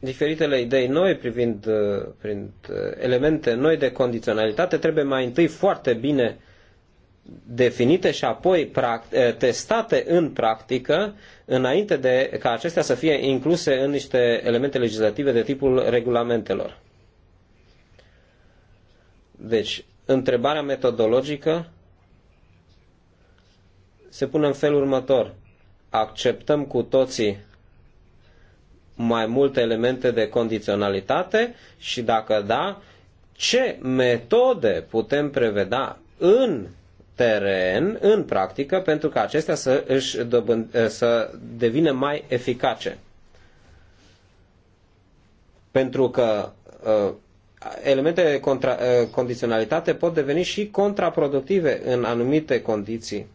diferitele idei noi privind, uh, privind uh, elemente noi de condiționalitate trebuie mai întâi foarte bine definite și apoi eh, testate în practică înainte de ca acestea să fie incluse în niște elemente legislative de tipul regulamentelor. Deci, întrebarea metodologică se pune în felul următor. Acceptăm cu toții mai multe elemente de condiționalitate și dacă da, ce metode putem prevedea în teren, în practică, pentru ca acestea să, își dobând, să devină mai eficace. Pentru că uh, elemente de contra, eh, condiționalitate pot deveni și contraproductive în anumite condiții.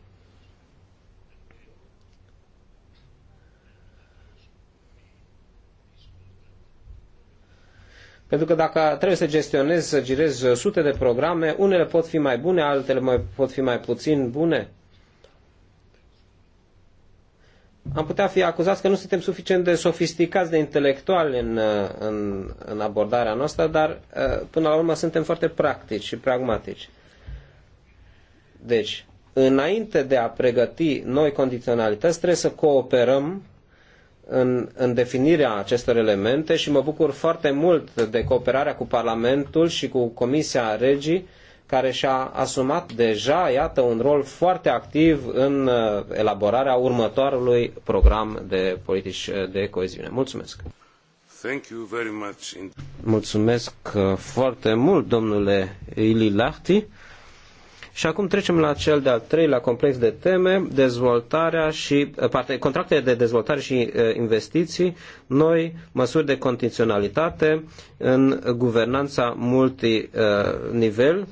Pentru că dacă trebuie să gestionezi, să girezi sute de programe, unele pot fi mai bune, altele mai pot fi mai puțin bune am putea fi acuzați că nu suntem suficient de sofisticați de intelectuali în, în, în abordarea noastră, dar uh, până la urmă suntem foarte practici și pragmatici. Deci, înainte de a pregăti noi condiționalități, trebuie să cooperăm în, în definirea acestor elemente și mă bucur foarte mult de cooperarea cu Parlamentul și cu Comisia Regii care și-a asumat deja, iată, un rol foarte activ în uh, elaborarea următorului program de politici uh, de coeziune. Mulțumesc! Thank you very much. Mulțumesc uh, foarte mult, domnule Ili Lahti. Și acum trecem la cel de-al treilea complex de teme, dezvoltarea și parte, contractele de dezvoltare și investiții, noi măsuri de condiționalitate în guvernanța multinivel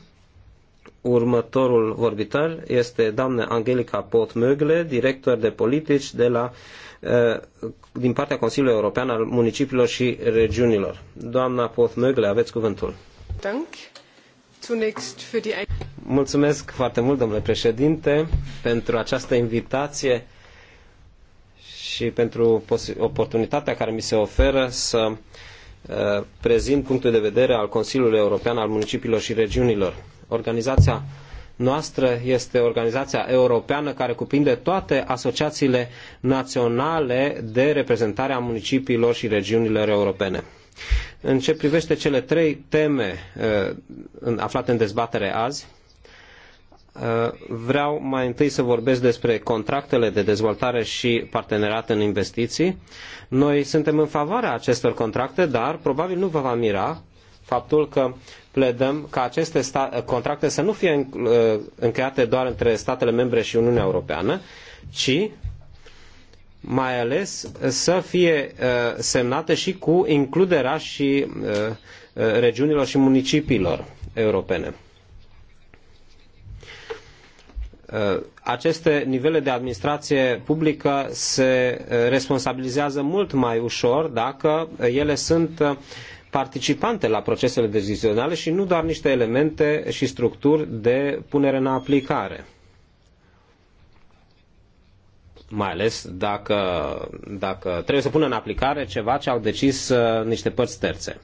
Următorul vorbitor este doamna Angelica Potmögle, director de politici de la, eh, din partea Consiliului European al Municipiilor și Regiunilor. Doamna Potmögle, aveți cuvântul. Mulțumesc foarte mult, domnule președinte, pentru această invitație și pentru oportunitatea care mi se oferă să eh, prezint punctul de vedere al Consiliului European al Municipiilor și Regiunilor. Organizația noastră este organizația europeană care cuprinde toate asociațiile naționale de reprezentare a municipiilor și regiunilor europene. În ce privește cele trei teme eh, aflate în dezbatere azi, eh, vreau mai întâi să vorbesc despre contractele de dezvoltare și parteneriat în investiții. Noi suntem în favoarea acestor contracte, dar probabil nu vă va mira faptul că pledăm ca aceste contracte să nu fie uh, încheiate doar între statele membre și Uniunea Europeană, ci mai ales să fie uh, semnate și cu includerea și uh, regiunilor și municipiilor europene. Aceste nivele de administrație publică se responsabilizează mult mai ușor dacă ele sunt participante la procesele decizionale și nu doar niște elemente și structuri de punere în aplicare. Mai ales dacă, dacă trebuie să pună în aplicare ceva ce au decis uh, niște părți terțe.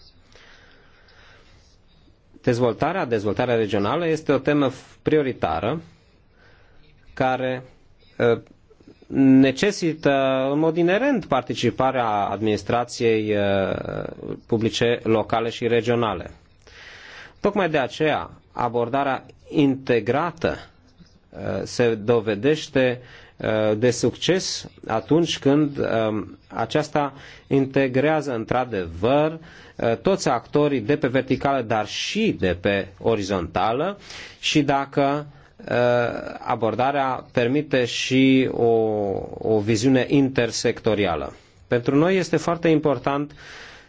Dezvoltarea, dezvoltarea regională este o temă prioritară care uh, necesită în mod inerent participarea administrației uh, publice locale și regionale. Tocmai de aceea, abordarea integrată uh, se dovedește uh, de succes atunci când um, aceasta integrează într-adevăr toți actorii de pe verticală, dar și de pe orizontală și dacă Uh, abordarea permite și o, o viziune intersectorială. Pentru noi este foarte important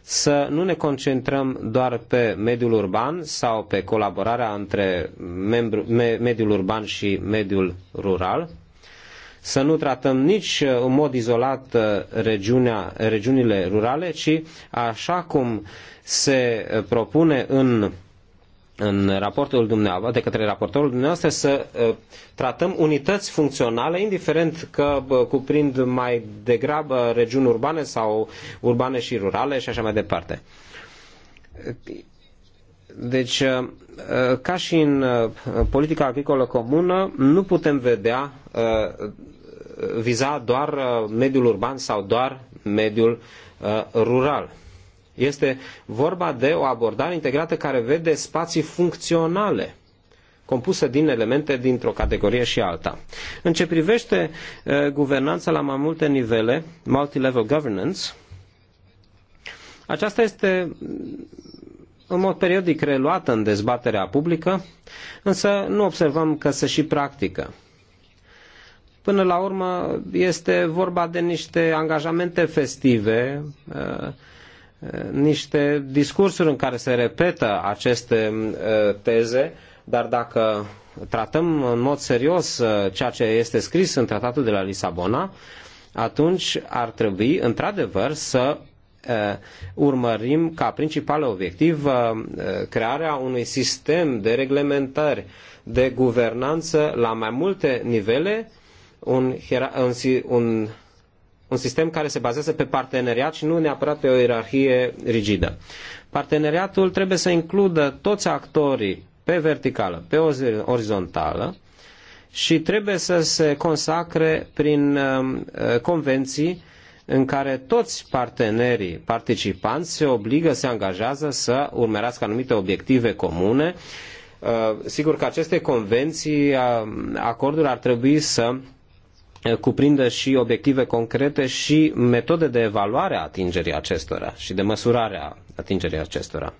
să nu ne concentrăm doar pe mediul urban sau pe colaborarea între membru, me, mediul urban și mediul rural, să nu tratăm nici uh, în mod izolat uh, regiunea, regiunile rurale, ci așa cum se propune în în raportul dumneavoastră, de către raportorul dumneavoastră, să uh, tratăm unități funcționale, indiferent că cuprind mai degrabă regiuni urbane sau urbane și rurale și așa mai departe. Deci, uh, uh, ca și în politica agricolă comună, nu putem vedea viza doar mediul urban sau doar mediul rural este vorba de o abordare integrată care vede spații funcționale compuse din elemente dintr-o categorie și alta. În ce privește uh, guvernanța la mai multe nivele, (multi-level governance, aceasta este în mod periodic reluată în dezbaterea publică, însă nu observăm că se și practică. Până la urmă este vorba de niște angajamente festive, uh, niște discursuri în care se repetă aceste uh, teze, dar dacă tratăm în mod serios uh, ceea ce este scris în tratatul de la Lisabona, atunci ar trebui, într-adevăr, să uh, urmărim ca principal obiectiv crearea unui sistem de reglementări, de guvernanță la mai multe nivele, un, un, un un sistem care se bazează pe parteneriat și nu neapărat pe o ierarhie rigidă. Parteneriatul trebuie să includă toți actorii pe verticală, pe orizontală și trebuie să se consacre prin um, uh, convenții în care toți partenerii participanți se obligă, se angajează să urmărească anumite obiective comune. Uh, sigur că aceste convenții, uh, acorduri ar trebui să cuprinde și obiective concrete și metode de evaluare a atingerii acestora și de măsurare a atingerii acestora.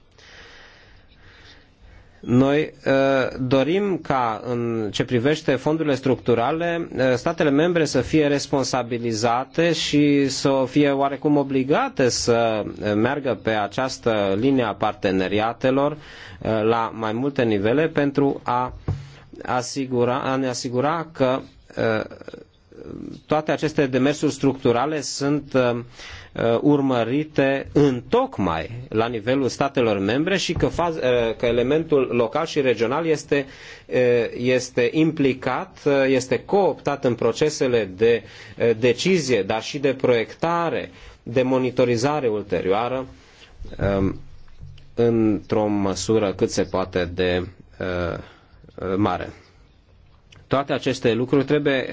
Noi uh, dorim ca în ce privește fondurile structurale, uh, statele membre să fie responsabilizate și să fie oarecum obligate să uh, meargă pe această linie a parteneriatelor la mai multe nivele pentru a, asigura, a ne asigura că toate aceste demersuri structurale sunt uh, uh, urmărite în tocmai la nivelul statelor membre și că, faz, uh, că elementul local și regional este, este implicat, este cooptat în procesele de decizie, dar și de proiectare, de monitorizare ulterioară um, într-o măsură cât se poate de mare. Toate aceste lucruri trebuie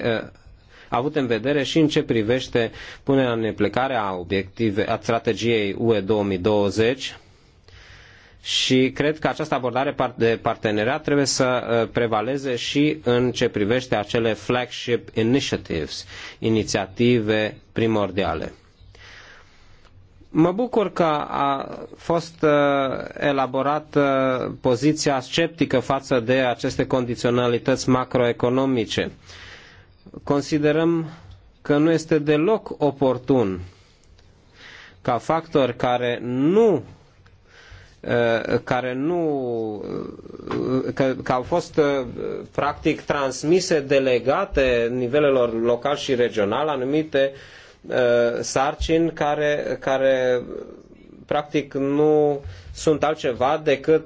avut în vedere și în ce privește punerea în aplicare a, obiective, a strategiei UE 2020 și cred că această abordare de parteneriat trebuie să uh, prevaleze și în ce privește acele flagship initiatives, inițiative primordiale. Mă bucur că a fost uh, elaborată uh, poziția sceptică față de aceste condiționalități macroeconomice considerăm că nu este deloc oportun ca factori care nu uh, care nu uh, că, că au fost uh, practic transmise delegate nivelelor local și regional anumite sarcini care, care practic nu sunt altceva decât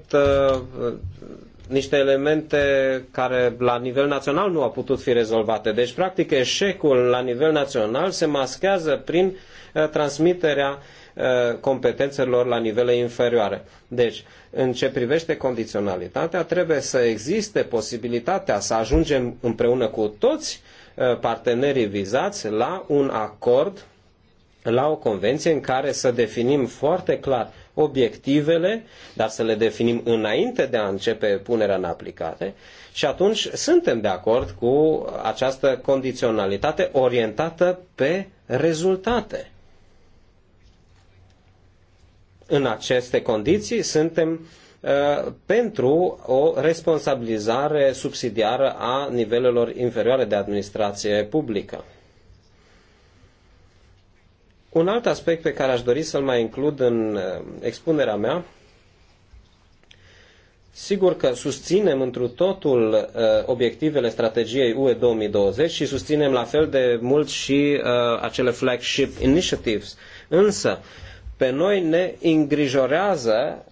niște elemente care la nivel național nu au putut fi rezolvate. Deci, practic, eșecul la nivel național se maschează prin eh, transmiterea eh, competențelor la nivele inferioare. Deci, în ce privește condiționalitatea, trebuie să existe posibilitatea să ajungem împreună cu toți eh, partenerii vizați la un acord, la o convenție în care să definim foarte clar obiectivele, dar să le definim înainte de a începe punerea în aplicare și atunci suntem de acord cu această condiționalitate orientată pe rezultate. În aceste condiții suntem uh, pentru o responsabilizare subsidiară a nivelelor inferioare de administrație publică. Un alt aspect pe care aș dori să-l mai includ în uh, expunerea mea, sigur că susținem întru totul uh, obiectivele strategiei UE 2020 și susținem la fel de mult și uh, acele flagship initiatives, însă pe noi ne îngrijorează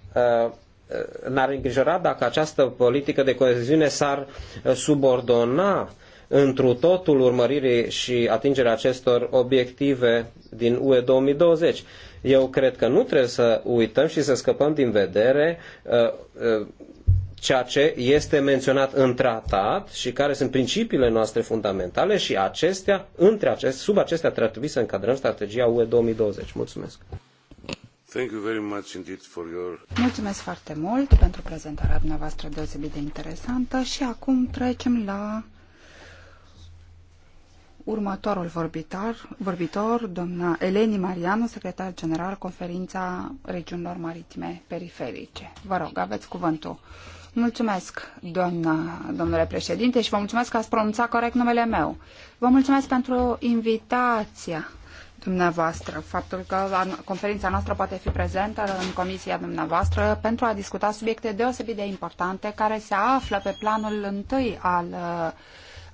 ne-ar îngrijora dacă această politică de coeziune s-ar subordona întru totul urmăririi și atingerea acestor obiective din UE 2020. Eu cred că nu trebuie să uităm și să scăpăm din vedere uh, uh, ceea ce este menționat în tratat și care sunt principiile noastre fundamentale și acestea, între acest, sub acestea trebuie să încadrăm strategia UE 2020. Mulțumesc! Thank you very much indeed for your... Mulțumesc foarte mult pentru prezentarea dumneavoastră deosebit de interesantă și acum trecem la Următorul vorbitor, vorbitor doamna Eleni Marianu, secretar general Conferința Regiunilor Maritime Periferice. Vă rog, aveți cuvântul. Mulțumesc, doamna, domnule președinte, și vă mulțumesc că ați pronunțat corect numele meu. Vă mulțumesc pentru invitația dumneavoastră, faptul că la conferința noastră poate fi prezentă în comisia dumneavoastră pentru a discuta subiecte deosebit de importante care se află pe planul întâi al uh,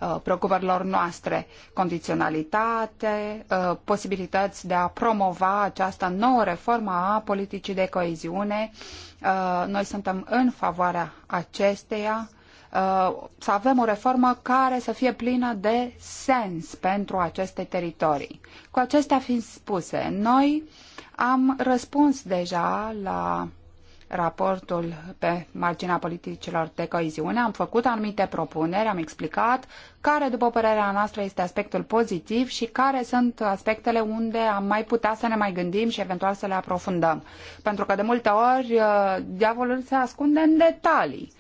Uh, preocupărilor noastre, condiționalitate, uh, posibilități de a promova această nouă reformă a politicii de coeziune. Uh, noi suntem în favoarea acesteia să avem o reformă care să fie plină de sens pentru aceste teritorii. Cu acestea fiind spuse, noi am răspuns deja la raportul pe marginea politicilor de coeziune, am făcut anumite propuneri, am explicat care, după părerea noastră, este aspectul pozitiv și care sunt aspectele unde am mai putea să ne mai gândim și eventual să le aprofundăm. Pentru că, de multe ori, uh, diavolul se ascunde în detalii.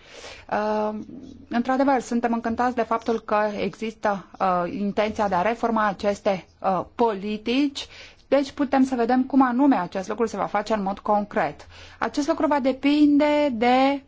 Uh, într-adevăr, suntem încântați de faptul că există uh, intenția de a reforma aceste politici deci putem să vedem cum anume acest lucru se va face în mod concret. Acest lucru va depinde de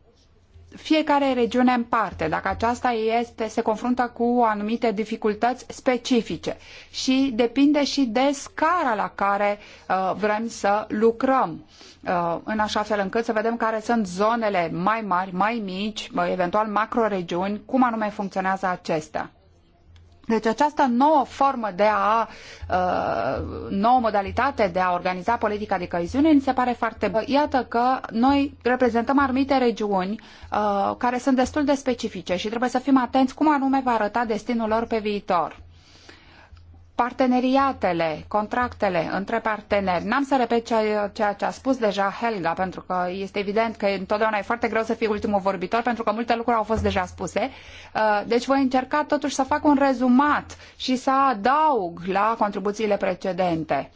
fiecare regiune în parte, dacă aceasta este, se confruntă cu anumite dificultăți specifice și depinde și de scara la care uh, vrem să lucrăm, uh, în așa fel încât să vedem care sunt zonele mai mari, mai mici, eventual macroregiuni, cum anume funcționează acestea. Deci această nouă formă de a, uh, nouă modalitate de a organiza politica de coeziune mi se pare foarte bună. Iată că noi reprezentăm anumite regiuni uh, care sunt destul de specifice și trebuie să fim atenți cum anume va arăta destinul lor pe viitor parteneriatele, contractele între parteneri. N-am să repet ceea ce a spus deja Helga, pentru că este evident că întotdeauna e foarte greu să fii ultimul vorbitor, pentru că multe lucruri au fost deja spuse. Uh, deci voi încerca totuși să fac un rezumat și să adaug la contribuțiile precedente.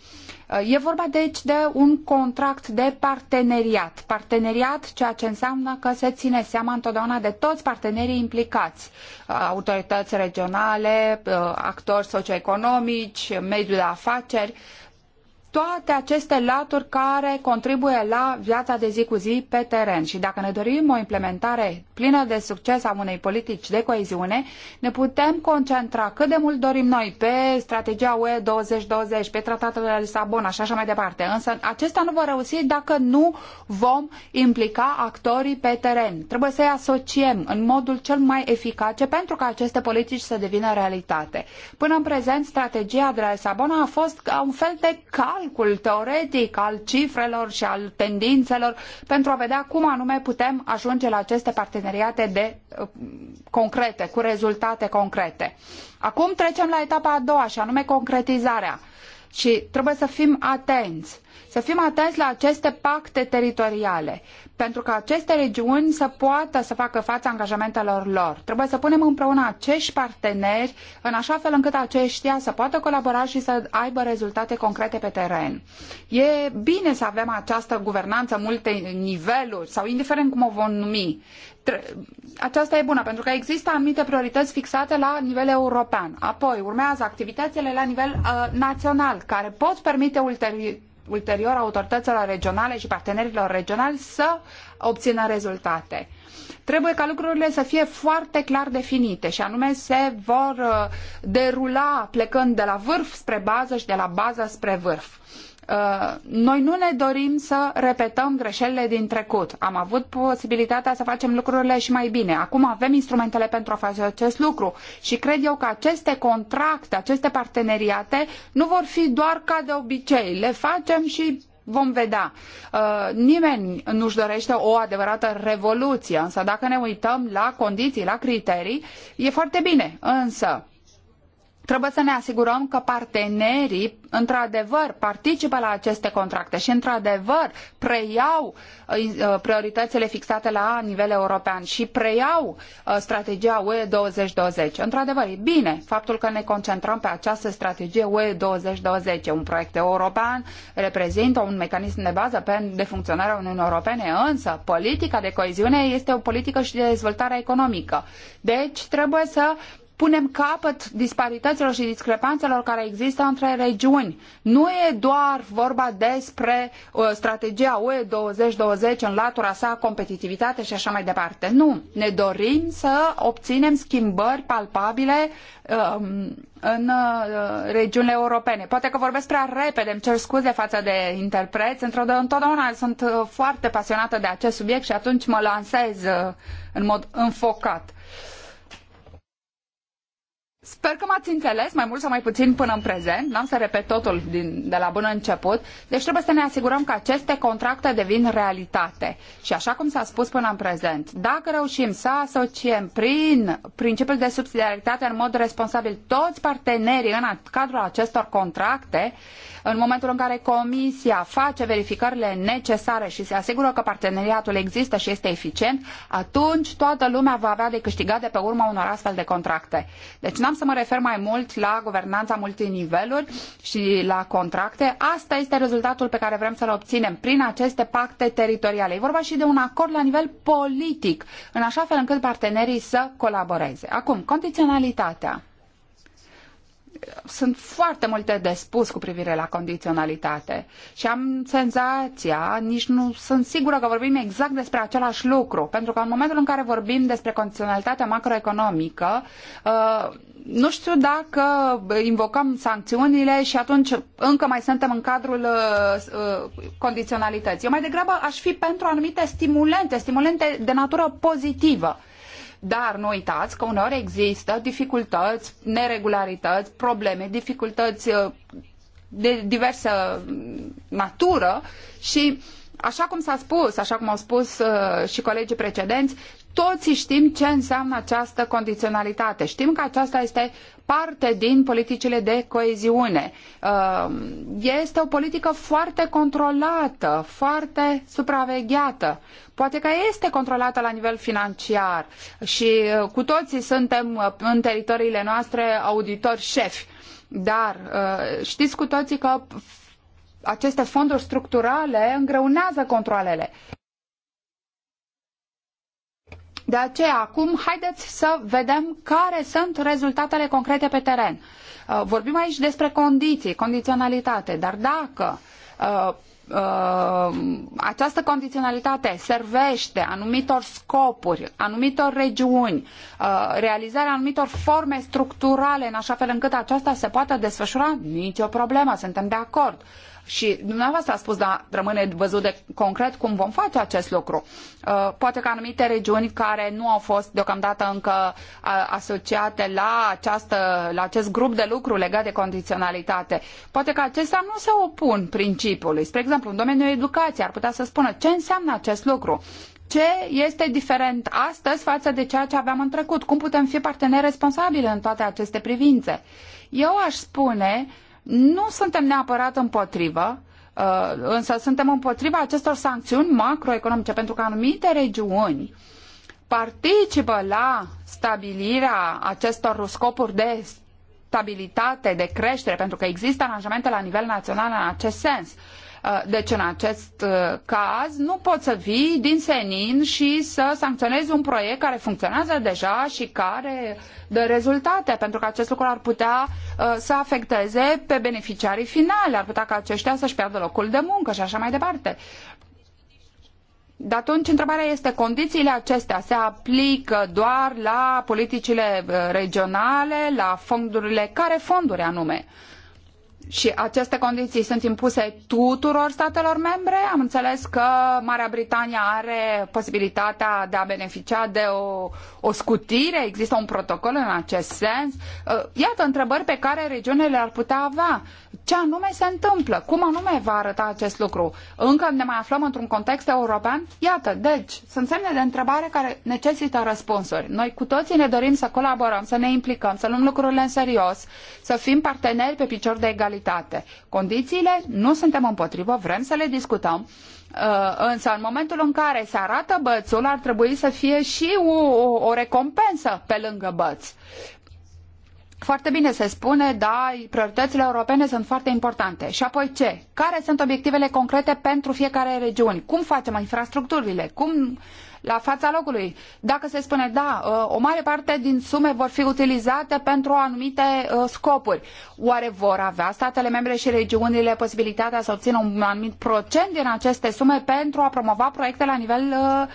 Uh, e vorba deci de un contract de parteneriat. Parteneriat, ceea ce înseamnă că se ține seama întotdeauna de toți partenerii implicați, uh, autorități regionale, uh, actori socioeconomici, mediul de afaceri, toate aceste laturi care contribuie la viața de zi cu zi pe teren. Și dacă ne dorim o implementare plină de succes a unei politici de coeziune, ne putem concentra cât de mult dorim noi pe strategia UE 2020, pe tratatul de la Lisabona și așa mai departe. Însă acestea nu vor reuși dacă nu vom implica actorii pe teren. Trebuie să-i asociem în modul cel mai eficace pentru ca aceste politici să devină realitate. Până în prezent, strategia de la Lisabona a fost un fel de cal calcul teoretic al cifrelor și al tendințelor pentru a vedea cum anume putem ajunge la aceste parteneriate de, uh, concrete, cu rezultate concrete. Acum trecem la etapa a doua și anume concretizarea. Și trebuie să fim atenți să fim atenți la aceste pacte teritoriale, pentru că aceste regiuni să poată să facă față angajamentelor lor. Trebuie să punem împreună acești parteneri în așa fel încât aceștia să poată colabora și să aibă rezultate concrete pe teren. E bine să avem această guvernanță multe niveluri sau indiferent cum o vom numi. Aceasta e bună pentru că există anumite priorități fixate la nivel european. Apoi urmează activitățile la nivel uh, național care pot permite ulterior ulterior autorităților regionale și partenerilor regionali să obțină rezultate. Trebuie ca lucrurile să fie foarte clar definite și anume se vor uh, derula plecând de la vârf spre bază și de la bază spre vârf. Uh, noi nu ne dorim să repetăm greșelile din trecut. Am avut posibilitatea să facem lucrurile și mai bine. Acum avem instrumentele pentru a face acest lucru și cred eu că aceste contracte, aceste parteneriate nu vor fi doar ca de obicei. Le facem și vom vedea. Uh, nimeni nu-și dorește o adevărată revoluție, însă dacă ne uităm la condiții, la criterii, e foarte bine. Însă, trebuie să ne asigurăm că partenerii într-adevăr participă la aceste contracte și într-adevăr preiau uh, uh, prioritățile fixate la nivel european și preiau uh, strategia UE 2020. Într-adevăr, e bine faptul că ne concentrăm pe această strategie UE 2020. Un proiect european reprezintă un mecanism de bază de funcționare a Uniunii Europene, însă politica de coeziune este o politică și de dezvoltare economică. Deci trebuie să punem capăt disparităților și discrepanțelor care există între regiuni. Nu e doar vorba despre uh, strategia UE 2020 în latura sa competitivitate și așa mai departe. Nu. Ne dorim să obținem schimbări palpabile uh, în uh, regiunile europene. Poate că vorbesc prea repede, îmi cer scuze față de interpreți, întotdeauna sunt uh, foarte pasionată de acest subiect și atunci mă lansez uh, în mod înfocat. Sper că m-ați înțeles, mai mult sau mai puțin până în prezent. N-am să repet totul din, de la bun început. Deci trebuie să ne asigurăm că aceste contracte devin realitate. Și așa cum s-a spus până în prezent, dacă reușim să asociem prin principiul de subsidiaritate în mod responsabil toți partenerii în cadrul acestor contracte, în momentul în care comisia face verificările necesare și se asigură că parteneriatul există și este eficient, atunci toată lumea va avea de câștigat de pe urma unor astfel de contracte. Deci n am să mă refer mai mult la guvernanța multiniveluri și la contracte. Asta este rezultatul pe care vrem să-l obținem prin aceste pacte teritoriale. E vorba și de un acord la nivel politic, în așa fel încât partenerii să colaboreze. Acum, condiționalitatea sunt foarte multe de spus cu privire la condiționalitate și am senzația, nici nu sunt sigură că vorbim exact despre același lucru, pentru că în momentul în care vorbim despre condiționalitatea macroeconomică, uh, nu știu dacă invocăm sancțiunile și atunci încă mai suntem în cadrul uh, uh, condiționalității. Eu mai degrabă aș fi pentru anumite stimulente, stimulente de natură pozitivă dar nu uitați că uneori există dificultăți, neregularități, probleme, dificultăți uh, de diversă natură și Așa cum s-a spus, așa cum au spus uh, și colegii precedenți, toți știm ce înseamnă această condiționalitate. Știm că aceasta este parte din politicile de coeziune. Uh, este o politică foarte controlată, foarte supravegheată. Poate că este controlată la nivel financiar și uh, cu toții suntem uh, în teritoriile noastre auditori șefi. Dar știți cu toții că aceste fonduri structurale îngreunează controlele. De aceea, acum, haideți să vedem care sunt rezultatele concrete pe teren. Uh, vorbim aici despre condiții, condiționalitate, dar dacă uh, uh, această condiționalitate servește anumitor scopuri, anumitor regiuni, realizarea anumitor forme structurale în așa fel încât aceasta se poată desfășura, nicio problemă, suntem de acord. Și dumneavoastră a spus, dar rămâne văzut de concret cum vom face acest lucru. Uh, poate că anumite regiuni care nu au fost deocamdată încă uh, asociate la, această, la acest grup de lucru legat de condiționalitate, poate că acestea nu se opun principiului. Spre exemplu, în domeniul educației ar putea să spună ce înseamnă acest lucru ce este diferent astăzi față de ceea ce aveam în trecut? Cum putem fi parteneri responsabili în toate aceste privințe? Eu aș spune nu suntem neapărat împotrivă, uh, însă suntem împotriva acestor sancțiuni macroeconomice, pentru că anumite regiuni participă la stabilirea acestor scopuri de stabilitate, de creștere, pentru că există aranjamente la nivel național în acest sens. Uh, deci, în acest uh, caz, nu poți să vii din senin și să sancționezi un proiect care funcționează deja și care dă rezultate, pentru că acest lucru ar putea uh, să afecteze pe beneficiarii finali, ar putea ca aceștia să-și piardă locul de muncă și așa mai departe. De atunci, întrebarea este, condițiile acestea se aplică doar la politicile regionale, la fondurile, care fonduri anume? Și aceste condiții sunt impuse tuturor statelor membre? Am înțeles că Marea Britanie are posibilitatea de a beneficia de o, o scutire, există un protocol în acest sens. Uh, iată întrebări pe care regiunile ar putea avea ce anume se întâmplă, cum anume va arăta acest lucru. Încă ne mai aflăm într-un context european? Iată, deci, sunt semne de întrebare care necesită răspunsuri. Noi cu toții ne dorim să colaborăm, să ne implicăm, să luăm lucrurile în serios, să fim parteneri pe picior de egalitate. Condițiile nu suntem împotrivă, vrem să le discutăm, uh, însă în momentul în care se arată bățul, ar trebui să fie și o, o, recompensă pe lângă băț. Foarte bine se spune, da, prioritățile europene sunt foarte importante. Și apoi ce? Care sunt obiectivele concrete pentru fiecare regiune? Cum facem infrastructurile? Cum la fața locului. Dacă se spune, da, uh, o mare parte din sume vor fi utilizate pentru anumite uh, scopuri, oare vor avea statele membre și regiunile posibilitatea să obțină un anumit procent din aceste sume pentru a promova proiecte la nivel uh,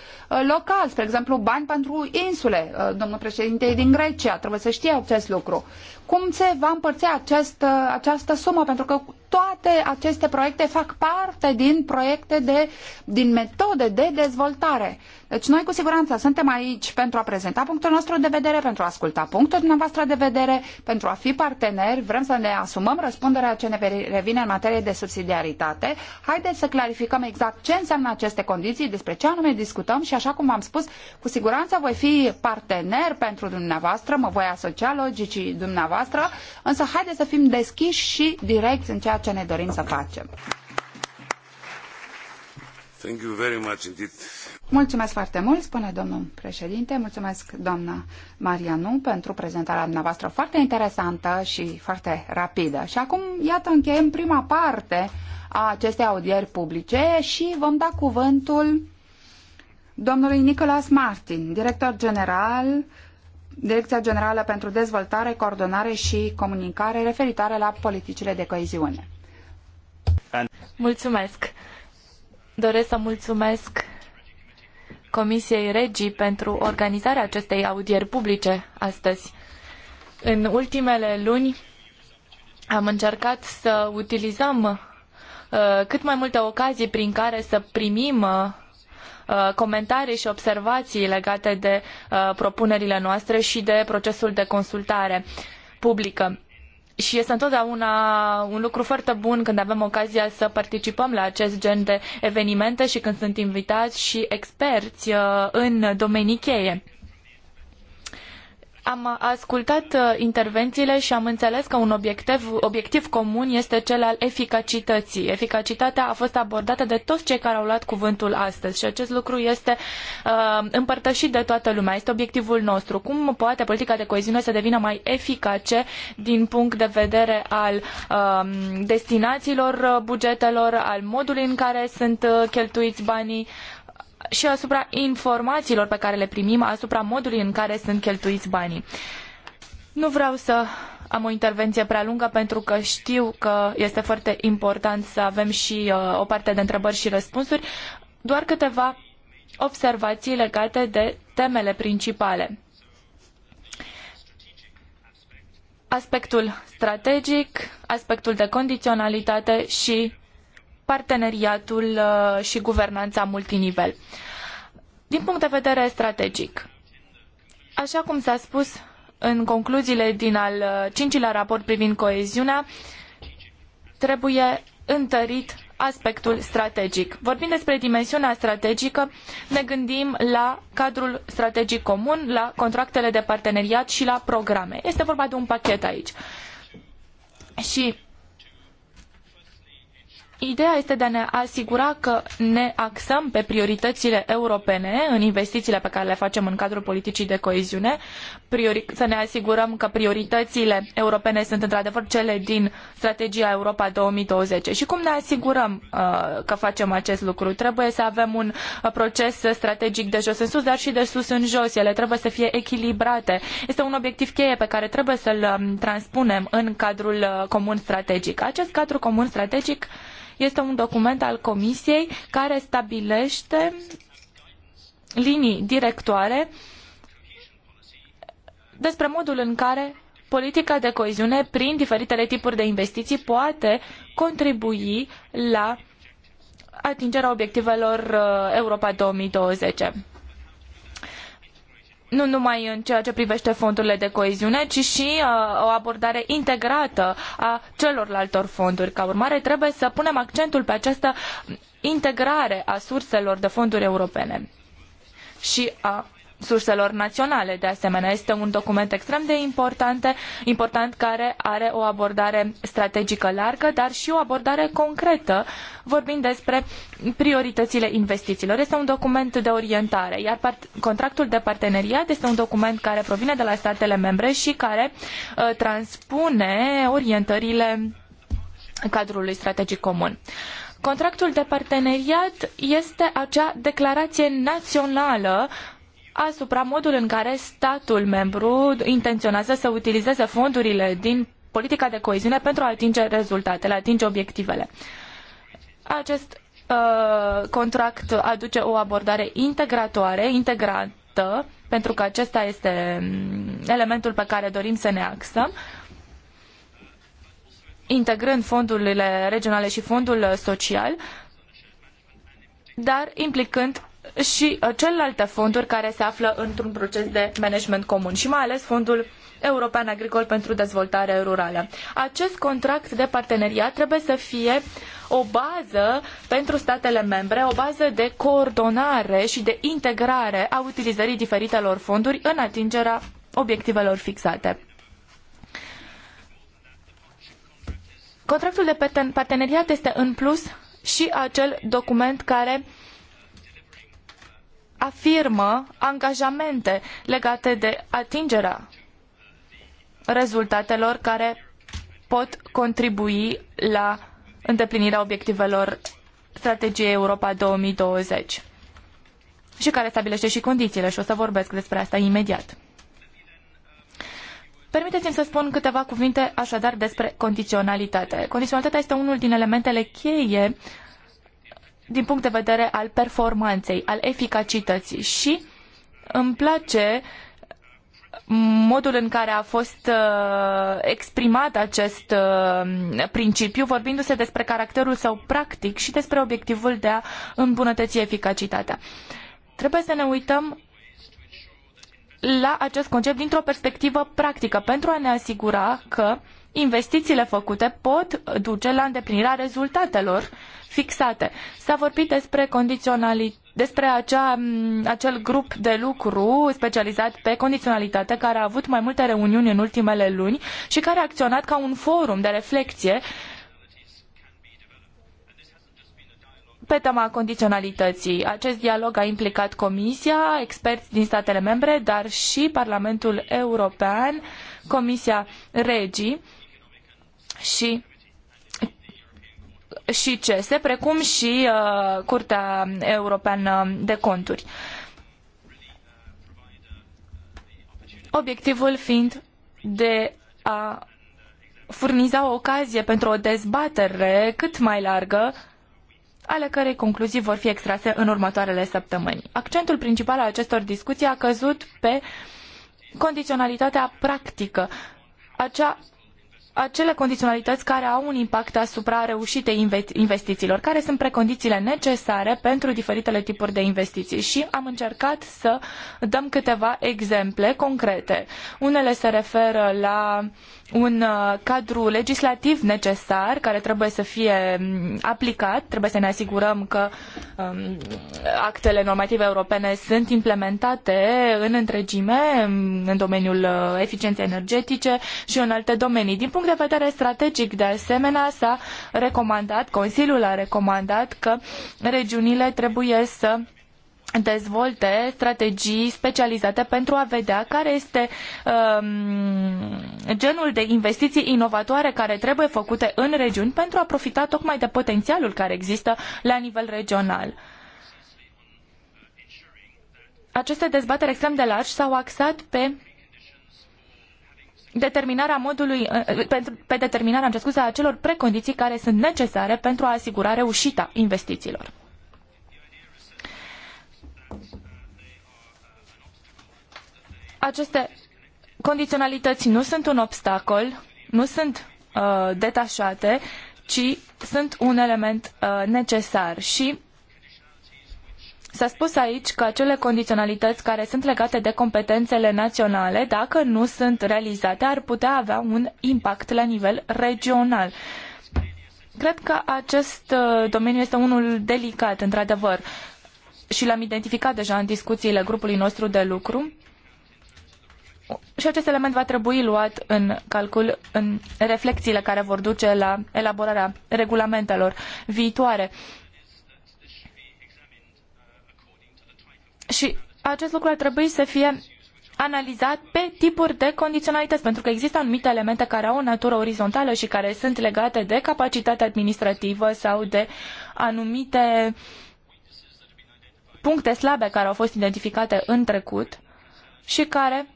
local? Spre exemplu, bani pentru insule. Domnul președinte din Grecia trebuie să știe acest lucru. Cum se va împărți acest, această sumă? Pentru că toate aceste proiecte fac parte din proiecte de, din metode de dezvoltare. Deci noi cu siguranță suntem aici pentru a prezenta punctul nostru de vedere, pentru a asculta punctul dumneavoastră de vedere, pentru a fi parteneri, vrem să ne asumăm răspunderea ce ne revine în materie de subsidiaritate. Haideți să clarificăm exact ce înseamnă aceste condiții, despre ce anume discutăm și așa cum am spus, cu siguranță voi fi partener pentru dumneavoastră, mă voi asocia logicii dumneavoastră, însă haideți să fim deschiși și direcți în ceea ce ne dorim să facem. Thank you very much indeed. Mulțumesc foarte mult, spune domnul președinte. Mulțumesc, doamna Marianu, pentru prezentarea dumneavoastră foarte interesantă și foarte rapidă. Și acum, iată, încheiem prima parte a acestei audieri publice și vom da cuvântul domnului Nicolas Martin, director general Direcția Generală pentru Dezvoltare, Coordonare și Comunicare referitoare la politicile de coeziune. Mulțumesc! Doresc să mulțumesc Comisiei Regii pentru organizarea acestei audieri publice astăzi. În ultimele luni am încercat să utilizăm uh, cât mai multe ocazii prin care să primim uh, Uh, comentarii și observații legate de uh, propunerile noastre și de procesul de consultare publică. Și este întotdeauna un lucru foarte bun când avem ocazia să participăm la acest gen de evenimente și când sunt invitați și experți uh, în domenii cheie. Am ascultat uh, intervențiile și am înțeles că un obiectiv, obiectiv comun este cel al eficacității. Eficacitatea a fost abordată de toți cei care au luat cuvântul astăzi și acest lucru este uh, împărtășit de toată lumea. Este obiectivul nostru. Cum poate politica de coeziune să devină mai eficace din punct de vedere al um, uh, destinațiilor bugetelor, al modului în care sunt uh, cheltuiți banii? Uh, și asupra informațiilor pe care le primim, asupra modului în care sunt cheltuiți banii. Nu vreau să am o intervenție prea lungă pentru că știu că este foarte important să avem și uh, o parte de întrebări și răspunsuri. Doar câteva observații legate de temele principale. Aspectul strategic, aspectul de condiționalitate și parteneriatul uh, și guvernanța multinivel. Din punct de vedere strategic, așa cum s-a spus în concluziile din al uh, cincilea raport privind coeziunea, trebuie întărit aspectul strategic. Vorbind despre dimensiunea strategică, ne gândim la cadrul strategic comun, la contractele de parteneriat și la programe. Este vorba de un pachet aici. Și Ideea este de a ne asigura că ne axăm pe prioritățile europene în investițiile pe care le facem în cadrul politicii de coeziune, priori, să ne asigurăm că prioritățile europene sunt într-adevăr cele din strategia Europa 2020. Și cum ne asigurăm uh, că facem acest lucru? Trebuie să avem un uh, proces strategic de jos în sus, dar și de sus în jos. Ele trebuie să fie echilibrate. Este un obiectiv cheie pe care trebuie să-l um, transpunem în cadrul uh, comun strategic. Acest cadru comun strategic este un document al Comisiei care stabilește linii directoare despre modul în care politica de coeziune, prin diferitele tipuri de investiții, poate contribui la atingerea obiectivelor uh, Europa 2020 nu numai în ceea ce privește fondurile de coeziune, ci și uh, o abordare integrată a celorlaltor fonduri. Ca urmare, trebuie să punem accentul pe această integrare a surselor de fonduri europene și a surselor naționale. De asemenea, este un document extrem de important, important care are o abordare strategică largă, dar și o abordare concretă, vorbind despre prioritățile investițiilor. Este un document de orientare, iar contractul de parteneriat este un document care provine de la statele membre și care uh, transpune orientările cadrului strategic comun. Contractul de parteneriat este acea declarație națională uh, asupra modului în care statul membru intenționează să utilizeze fondurile din politica de coeziune pentru a atinge rezultatele, a atinge obiectivele. Acest uh, contract aduce o abordare integratoare, integrată, pentru că acesta este mm, elementul pe care dorim să ne axăm, integrând fondurile regionale și fondul social, dar implicând și uh, celelalte fonduri care se află într-un proces de management comun și mai ales fondul European Agricol pentru Dezvoltare Rurală. Acest contract de parteneriat trebuie să fie o bază pentru statele membre, o bază de coordonare și de integrare a utilizării diferitelor fonduri în atingerea obiectivelor fixate. Contractul de parteneriat este în plus și acel document care afirmă angajamente legate de atingerea rezultatelor care pot contribui la îndeplinirea obiectivelor strategiei Europa 2020 și care stabilește și condițiile și o să vorbesc despre asta imediat. Permiteți-mi să spun câteva cuvinte așadar despre condiționalitate. Condiționalitatea este unul din elementele cheie din punct de vedere al performanței, al eficacității și îmi place modul în care a fost uh, exprimat acest uh, principiu, vorbindu-se despre caracterul său practic și despre obiectivul de a îmbunătăți eficacitatea. Trebuie să ne uităm la acest concept dintr-o perspectivă practică, pentru a ne asigura că investițiile făcute pot duce la îndeplinirea rezultatelor uh, fixate. S-a vorbit despre condiționalitate despre acea, acel grup de lucru specializat pe condiționalitate care a avut mai multe reuniuni în ultimele luni și care a acționat ca un forum de reflexie pe tema condiționalității. Acest dialog a implicat Comisia, experți din statele membre, dar și Parlamentul European, Comisia Regii și și CESE, precum și uh, Curtea Europeană de Conturi. Obiectivul fiind de a furniza o ocazie pentru o dezbatere cât mai largă, ale cărei concluzii vor fi extrase în următoarele săptămâni. Accentul principal al acestor discuții a căzut pe condiționalitatea practică, acea acele condiționalități care au un impact asupra reușitei investițiilor, care sunt precondițiile necesare pentru diferitele tipuri de investiții și am încercat să dăm câteva exemple concrete. Unele se referă la un uh, cadru legislativ necesar care trebuie să fie mm, aplicat, trebuie să ne asigurăm că um, actele normative europene sunt implementate în întregime mm, în domeniul uh, eficienței energetice și în alte domenii. Din punct de vedere strategic, de asemenea, s-a recomandat, Consiliul a recomandat că regiunile trebuie să dezvolte strategii specializate pentru a vedea care este um, genul de investiții inovatoare care trebuie făcute în regiuni pentru a profita tocmai de potențialul care există la nivel regional. Aceste dezbateri extrem de largi s-au axat pe determinarea modului, eh, eh, pentru, pe determinarea, am scuze, a celor precondiții care sunt necesare pentru a asigura reușita investițiilor. Aceste condiționalități nu sunt un obstacol, nu sunt uh, detașate, ci sunt un element uh, necesar și S-a spus aici că acele condiționalități care sunt legate de competențele naționale, dacă nu sunt realizate, ar putea avea un impact la nivel regional. Cred că acest uh, domeniu este unul delicat, într-adevăr, și l-am identificat deja în discuțiile grupului nostru de lucru. Și acest element va trebui luat în calcul în reflexiile care vor duce la elaborarea regulamentelor viitoare. Și acest lucru ar trebui să fie analizat pe tipuri de condiționalități, pentru că există anumite elemente care au o natură orizontală și care sunt legate de capacitatea administrativă sau de anumite puncte slabe care au fost identificate în trecut și care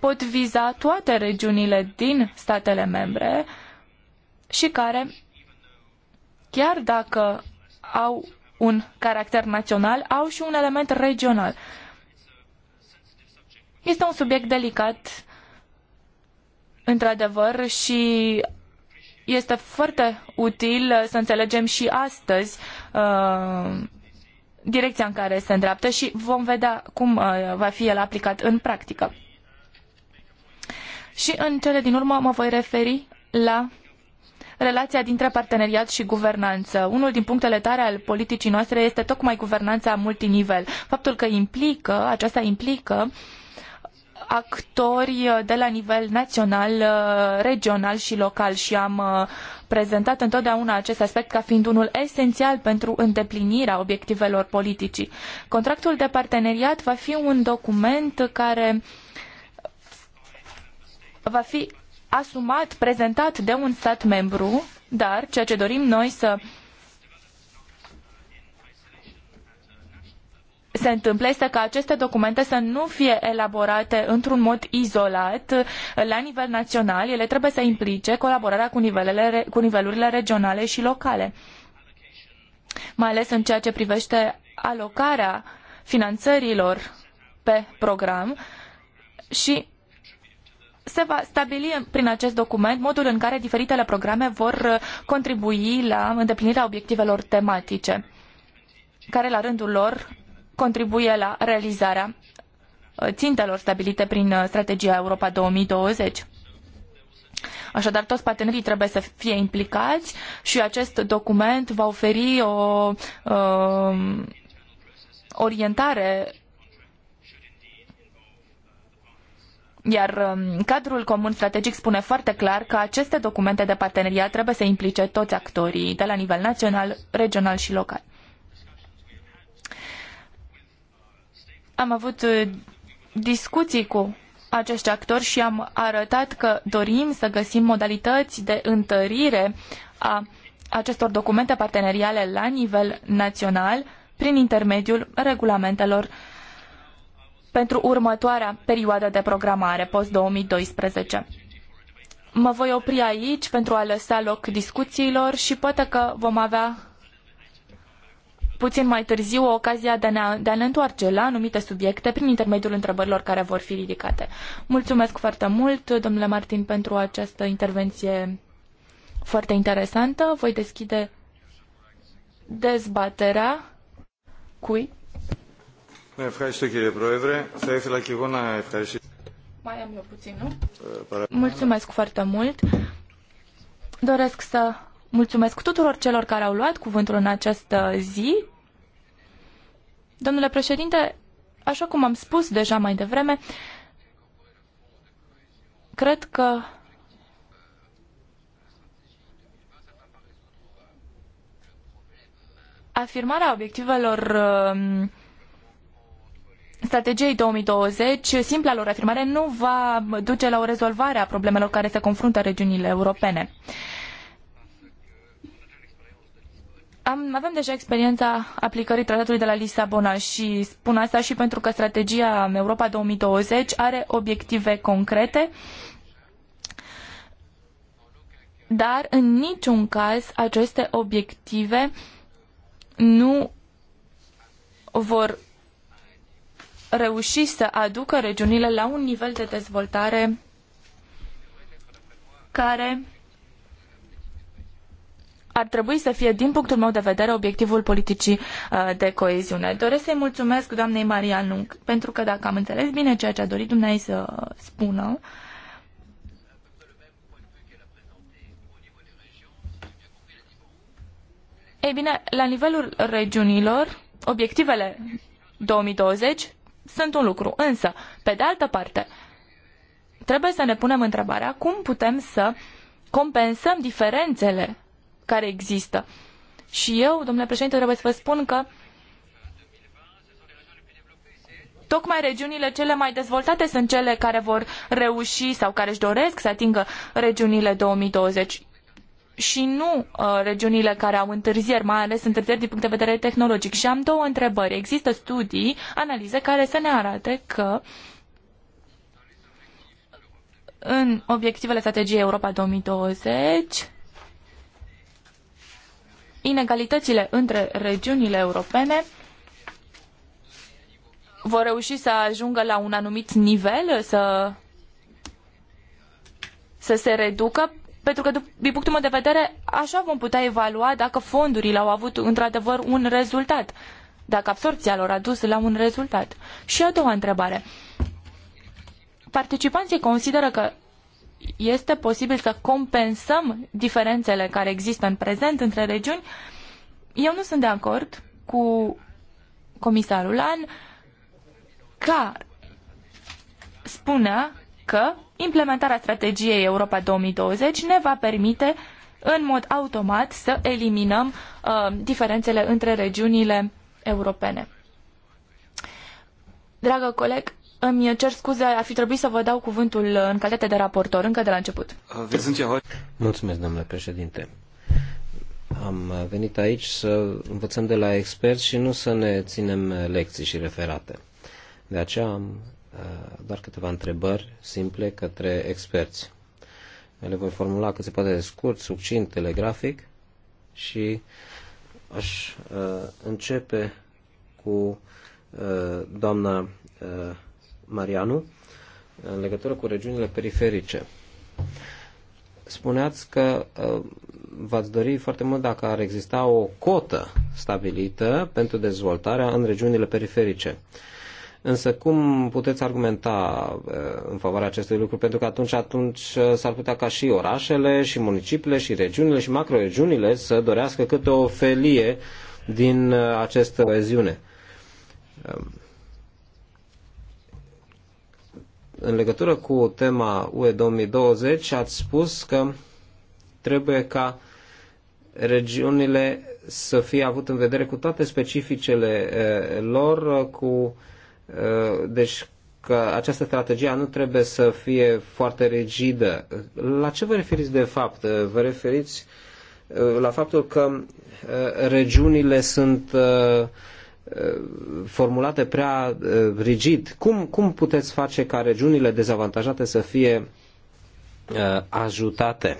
pot viza toate regiunile din statele membre și care, chiar dacă au un caracter național, au și un element regional. Este un subiect delicat, într-adevăr, și este foarte util să înțelegem și astăzi uh, direcția în care se îndreaptă și vom vedea cum uh, va fi el aplicat în practică. Și în cele din urmă mă voi referi la relația dintre parteneriat și guvernanță. Unul din punctele tare al politicii noastre este tocmai guvernanța multinivel. Faptul că implică, aceasta implică actori de la nivel național, regional și local și am uh, prezentat întotdeauna acest aspect ca fiind unul esențial pentru îndeplinirea obiectivelor politicii. Contractul de parteneriat va fi un document care va fi asumat, prezentat de un stat membru, dar ceea ce dorim noi să se întâmple este ca aceste documente să nu fie elaborate într-un mod izolat la nivel național, ele trebuie să implice colaborarea cu, nivelele, cu nivelurile regionale și locale, mai ales în ceea ce privește alocarea finanțărilor pe program și se va stabili prin acest document modul în care diferitele programe vor uh, contribui la îndeplinirea obiectivelor tematice, care la rândul lor contribuie la realizarea uh, țintelor stabilite prin uh, strategia Europa 2020. Așadar, toți partenerii trebuie să fie implicați și acest document va oferi o orientare Iar um, cadrul comun strategic spune foarte clar că aceste documente de parteneriat trebuie să implice toți actorii de la nivel național, regional și local. Am avut uh, discuții cu acești actori și am arătat că dorim să găsim modalități de întărire a acestor documente parteneriale la nivel național prin intermediul regulamentelor pentru următoarea perioadă de programare post-2012. Mă voi opri aici pentru a lăsa loc discuțiilor și poate că vom avea puțin mai târziu ocazia de, ne de a ne întoarce la anumite subiecte prin intermediul întrebărilor care vor fi ridicate. Mulțumesc foarte mult, domnule Martin, pentru această intervenție foarte interesantă. Voi deschide dezbaterea. Cui? Ευχαριστώ κύριε Πρόεδρε. Θα ήθελα και εγώ να ευχαριστήσω. Mai am eu puțin, nu? Mulțumesc foarte mult. Doresc să mulțumesc tuturor celor care au luat cuvântul în această zi. Domnule președinte, așa cum am spus deja mai devreme, cred că afirmarea obiectivelor uh, strategiei 2020, simpla lor afirmare nu va duce la o rezolvare a problemelor care se confruntă regiunile europene. Am, avem deja experiența aplicării tratatului de la Lisabona și spun asta și pentru că strategia Europa 2020 are obiective concrete, dar în niciun caz aceste obiective nu vor reuși să aducă regiunile la un nivel de dezvoltare care ar trebui să fie, din punctul meu de vedere, obiectivul politicii uh, de coeziune. Doresc să-i mulțumesc doamnei Maria Lung, pentru că dacă am înțeles bine ceea ce a dorit dumneavoastră să spună, Ei bine, la nivelul regiunilor, obiectivele 2020 sunt un lucru. Însă, pe de altă parte, trebuie să ne punem întrebarea cum putem să compensăm diferențele care există. Și eu, domnule președinte, trebuie să vă spun că tocmai regiunile cele mai dezvoltate sunt cele care vor reuși sau care își doresc să atingă regiunile 2020 și nu uh, regiunile care au întârzieri, mai ales întârzieri din punct de vedere tehnologic. Și am două întrebări. Există studii, analize care să ne arate că în obiectivele strategiei Europa 2020 inegalitățile între regiunile europene vor reuși să ajungă la un anumit nivel, să, să se reducă pentru că, din punctul meu de vedere, așa vom putea evalua dacă fondurile au avut într-adevăr un rezultat, dacă absorpția lor a dus la un rezultat. Și a doua întrebare. Participanții consideră că este posibil să compensăm diferențele care există în prezent între regiuni. Eu nu sunt de acord cu comisarul An, ca spunea că implementarea strategiei Europa 2020 ne va permite în mod automat să eliminăm uh, diferențele între regiunile europene. Dragă coleg, îmi cer scuze, ar fi trebuit să vă dau cuvântul în calitate de raportor încă de la început. Mulțumesc, domnule președinte. Am venit aici să învățăm de la experți și nu să ne ținem lecții și referate. De aceea am Uh, doar câteva întrebări simple către experți. Le voi formula cât se poate de scurt, succint, telegrafic și aș uh, începe cu uh, doamna Marianu în legătură cu regiunile periferice. Spuneați că v-ați dori foarte mult dacă ar exista o cotă stabilită pentru dezvoltarea în regiunile periferice. Uh, Însă cum puteți argumenta uh, în favoarea acestui lucru? Pentru că atunci, atunci uh, s-ar putea ca și orașele, și municipiile, și regiunile, și macroregiunile să dorească câte o felie din uh, această coeziune. Um, în legătură cu tema UE 2020, ați spus că trebuie ca regiunile să fie avut în vedere cu toate specificele lor, cu Uh, deci că această strategie nu trebuie să fie foarte rigidă. La ce vă referiți de fapt? Uh, vă referiți uh, la faptul că regiunile sunt formulate prea rigid. Cum, cum puteți face ca regiunile dezavantajate să fie ajutate?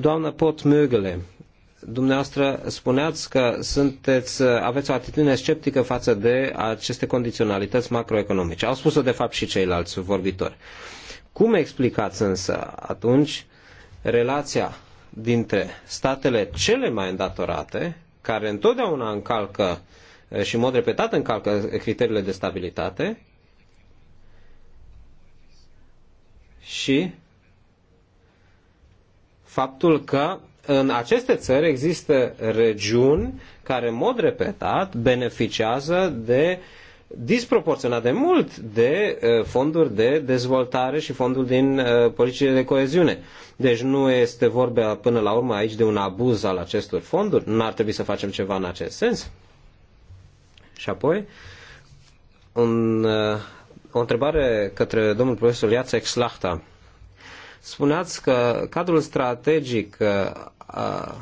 Doamnă Pot Mögele, Dumneavoastră spuneați că sunteți, aveți o atitudine sceptică față de aceste condiționalități macroeconomice. Au spus-o de fapt și ceilalți vorbitori. Cum explicați însă atunci relația dintre statele cele mai îndatorate, care întotdeauna încalcă și în mod repetat încalcă criteriile de stabilitate și faptul că în aceste țări există regiuni care, în mod repetat, beneficiază de disproporționat de mult de uh, fonduri de dezvoltare și fondul din uh, politicile de coeziune. Deci nu este vorba până la urmă aici de un abuz al acestor fonduri. Nu ar trebui să facem ceva în acest sens. Și apoi, un, uh, o întrebare către domnul profesor Iațec Slachta Spuneați că cadrul strategic uh, uh,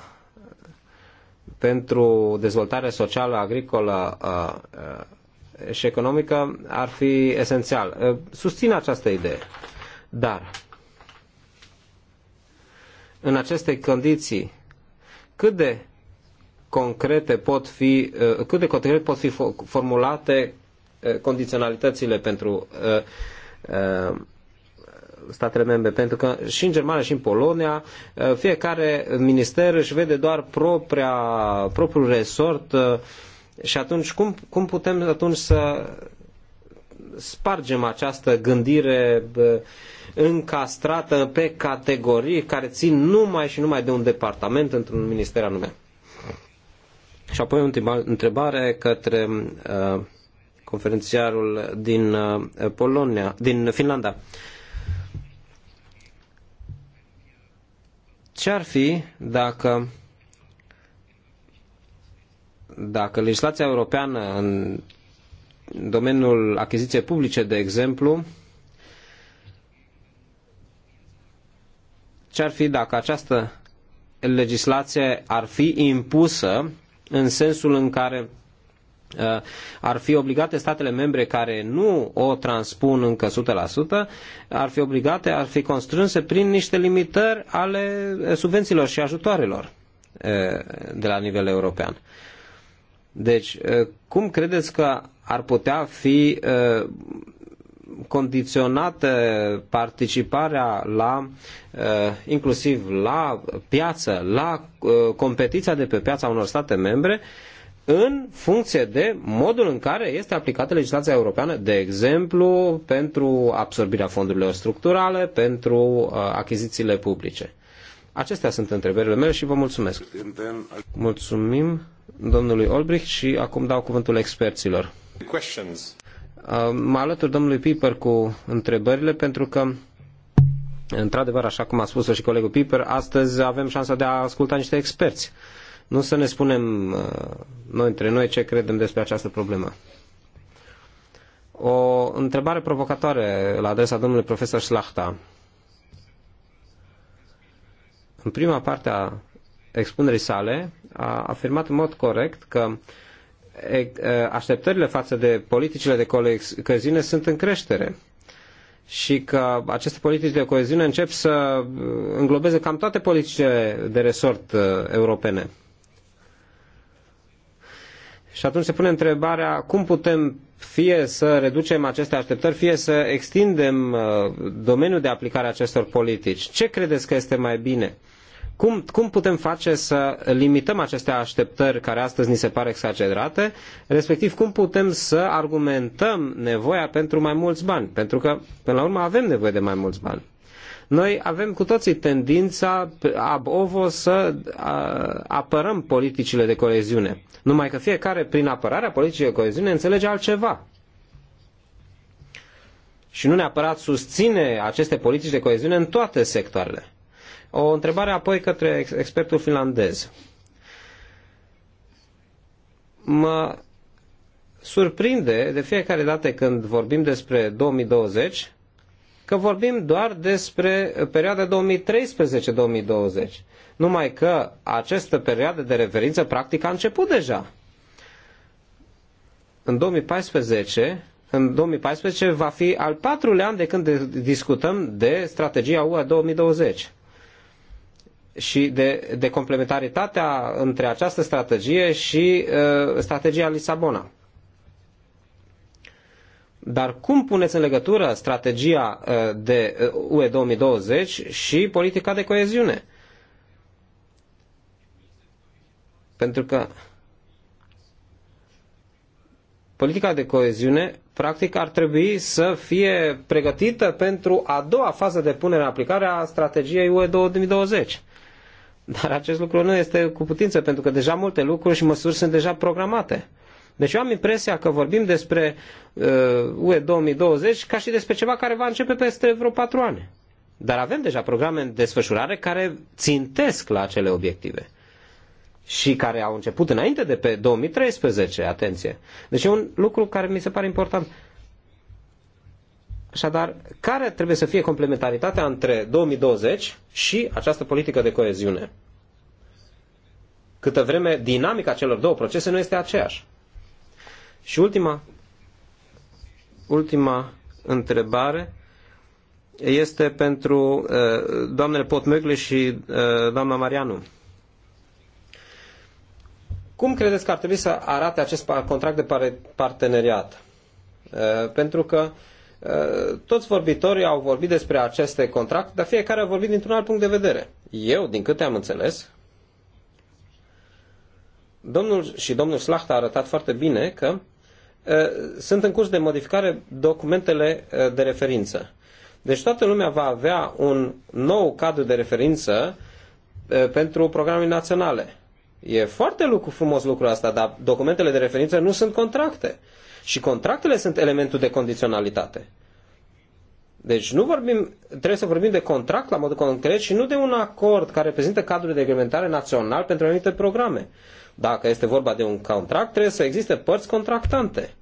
pentru dezvoltare socială, agricolă uh, și economică ar fi esențial. Susțin această idee, dar în aceste condiții, cât de concrete pot fi, cât de concret pot fi formulate condiționalitățile pentru statele membre, pentru că și în Germania și în Polonia uh, fiecare minister își vede doar propria, propriul resort uh, și atunci cum, cum putem atunci să spargem această gândire uh, încastrată pe categorii care țin numai și numai de un departament într-un minister anume. Și apoi o întrebare către uh, conferențiarul din Polonia, din Finlanda. Uh, Ce ar fi dacă dacă legislația europeană în domeniul achiziției publice, de exemplu, ce ar fi dacă această legislație ar fi impusă în sensul în care Uh, ar fi obligate statele membre care nu o transpun încă 100%, ar fi obligate, ar fi constrânse prin niște limitări ale uh, subvențiilor și ajutoarelor uh, de la nivel european. Deci, cum credeți că ar putea fi condiționată participarea la inclusiv la piață, la competiția de pe piața unor state membre în funcție de modul în care este aplicată legislația europeană, de exemplu, pentru absorbirea fondurilor structurale, pentru uh, achizițiile publice. Acestea sunt întrebările mele și vă mulțumesc. Mulțumim domnului Olbrich și acum dau cuvântul experților. Uh, mă alătur domnului Piper cu întrebările pentru că într-adevăr, așa cum a spus și colegul Piper, astăzi avem șansa de a asculta niște experți nu să ne spunem uh, noi între noi ce credem despre această problemă. O întrebare provocatoare la adresa domnului profesor Slachta. În prima parte a expunerii sale a afirmat în mod corect că uh, așteptările față de politicile de coeziune sunt în creștere și că aceste politici de coeziune încep să uh, înglobeze cam toate politicile de resort europene. Și atunci se pune întrebarea cum putem fie să reducem aceste așteptări, fie să extindem uh, domeniul de aplicare a acestor politici. Ce credeți că este mai bine? Cum, cum putem face să limităm aceste așteptări care astăzi ni se par exagerate, respectiv cum putem să argumentăm nevoia pentru mai mulți bani? Pentru că, până la urmă, avem nevoie de mai mulți bani. Noi avem cu toții tendința ab ovo să apărăm politicile de coeziune. Numai că fiecare prin apărarea politicii de coeziune înțelege altceva. Și nu neapărat susține aceste politici de coeziune în toate sectoarele. O întrebare apoi către expertul finlandez. Mă surprinde de fiecare dată când vorbim despre 2020 că vorbim doar despre perioada 2013-2020. Numai că această perioadă de referință practic a început deja. În 2014, în 2014 va fi al patrulea an de când discutăm de strategia UE 2020 și de, de complementaritatea între această strategie și uh, strategia Lisabona. Dar cum puneți în legătură strategia uh, de uh, UE 2020 și politica de coeziune? Pentru că politica de coeziune practic ar trebui să fie pregătită pentru a doua fază de punere în aplicare a strategiei UE 2020. Dar acest lucru nu este cu putință, pentru că deja multe lucruri și măsuri sunt deja programate. Deci eu am impresia că vorbim despre uh, UE 2020 ca și despre ceva care va începe peste vreo patru ani. Dar avem deja programe în desfășurare care țintesc la acele obiective și care au început înainte de pe 2013, atenție. Deci e un lucru care mi se pare important. Așadar, care trebuie să fie complementaritatea între 2020 și această politică de coeziune? Câtă vreme dinamica celor două procese nu este aceeași. Și ultima, ultima întrebare este pentru uh, doamnele Potmögle și uh, doamna Marianu. Cum credeți că ar trebui să arate acest contract de parteneriat? Uh, pentru că uh, toți vorbitorii au vorbit despre aceste contracte, dar fiecare a vorbit dintr-un alt punct de vedere. Eu, din câte am înțeles, domnul și domnul Slacht a arătat foarte bine că Eh, sunt în curs de modificare documentele eh, de referință. Deci toată lumea va avea un nou cadru de referință eh, pentru programele naționale. E foarte lucru, frumos lucrul asta. dar documentele de referință nu sunt contracte. Și contractele sunt elementul de condiționalitate. Deci nu vorbim, trebuie să vorbim de contract la modul concret și nu de un acord care reprezintă cadrul de reglementare național pentru anumite programe. Dacă este vorba de un contract, trebuie să existe părți contractante.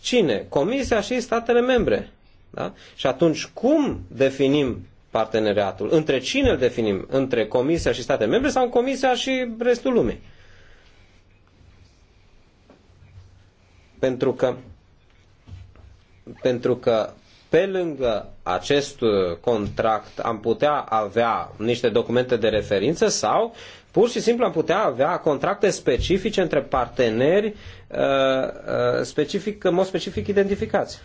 Cine? Comisia și statele membre. Da? Și atunci cum definim parteneriatul? Între cine îl definim? Între Comisia și statele membre sau Comisia și restul lumii? Pentru că, pentru că pe lângă acest uh, contract am putea avea niște documente de referință sau Pur și simplu am putea avea contracte specifice între parteneri uh, uh, specific, în mod specific identificați.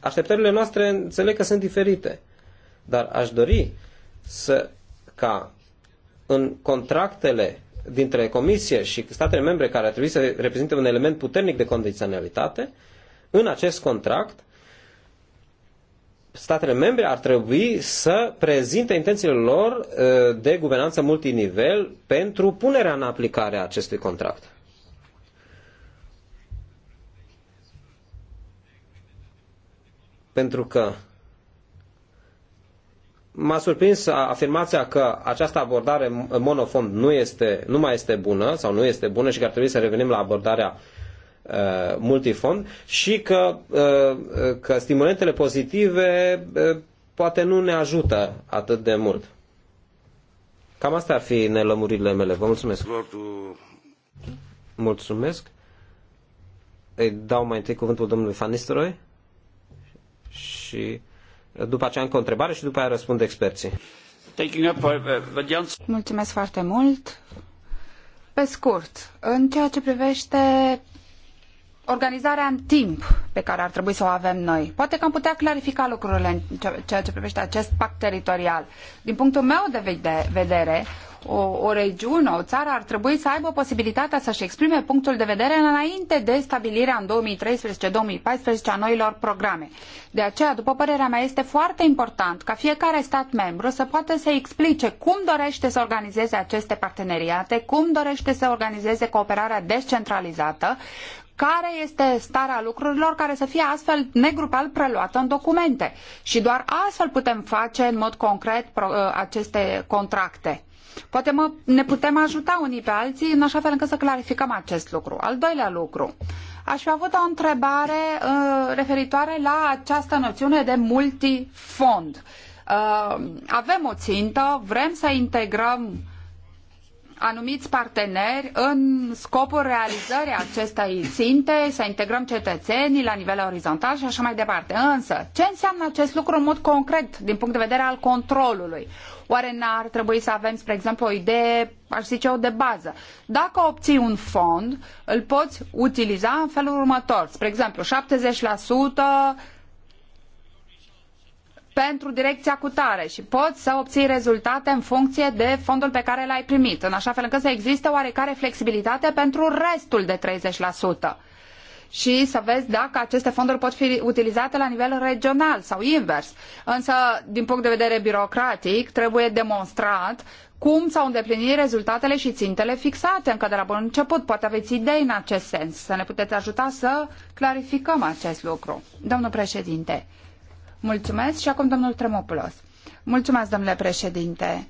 Așteptările noastre înțeleg că sunt diferite, dar aș dori să ca în contractele dintre Comisie și statele membre care ar trebui să reprezinte un element puternic de condiționalitate, în acest contract statele membre ar trebui să prezinte intențiile lor uh, de guvernanță multinivel pentru punerea în aplicare a acestui contract. Pentru că m-a surprins afirmația că această abordare monofond nu, este, nu mai este bună sau nu este bună și că ar trebui să revenim la abordarea Uh, multifond și că, uh, că stimulentele pozitive uh, poate nu ne ajută atât de mult. Cam asta ar fi nelămurile mele. Vă mulțumesc. Mulțumesc. Îi dau mai întâi cuvântul domnului Fanistroi și după aceea încă o întrebare și după aia răspund experții. Mulțumesc foarte mult. Pe scurt, în ceea ce privește organizarea în timp pe care ar trebui să o avem noi. Poate că am putea clarifica lucrurile în ceea ce privește acest pact teritorial. Din punctul meu de vedere, o, o regiune, o țară ar trebui să aibă posibilitatea să-și exprime punctul de vedere înainte de stabilirea în 2013-2014 a noilor programe. De aceea, după părerea mea, este foarte important ca fiecare stat membru să poată să explice cum dorește să organizeze aceste parteneriate, cum dorește să organizeze cooperarea descentralizată care este starea lucrurilor care să fie astfel negru pe alb preluată în documente. Și doar astfel putem face în mod concret ă, aceste contracte. Poate mă, ne putem ajuta unii pe alții în așa fel încât să clarificăm acest lucru. Al doilea lucru, aș fi avut o întrebare uh, referitoare la această noțiune de multifond. Uh, avem o țintă, vrem să integrăm anumiți parteneri în scopul realizării acestei ținte, să integrăm cetățenii la nivel orizontal și așa mai departe. Însă, ce înseamnă acest lucru în mod concret din punct de vedere al controlului? Oare n-ar trebui să avem, spre exemplu, o idee, aș zice eu, de bază? Dacă obții un fond, îl poți utiliza în felul următor. Spre exemplu, 70% pentru direcția cutare și poți să obții rezultate în funcție de fondul pe care l-ai primit, în așa fel încât să existe oarecare flexibilitate pentru restul de 30% și să vezi dacă aceste fonduri pot fi utilizate la nivel regional sau invers. Însă, din punct de vedere birocratic, trebuie demonstrat cum s-au îndeplinit rezultatele și țintele fixate încă de la bun început. Poate aveți idei în acest sens, să ne puteți ajuta să clarificăm acest lucru. Domnul președinte, Mulțumesc și acum domnul Tremopulos. Mulțumesc, domnule președinte.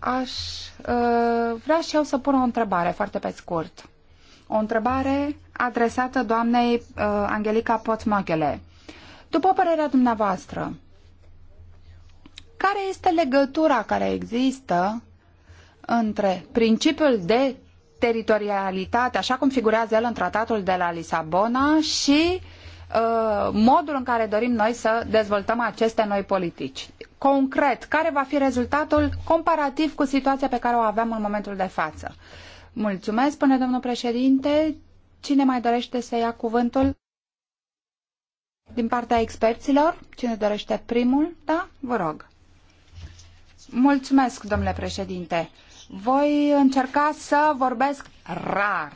Aș uh, vrea și eu să pun o întrebare foarte pe scurt. O întrebare adresată doamnei uh, Angelica Potmaghele. După părerea dumneavoastră, care este legătura care există între principiul de teritorialitate, așa cum figurează el în tratatul de la Lisabona, și uh, Uh, modul în care dorim noi să dezvoltăm aceste noi politici. Concret, care va fi rezultatul comparativ cu situația pe care o aveam în momentul de față? Mulțumesc, spune domnul președinte. Cine mai dorește să ia cuvântul? Din partea experților, cine dorește primul? Da? Vă rog. Mulțumesc, domnule președinte. Voi încerca să vorbesc rar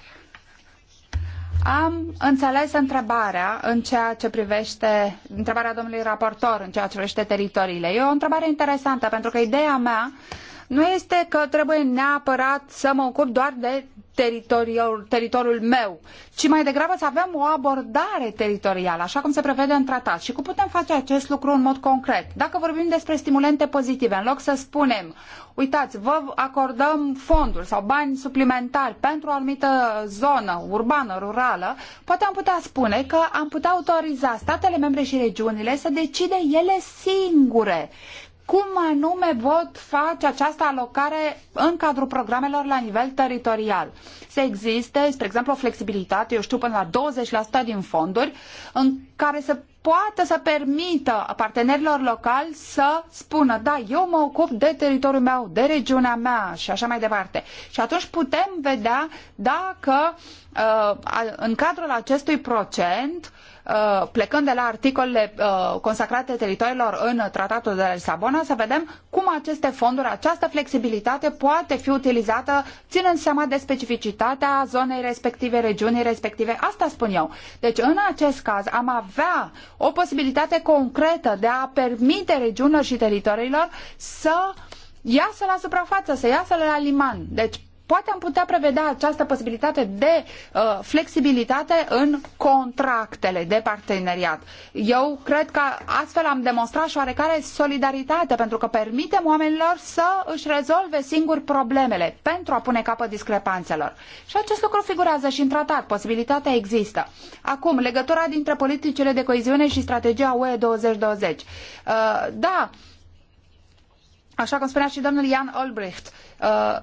am înțeles întrebarea în ceea ce privește, întrebarea domnului raportor în ceea ce privește teritoriile. E o întrebare interesantă pentru că ideea mea nu este că trebuie neapărat să mă ocup doar de teritoriul, teritoriul meu, ci mai degrabă să avem o abordare teritorială, așa cum se prevede în tratat. Și cum putem face acest lucru în mod concret? Dacă vorbim despre stimulente pozitive, în loc să spunem, uitați, vă acordăm fonduri sau bani suplimentari pentru o anumită zonă urbană, rurală, poate am putea spune că am putea autoriza statele membre și regiunile să decide ele singure cum anume pot face această alocare în cadrul programelor la nivel teritorial. Să existe, spre exemplu, o flexibilitate, eu știu, până la 20% din fonduri, în care să poată să permită partenerilor locali să spună, da, eu mă ocup de teritoriul meu, de regiunea mea și așa mai departe. Și atunci putem vedea dacă uh, în cadrul acestui procent Uh, plecând de la articolele uh, consacrate teritoriilor în Tratatul de la Lisabona, să vedem cum aceste fonduri, această flexibilitate poate fi utilizată ținând seama de specificitatea zonei respective, regiunii respective. Asta spun eu. Deci, în acest caz, am avea o posibilitate concretă de a permite regiunilor și teritoriilor să iasă la suprafață, să iasă la liman. Deci, Poate am putea prevedea această posibilitate de uh, flexibilitate în contractele de parteneriat. Eu cred că astfel am demonstrat și oarecare solidaritate, pentru că permitem oamenilor să își rezolve singuri problemele pentru a pune capăt discrepanțelor. Și acest lucru figurează și în tratat, posibilitatea există. Acum, legătura dintre politicile de coeziune și strategia UE 2020. Uh, da, așa cum spunea și domnul Jan Olbricht, uh,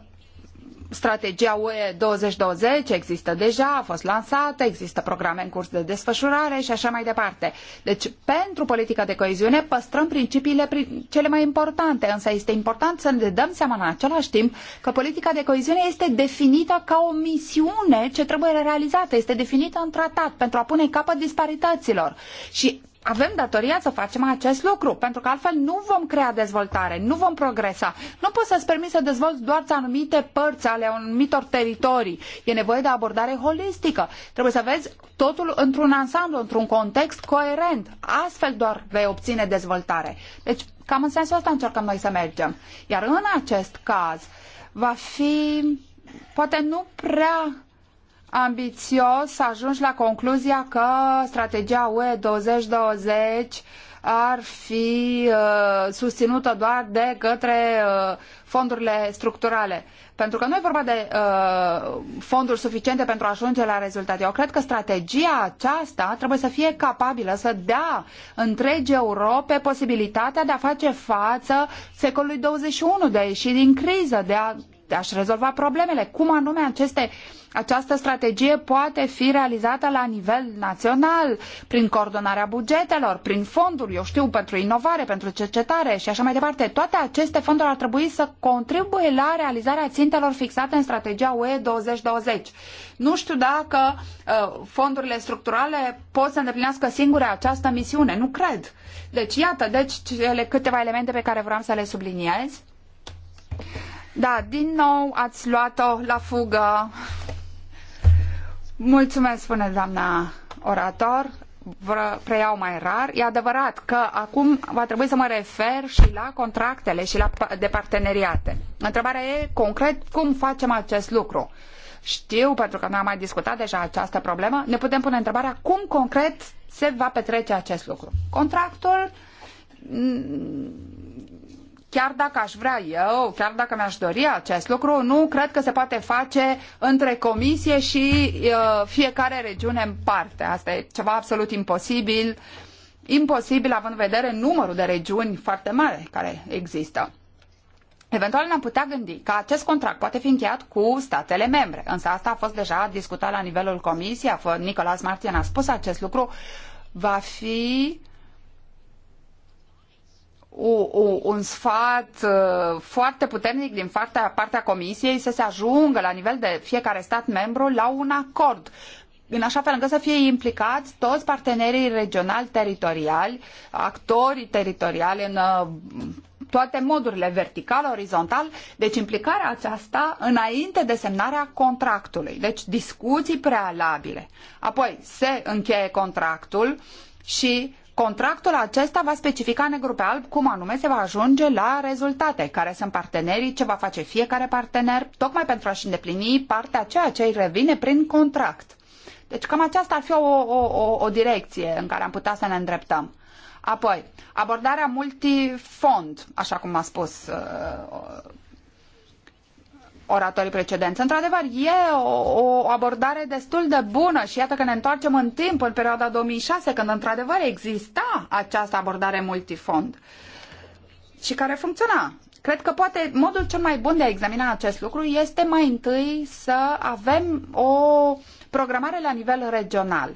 strategia UE 2020 există deja, a fost lansată, există programe în curs de desfășurare și așa mai departe. Deci, pentru politica de coeziune păstrăm principiile cele mai importante, însă este important să ne dăm seama în același timp că politica de coeziune este definită ca o misiune ce trebuie realizată, este definită în tratat pentru a pune capăt disparităților. Și avem datoria să facem acest lucru, pentru că altfel nu vom crea dezvoltare, nu vom progresa. Nu poți să-ți permiți să dezvolți doar anumite părți ale anumitor teritorii. E nevoie de abordare holistică. Trebuie să vezi totul într-un ansamblu, într-un context coerent. Astfel doar vei obține dezvoltare. Deci, cam în sensul ăsta încercăm noi să mergem. Iar în acest caz, va fi poate nu prea ambițios ajungi la concluzia că strategia UE 2020 ar fi uh, susținută doar de către uh, fondurile structurale. Pentru că nu e vorba de uh, fonduri suficiente pentru a ajunge la rezultate. Eu cred că strategia aceasta trebuie să fie capabilă să dea întregii Europe posibilitatea de a face față secolului 21, de a ieși din criză, de a a-și rezolva problemele. Cum anume aceste, această strategie poate fi realizată la nivel național, prin coordonarea bugetelor, prin fonduri, eu știu, pentru inovare, pentru cercetare și așa mai departe. Toate aceste fonduri ar trebui să contribuie la realizarea țintelor fixate în strategia UE 2020. Nu știu dacă uh, fondurile structurale pot să îndeplinească singure această misiune. Nu cred. Deci, iată, deci, cele câteva elemente pe care vreau să le subliniez. Da, din nou ați luat-o la fugă. Mulțumesc, spune doamna orator. Vă preiau mai rar. E adevărat că acum va trebui să mă refer și la contractele și la de parteneriate. Întrebarea e concret cum facem acest lucru. Știu, pentru că noi am mai discutat deja această problemă, ne putem pune întrebarea cum concret se va petrece acest lucru. Contractul chiar dacă aș vrea eu, chiar dacă mi-aș dori acest lucru, nu cred că se poate face între comisie și uh, fiecare regiune în parte. Asta e ceva absolut imposibil, imposibil având în vedere numărul de regiuni foarte mare care există. Eventual ne-am putea gândi că acest contract poate fi încheiat cu statele membre, însă asta a fost deja discutat la nivelul comisiei, Nicolas Martin a spus acest lucru, va fi o, o, un sfat uh, foarte puternic din partea, partea Comisiei să se ajungă la nivel de fiecare stat membru la un acord în așa fel încât să fie implicați toți partenerii regionali teritoriali, actorii teritoriali în uh, toate modurile, vertical, orizontal, deci implicarea aceasta înainte de semnarea contractului, deci discuții prealabile. Apoi se încheie contractul și Contractul acesta va specifica negru pe alb cum anume se va ajunge la rezultate, care sunt partenerii, ce va face fiecare partener, tocmai pentru a-și îndeplini partea ceea ce îi revine prin contract. Deci cam aceasta ar fi o, o, o, o direcție în care am putea să ne îndreptăm. Apoi, abordarea multifond, așa cum a spus uh, oratorii precedenți. Într-adevăr, e o, o, abordare destul de bună și iată că ne întoarcem în timp, în perioada 2006, când într-adevăr exista această abordare multifond și care funcționa. Cred că poate modul cel mai bun de a examina acest lucru este mai întâi să avem o programare la nivel regional.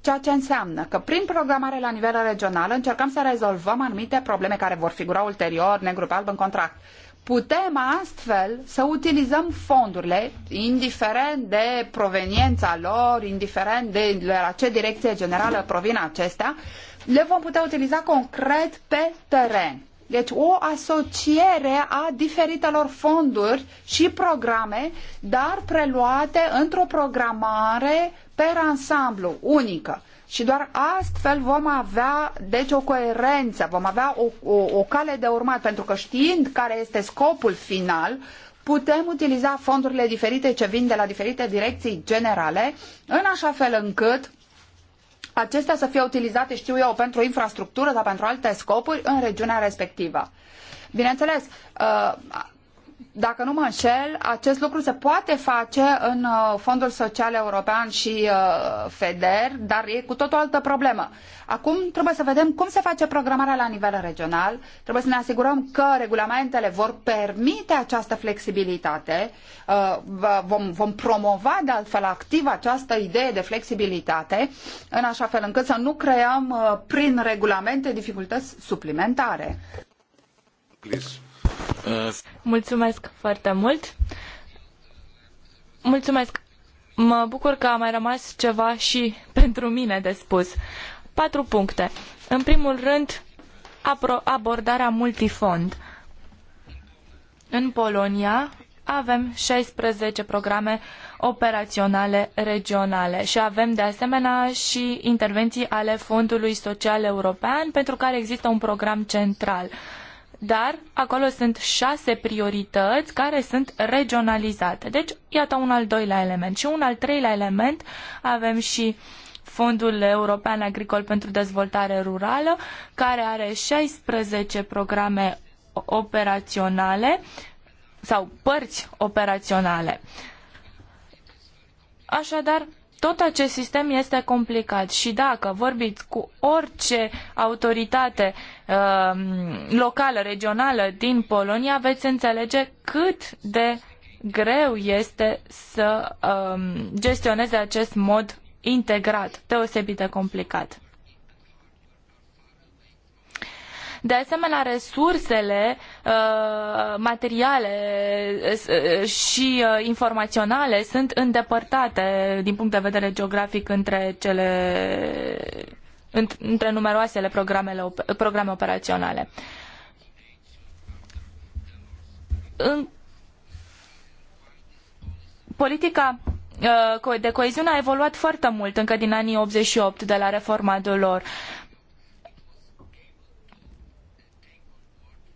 Ceea ce înseamnă că prin programare la nivel regional încercăm să rezolvăm anumite probleme care vor figura ulterior negru pe alb în contract. Uh, putem astfel să utilizăm fondurile, indiferent de proveniența lor, indiferent de la ce direcție generală provin acestea, le vom putea utiliza concret pe teren. Deci o asociere a diferitelor fonduri și programe, dar preluate într-o programare per ansamblu unică și doar astfel vom avea, deci, o coerență, vom avea o, o, o cale de urmat, pentru că știind care este scopul final, putem utiliza fondurile diferite ce vin de la diferite direcții generale, în așa fel încât acestea să fie utilizate, știu eu, pentru infrastructură sau pentru alte scopuri în regiunea respectivă. Bineînțeles, uh, dacă nu mă înșel, acest lucru se poate face în uh, Fondul Social European și uh, FEDER, dar e cu tot o altă problemă. Acum trebuie să vedem cum se face programarea la nivel regional, trebuie să ne asigurăm că regulamentele vor permite această flexibilitate, uh, vom, vom promova de altfel activ această idee de flexibilitate, în așa fel încât să nu creăm prin regulamente dificultăți suplimentare. Please. Mulțumesc foarte mult. Mulțumesc. Mă bucur că a mai rămas ceva și pentru mine de spus. Patru puncte. În primul rând, abordarea multifond. În Polonia avem 16 programe operaționale regionale și avem de asemenea și intervenții ale Fondului Social European pentru care există un program central. Uh, dar acolo sunt șase priorități care sunt regionalizate. Deci, iată un al doilea element. Și un al treilea element avem și Fondul European Agricol pentru Dezvoltare Rurală, care are 16 programe operaționale sau părți operaționale. Așadar, tot acest sistem este complicat și dacă vorbiți cu orice autoritate uh, locală, regională din Polonia, veți înțelege cât de greu este să uh, gestioneze acest mod integrat, deosebit de complicat. De asemenea, resursele uh, materiale uh, și uh, informaționale sunt îndepărtate din punct de vedere geografic între cele între numeroasele programele, programe operaționale. În politica de coeziune a evoluat foarte mult încă din anii 88 de la reforma lor.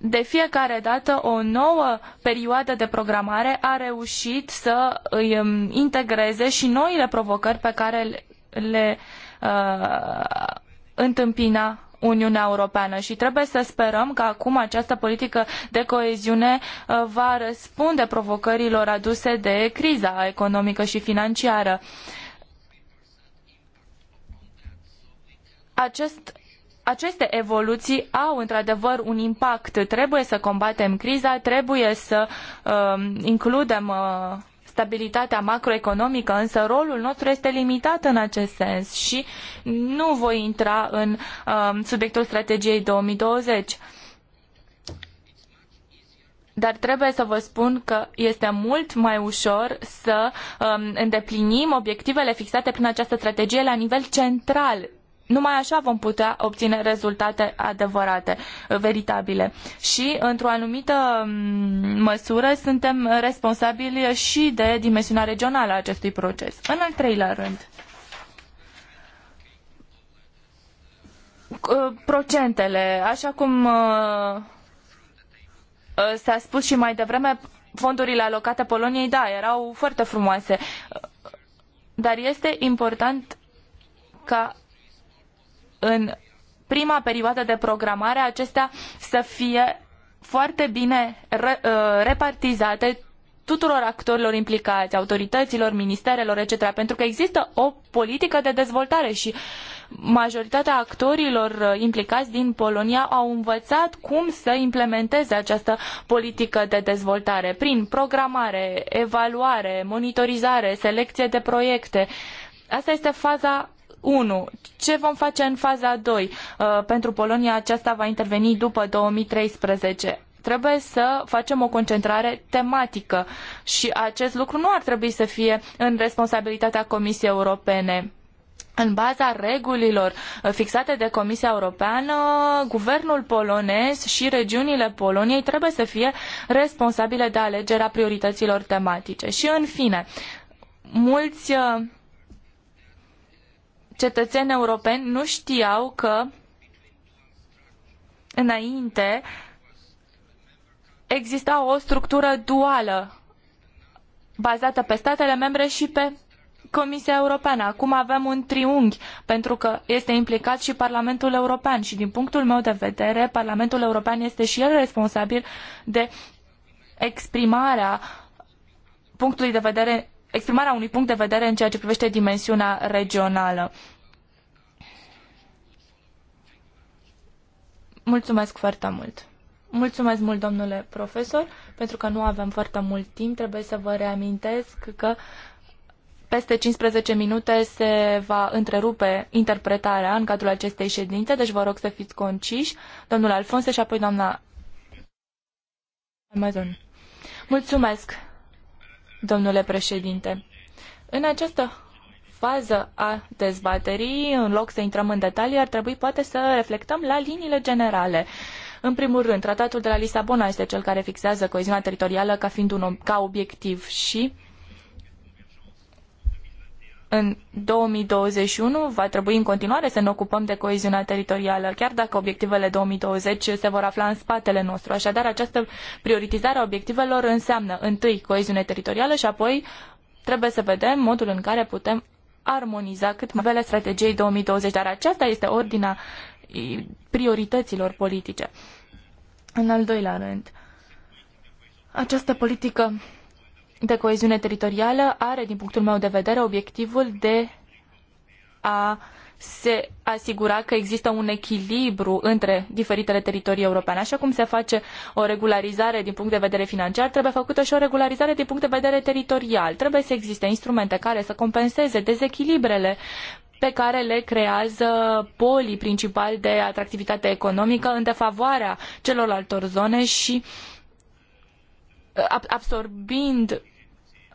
de fiecare dată o nouă perioadă de programare a reușit să îi um, integreze și noile provocări pe care le uh, întâmpina Uniunea Europeană și trebuie să sperăm că acum această politică de coeziune uh, va răspunde provocărilor aduse de criza economică și financiară. Acest aceste evoluții au într-adevăr un impact. Trebuie să combatem criza, trebuie să uh, includem uh, stabilitatea macroeconomică, însă rolul nostru este limitat în acest sens și nu voi intra în uh, subiectul strategiei 2020. Dar trebuie să vă spun că este mult mai ușor să um, îndeplinim obiectivele fixate prin această strategie la nivel central numai așa vom putea obține rezultate adevărate, veritabile. Și, într-o anumită mm, măsură, suntem responsabili și de dimensiunea regională a acestui proces. În al treilea rând, procentele, așa cum uh, uh, s-a spus și mai devreme, fondurile alocate Poloniei, da, erau foarte frumoase, dar este important ca în prima perioadă de programare acestea să fie foarte bine uh, repartizate tuturor actorilor implicați, autorităților, ministerelor, etc. Pentru că există o politică de dezvoltare și majoritatea actorilor uh, implicați din Polonia au învățat cum să implementeze această politică de dezvoltare prin programare, evaluare, monitorizare, selecție de proiecte. Asta este faza 1. Ce vom face în faza 2? Uh, pentru Polonia aceasta va interveni după 2013 trebuie să facem o concentrare tematică și acest lucru nu ar trebui să fie în responsabilitatea Comisiei Europene. În baza regulilor uh, fixate de Comisia Europeană, guvernul polonez și regiunile Poloniei trebuie să fie responsabile de alegerea priorităților tematice. Și în fine, mulți uh, cetățeni europeni nu știau că înainte exista o structură duală bazată pe statele membre și pe Comisia Europeană. Acum avem un triunghi pentru că este implicat și Parlamentul European și din punctul meu de vedere Parlamentul European este și el responsabil de exprimarea punctului de vedere exprimarea unui punct de vedere în ceea ce privește dimensiunea regională. Mulțumesc foarte mult! Mulțumesc mult, domnule profesor, pentru că nu avem foarte mult timp. Trebuie să vă reamintesc că peste 15 minute se va întrerupe interpretarea în cadrul acestei ședințe, deci vă rog să fiți conciși, domnul Alfonse și apoi doamna Amazon. Mulțumesc! domnule președinte. În această fază a dezbaterii, în loc să intrăm în detalii, ar trebui poate să reflectăm la liniile generale. În primul rând, tratatul de la Lisabona este cel care fixează coeziunea teritorială ca fiind un, ca obiectiv și în 2021 va trebui în continuare să ne ocupăm de coeziunea teritorială, chiar dacă obiectivele 2020 se vor afla în spatele nostru. Așadar, această prioritizare a obiectivelor înseamnă întâi coeziune teritorială și apoi trebuie să vedem modul în care putem armoniza cât mai vele strategiei 2020, dar aceasta este ordinea priorităților politice. În al doilea rând, această politică de coeziune teritorială are, din punctul meu de vedere, obiectivul de a se asigura că există un echilibru între diferitele teritorii europene. Așa cum se face o regularizare din punct de vedere financiar, trebuie făcută și o regularizare din punct de vedere teritorial. Trebuie să existe instrumente care să compenseze dezechilibrele pe care le creează polii principali de atractivitate economică în defavoarea celorlalte zone și absorbind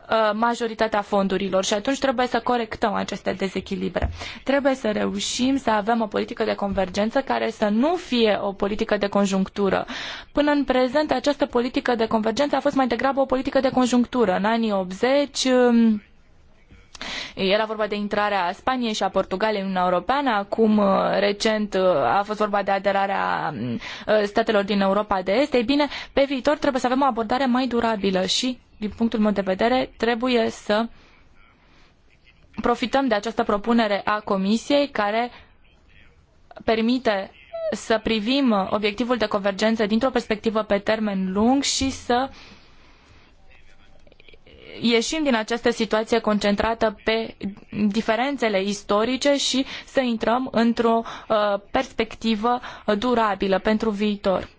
Uh, majoritatea fondurilor și atunci trebuie să corectăm aceste dezechilibre. Trebuie să reușim să avem o politică de convergență care să nu fie o politică de conjunctură. Până în prezent, această politică de convergență a fost mai degrabă o politică de conjunctură. În anii 80 um, era vorba de intrarea Spaniei și a Portugaliei în Uniunea Europeană, acum uh, recent uh, a fost vorba de aderarea um, statelor din Europa de Est. Ei bine, pe viitor trebuie să avem o abordare mai durabilă și din punctul meu de vedere, trebuie să profităm de această propunere a Comisiei care permite să privim obiectivul de convergență dintr-o perspectivă pe termen lung și să ieșim din această situație concentrată pe diferențele istorice și să intrăm într-o uh, perspectivă durabilă pentru viitor.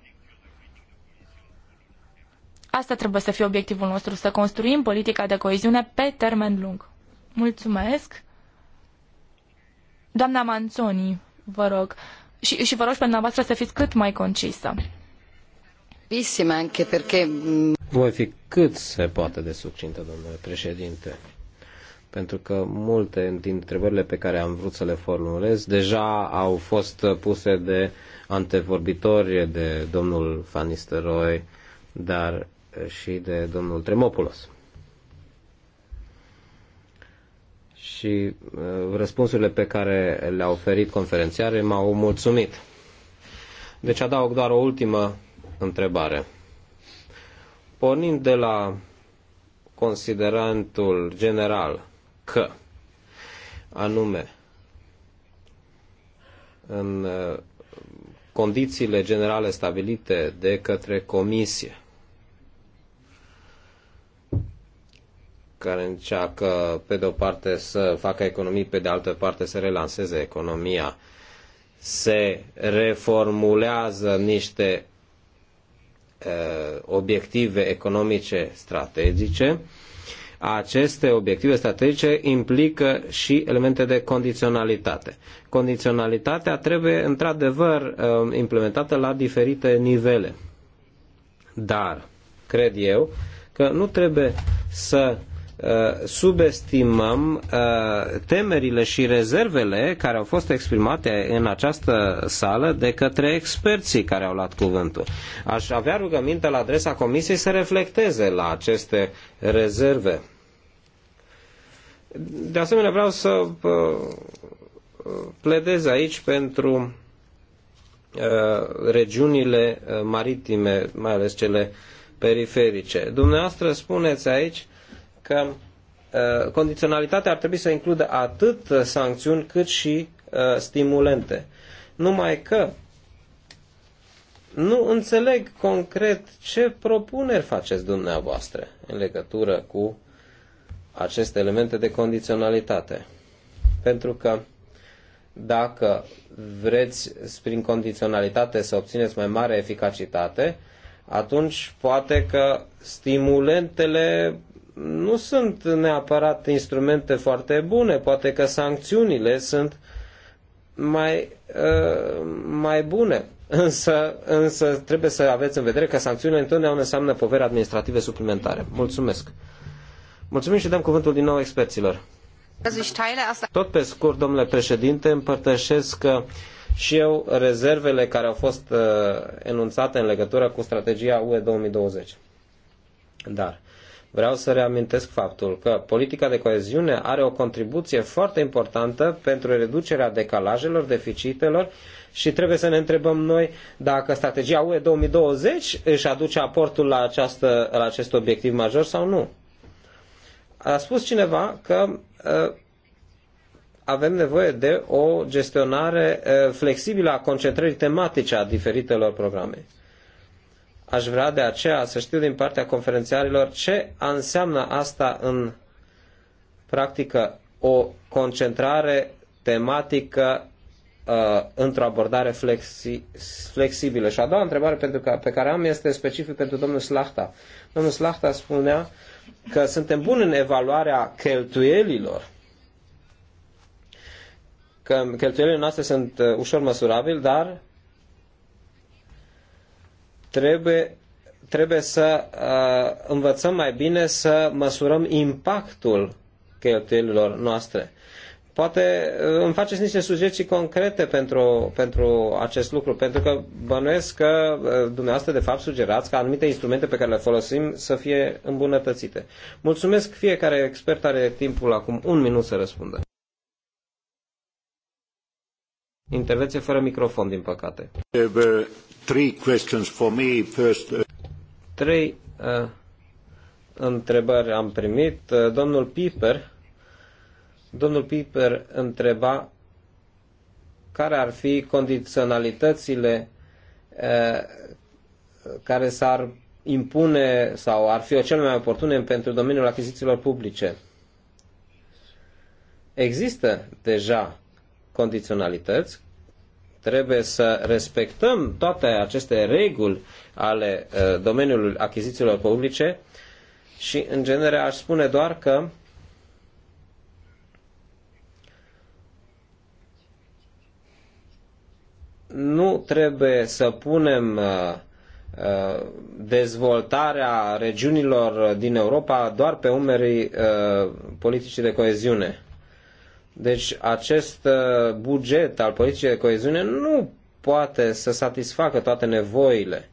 Asta trebuie să fie obiectivul nostru, să construim politica de coeziune pe termen lung. Mulțumesc. Doamna Manzoni, vă rog, și, și vă rog pe dumneavoastră să fiți cât mai concisă. Mm, Voi fi cât se poate de succintă, domnule președinte, pentru că multe din întrebările pe care am vrut să le formulez deja au fost puse de antevorbitori, de domnul Fanisteroi, dar și de domnul Tremopoulos. Și uh, răspunsurile pe care le-a oferit conferențiare m-au mulțumit. Deci adaug doar o ultimă întrebare. Pornind de la considerantul general că, anume, în uh, condițiile generale stabilite de către comisie, care încearcă pe de o parte să facă economii, pe de altă parte să relanseze economia. Se reformulează niște uh, obiective economice strategice. Aceste obiective strategice implică și elemente de condiționalitate. Condiționalitatea trebuie într-adevăr implementată la diferite nivele. Dar, cred eu, că nu trebuie să Uh, subestimăm uh, temerile și rezervele care au fost exprimate în această sală de către experții care au luat cuvântul. Aș avea rugăminte la adresa Comisiei să reflecteze la aceste rezerve. De asemenea, vreau să uh, pledez aici pentru regiunile maritime, mai ales cele periferice. Dumneavoastră spuneți aici că uh, condiționalitatea ar trebui să includă atât uh, sancțiuni cât și uh, stimulente. Numai că nu înțeleg concret ce propuneri faceți dumneavoastră în legătură cu aceste elemente de condiționalitate. Pentru că dacă vreți prin condiționalitate să obțineți mai mare eficacitate, atunci poate că stimulentele nu sunt neapărat instrumente foarte bune, poate că sancțiunile sunt mai, uh, mai bune. Însă, însă trebuie să aveți în vedere că sancțiunile întotdeauna înseamnă povere administrative suplimentare. Mulțumesc. Mulțumim și dăm cuvântul din nou experților. Tot pe scurt, domnule președinte, împărtășesc că și eu rezervele care au fost uh, enunțate în legătură cu strategia UE 2020. Dar Vreau să reamintesc faptul că politica de coeziune are o contribuție foarte importantă pentru reducerea decalajelor, deficitelor și trebuie să ne întrebăm noi dacă strategia UE 2020 își aduce aportul la, această, la acest obiectiv major sau nu. A spus cineva că uh, avem nevoie de o gestionare uh, flexibilă a concentrării tematice a diferitelor programe. Aș vrea de aceea să știu din partea conferențiarilor ce înseamnă asta în practică o concentrare tematică uh, într-o abordare flexi, flexibilă. Și a doua întrebare pentru că, pe care am este specific pentru domnul Slachta. Domnul Slachta spunea că suntem buni în evaluarea cheltuielilor, că cheltuielile noastre sunt uh, ușor măsurabile, dar Trebuie, trebuie să uh, învățăm mai bine să măsurăm impactul cheltuielilor noastre. Poate îmi faceți niște sugestii concrete pentru, pentru acest lucru, pentru că bănuiesc că dumneavoastră de fapt sugerați ca anumite instrumente pe care le folosim să fie îmbunătățite. Mulțumesc, fiecare expert are timpul acum un minut să răspundă. Intervenție fără microfon, din păcate three questions for me. First, uh, Trei uh, întrebări am primit. Uh, domnul Piper, domnul Piper întreba care ar fi condiționalitățile uh, care s-ar impune sau ar fi o cel mai oportune pentru domeniul achizițiilor publice. Există deja condiționalități Trebuie să respectăm toate aceste reguli ale uh, domeniului achizițiilor publice și, în genere, aș spune doar că nu trebuie să punem uh, uh, dezvoltarea regiunilor din Europa doar pe umerii politicii de coeziune. Deci acest uh, buget al politicii de coeziune nu poate să satisfacă toate nevoile.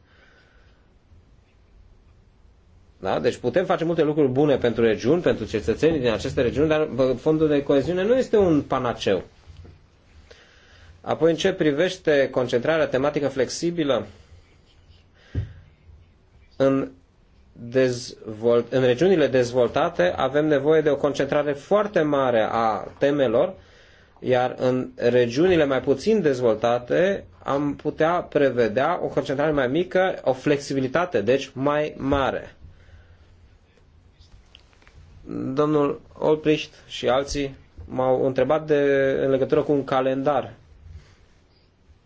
Da? Deci putem face multe lucruri bune pentru regiuni, pentru cetățenii din aceste regiuni, dar fondul de coeziune nu este un panaceu. Apoi, în ce privește concentrarea tematică flexibilă, în dezvolt, în regiunile dezvoltate avem nevoie de o concentrare foarte mare a temelor, iar în regiunile mai puțin dezvoltate am putea prevedea o concentrare mai mică, o flexibilitate, deci mai mare. Domnul Olprist și alții m-au întrebat de, în legătură cu un calendar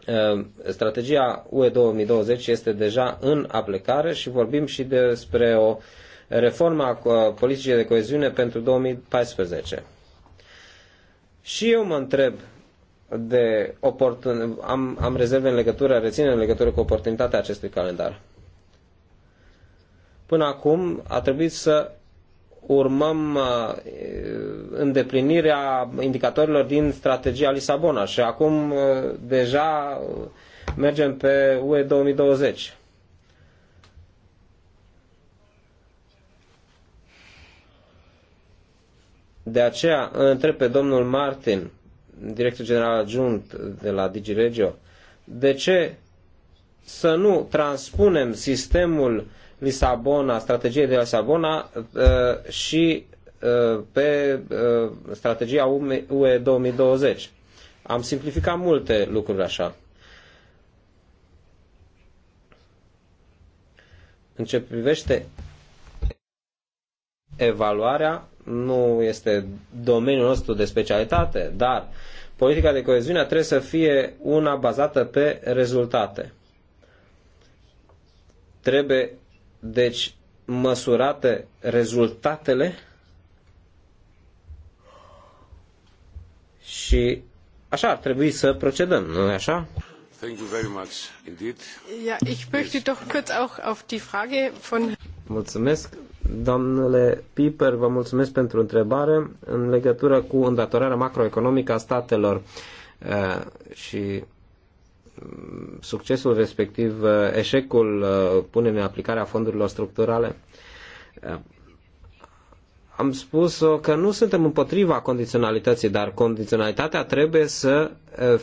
Ehm, strategia UE 2020 este deja în aplicare și vorbim și despre o reformă a politicii de coeziune pentru 2014. Și eu mă întreb de oportun... am, am rezerve în legătură, reține în legătură cu oportunitatea acestui calendar. Până acum a trebuit să urmăm uh, îndeplinirea indicatorilor din strategia Lisabona și acum uh, deja mergem pe UE 2020. De aceea întreb pe domnul Martin, director general adjunct de la DigiRegio, de ce să nu transpunem sistemul Lisabona, strategia de Lisabona uh, și uh, pe uh, strategia UE 2020. Am simplificat multe lucruri așa. În ce privește evaluarea, nu este domeniul nostru de specialitate, dar politica de coeziune trebuie să fie una bazată pe rezultate. Trebuie deci măsurate rezultatele și așa ar trebui să procedăm, nu e așa? Thank you very much indeed. Ja, ich möchte doch kurz auch auf die Frage von Mulțumesc, domnule Piper, vă mulțumesc pentru întrebare în legătură cu îndatorarea macroeconomică a statelor uh, și succesul respectiv uh, eșecul uh, punerii în aplicare a fondurilor structurale. Uh, am spus că nu suntem împotriva condiționalității, dar condiționalitatea trebuie să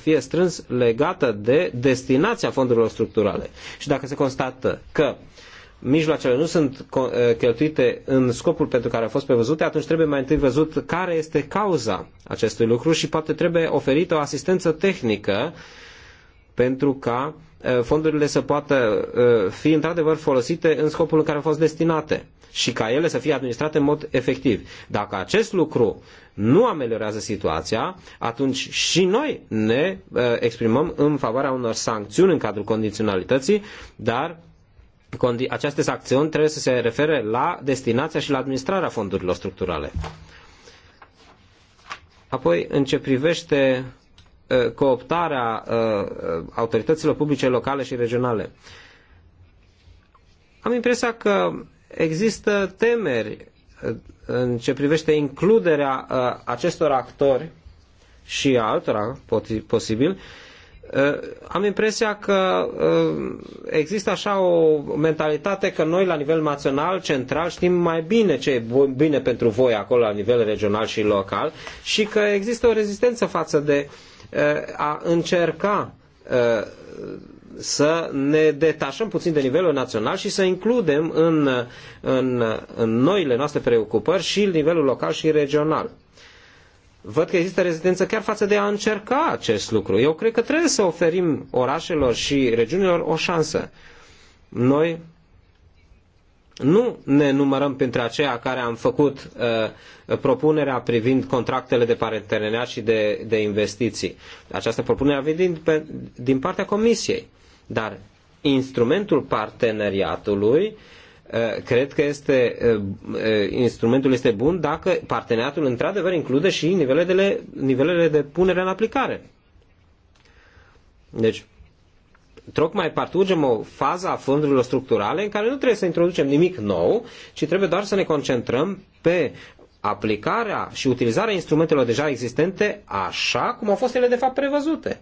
fie strâns legată de destinația fondurilor structurale. Și dacă se constată că mijloacele nu sunt cheltuite în scopul pentru care au fost prevăzute, atunci trebuie mai întâi văzut care este cauza acestui lucru și poate trebuie oferită o asistență tehnică pentru ca uh, fondurile să poată uh, fi într-adevăr folosite în scopul în care au fost destinate și ca ele să fie administrate în mod efectiv. Dacă acest lucru nu ameliorează situația, atunci și noi ne uh, exprimăm în favoarea unor sancțiuni în cadrul condiționalității, dar aceste sancțiuni trebuie să se refere la destinația și la administrarea fondurilor structurale. Apoi, în ce privește Uh, cooptarea uh, autorităților publice locale și regionale. Am impresia că există temeri uh, în ce privește includerea acestor actori și altora posibil, am impresia că există așa o mentalitate că noi la nivel național, central, știm mai bine ce e bine pentru voi acolo la nivel regional și local și că există o rezistență față de uh, Eh, a încerca eh, să ne detașăm puțin de nivelul național și să includem în, în, în noile noastre preocupări și nivelul local și regional. Văd că există rezistență chiar față de a încerca acest lucru. Eu cred că trebuie să oferim orașelor și regiunilor o șansă. Noi nu ne numărăm printre aceia care am făcut uh, propunerea privind contractele de parteneriat și de, de investiții. Această propunere a venit din, pe, din partea Comisiei, dar instrumentul parteneriatului uh, cred că este, uh, uh, instrumentul este bun dacă parteneriatul într-adevăr include și nivelele de, nivelele de punere în aplicare. Deci, tocmai parcurgem o fază a fondurilor structurale în care nu trebuie să introducem nimic nou, ci trebuie doar să ne concentrăm pe aplicarea și utilizarea instrumentelor deja existente așa cum au fost ele de fapt prevăzute.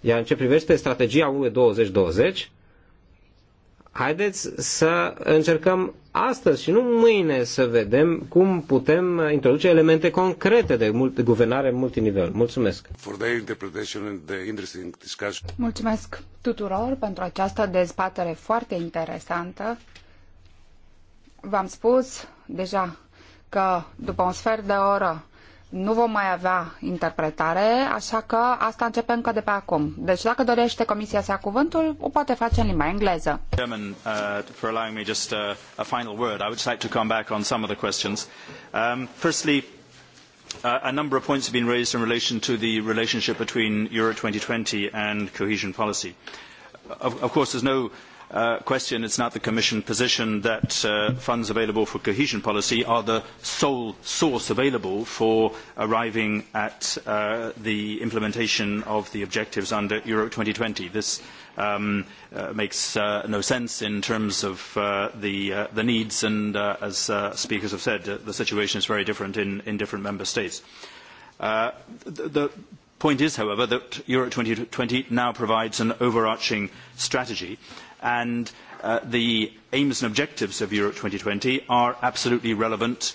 Iar în ce privește strategia UE 2020, Haideți să încercăm astăzi și nu mâine să vedem cum putem introduce elemente concrete de, mult, guvernare multinivel. Mulțumesc! Mulțumesc tuturor pentru această dezbatere foarte interesantă. V-am spus deja că după un sfert de oră nu vom mai avea interpretare, așa că asta începe încă de pe acum. Deci dacă dorește comisia să ia cuvântul, o poate face în limba engleză. uh, for allowing me just uh, a final word, I would just like to come back on some of the questions. Um, firstly, uh, a number of points have been raised in relation to the relationship between Euro 2020 and cohesion policy. Of, of course, there's no Question: uh, question. It's not the Commission position that uh, funds available for cohesion policy are the sole source available for arriving at uh, the implementation of the objectives under Euro 2020. This um, uh, makes uh, no sense in terms of uh, the, uh, the, needs and, uh, as speakers have said, the situation is very different in, in different member states. The, the, point is, however, that Euro 2020 now provides an overarching strategy and uh, the aims and objectives of Europe 2020 are absolutely relevant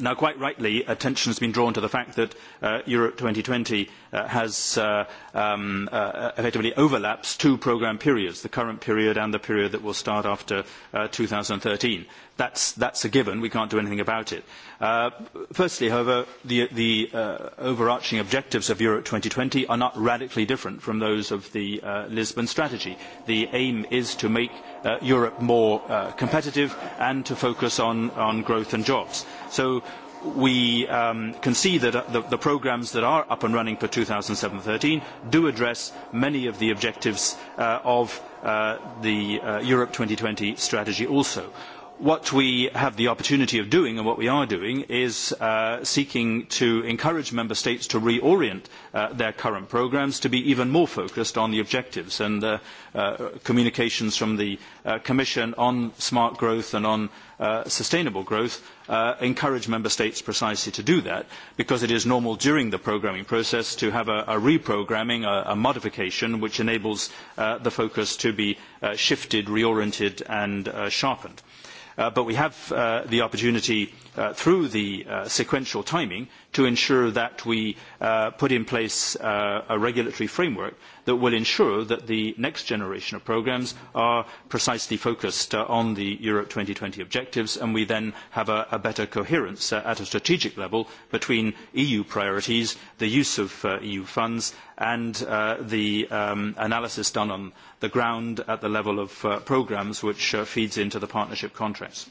Now, quite rightly, attention has been drawn to the fact that uh, Europe 2020 uh, has uh, um, uh, effectively overlaps two programme periods, the current period and the period that will start after uh, 2013 that's, is a given. We can't do anything about it. Uh, firstly, however, the, the uh, overarching objectives of Europe 2020 are not radically different from those of the uh, Lisbon strategy. The aim is to make uh, Europe more uh, competitive and to focus on, on growth and jobs. So we um, can see that uh, the, the programmes that are up and running for 2007-13 do address many of the objectives uh, of uh, the uh, Europe 2020 strategy also what we have the opportunity of doing and what we are doing is uh, seeking to encourage member states to reorient uh, their current programs to be even more focused on the objectives and uh, uh communications from the uh, commission on smart growth and on uh, sustainable growth encourage member states precisely to do that because it is normal during the programming process to have a, a reprogramming, a, a, modification which enables the focus to be shifted, reoriented and sharpened. Uh, but we have uh, the opportunity uh, through the uh, sequential timing to ensure that we uh, put in place uh, a regulatory framework that will ensure that the next generation of programmes are precisely focused uh, on the Europe 2020 objectives and we then have a, a better coherence uh, at a strategic level between EU priorities, the use of uh, EU funds and uh, the um, analysis done on the ground at the level of programmes which feeds into the partnership contracts.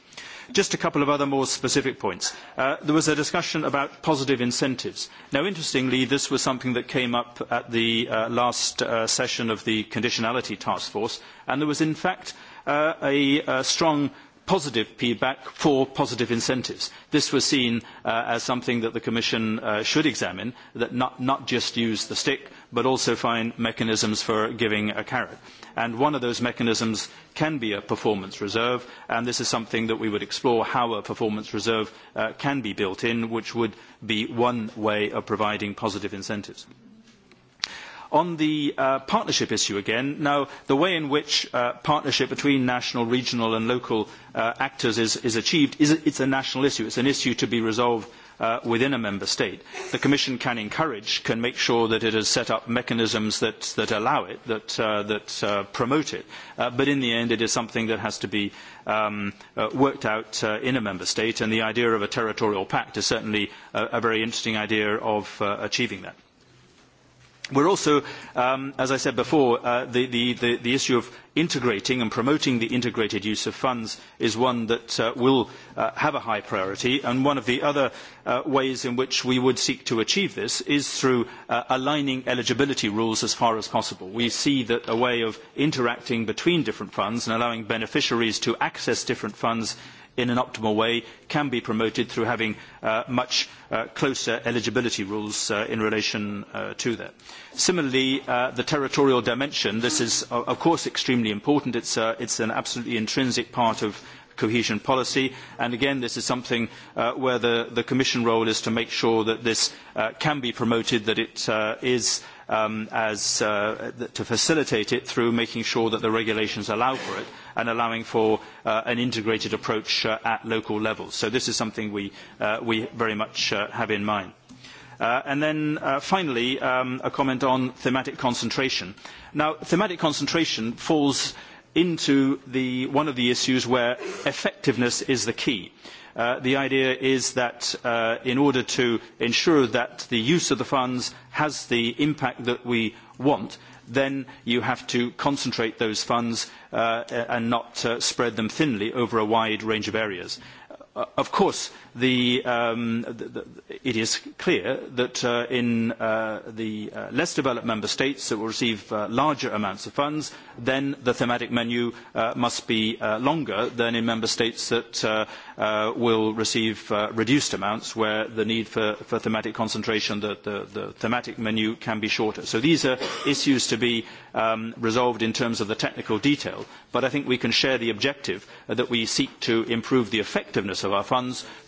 Just a couple of other more specific points. Uh, there was a discussion about positive incentives. Now, interestingly, this was something that came up at the uh, last uh, session of the conditionality task force, and there was, in fact, uh, a, a uh, strong positive feedback for positive incentives. This was seen uh, as something that the Commission uh, should examine, that not, not just use the stick, but also find mechanisms for giving a carrot. And one of those mechanisms can be a performance reserve, and this is something that we would explore how a performance reserve uh, can be built in, which would be one way of providing positive incentives. On the uh, partnership issue again, now the way in which uh, partnership between national, regional and local uh, actors is, is achieved, is, it's a national issue. It's an issue to be resolved uh, within a member state. The Commission can encourage, can make sure that it has set up mechanisms that, that allow it, that, uh, that uh, promote it. Uh, but in the end, it is something that has to be um, uh, worked out uh, in a member state, and the idea of a territorial pact is certainly a, a very interesting idea of achieving that. We're also, um, as I said before, uh, the, the, the, the, issue of integrating and promoting the integrated use of funds is one that uh, will uh, have a high priority. And one of the other uh, ways in which we would seek to achieve this is through uh, aligning eligibility rules as far as possible. We see that a way of interacting between different funds and allowing beneficiaries to access different funds in an optimal way can be promoted through having uh, much uh, closer eligibility rules uh, in relation uh, to that. Similarly, uh, the territorial dimension, this is of course extremely important. It's, uh, it's an absolutely intrinsic part of cohesion policy. And again, this is something uh, where the, the, Commission role is to make sure that this uh, can be promoted, that it uh, is um, as, uh, to facilitate it through making sure that the regulations allow for it and allowing for uh, an integrated approach uh, at local levels. So this is something we, uh, we very much uh, have in mind. Uh, and then uh, finally, um, a comment on thematic concentration. Now, thematic concentration falls into the, one of the issues where effectiveness is the key. Uh, the idea is that uh, in order to ensure that the use of the funds has the impact that we want, then you have to concentrate those funds uh, and not uh, spread them thinly over a wide range of areas. Uh, of course, the, um, the, it is clear that uh, in uh, the uh, less developed member states that will receive uh, larger amounts of funds, then the thematic menu uh, must be uh, longer than in member states that will receive reduced amounts where the need for, for thematic concentration, the, the, thematic menu can be shorter. So these are issues to be um, resolved in terms of the technical detail, but I think we can share the objective that we seek to improve the effectiveness of our funds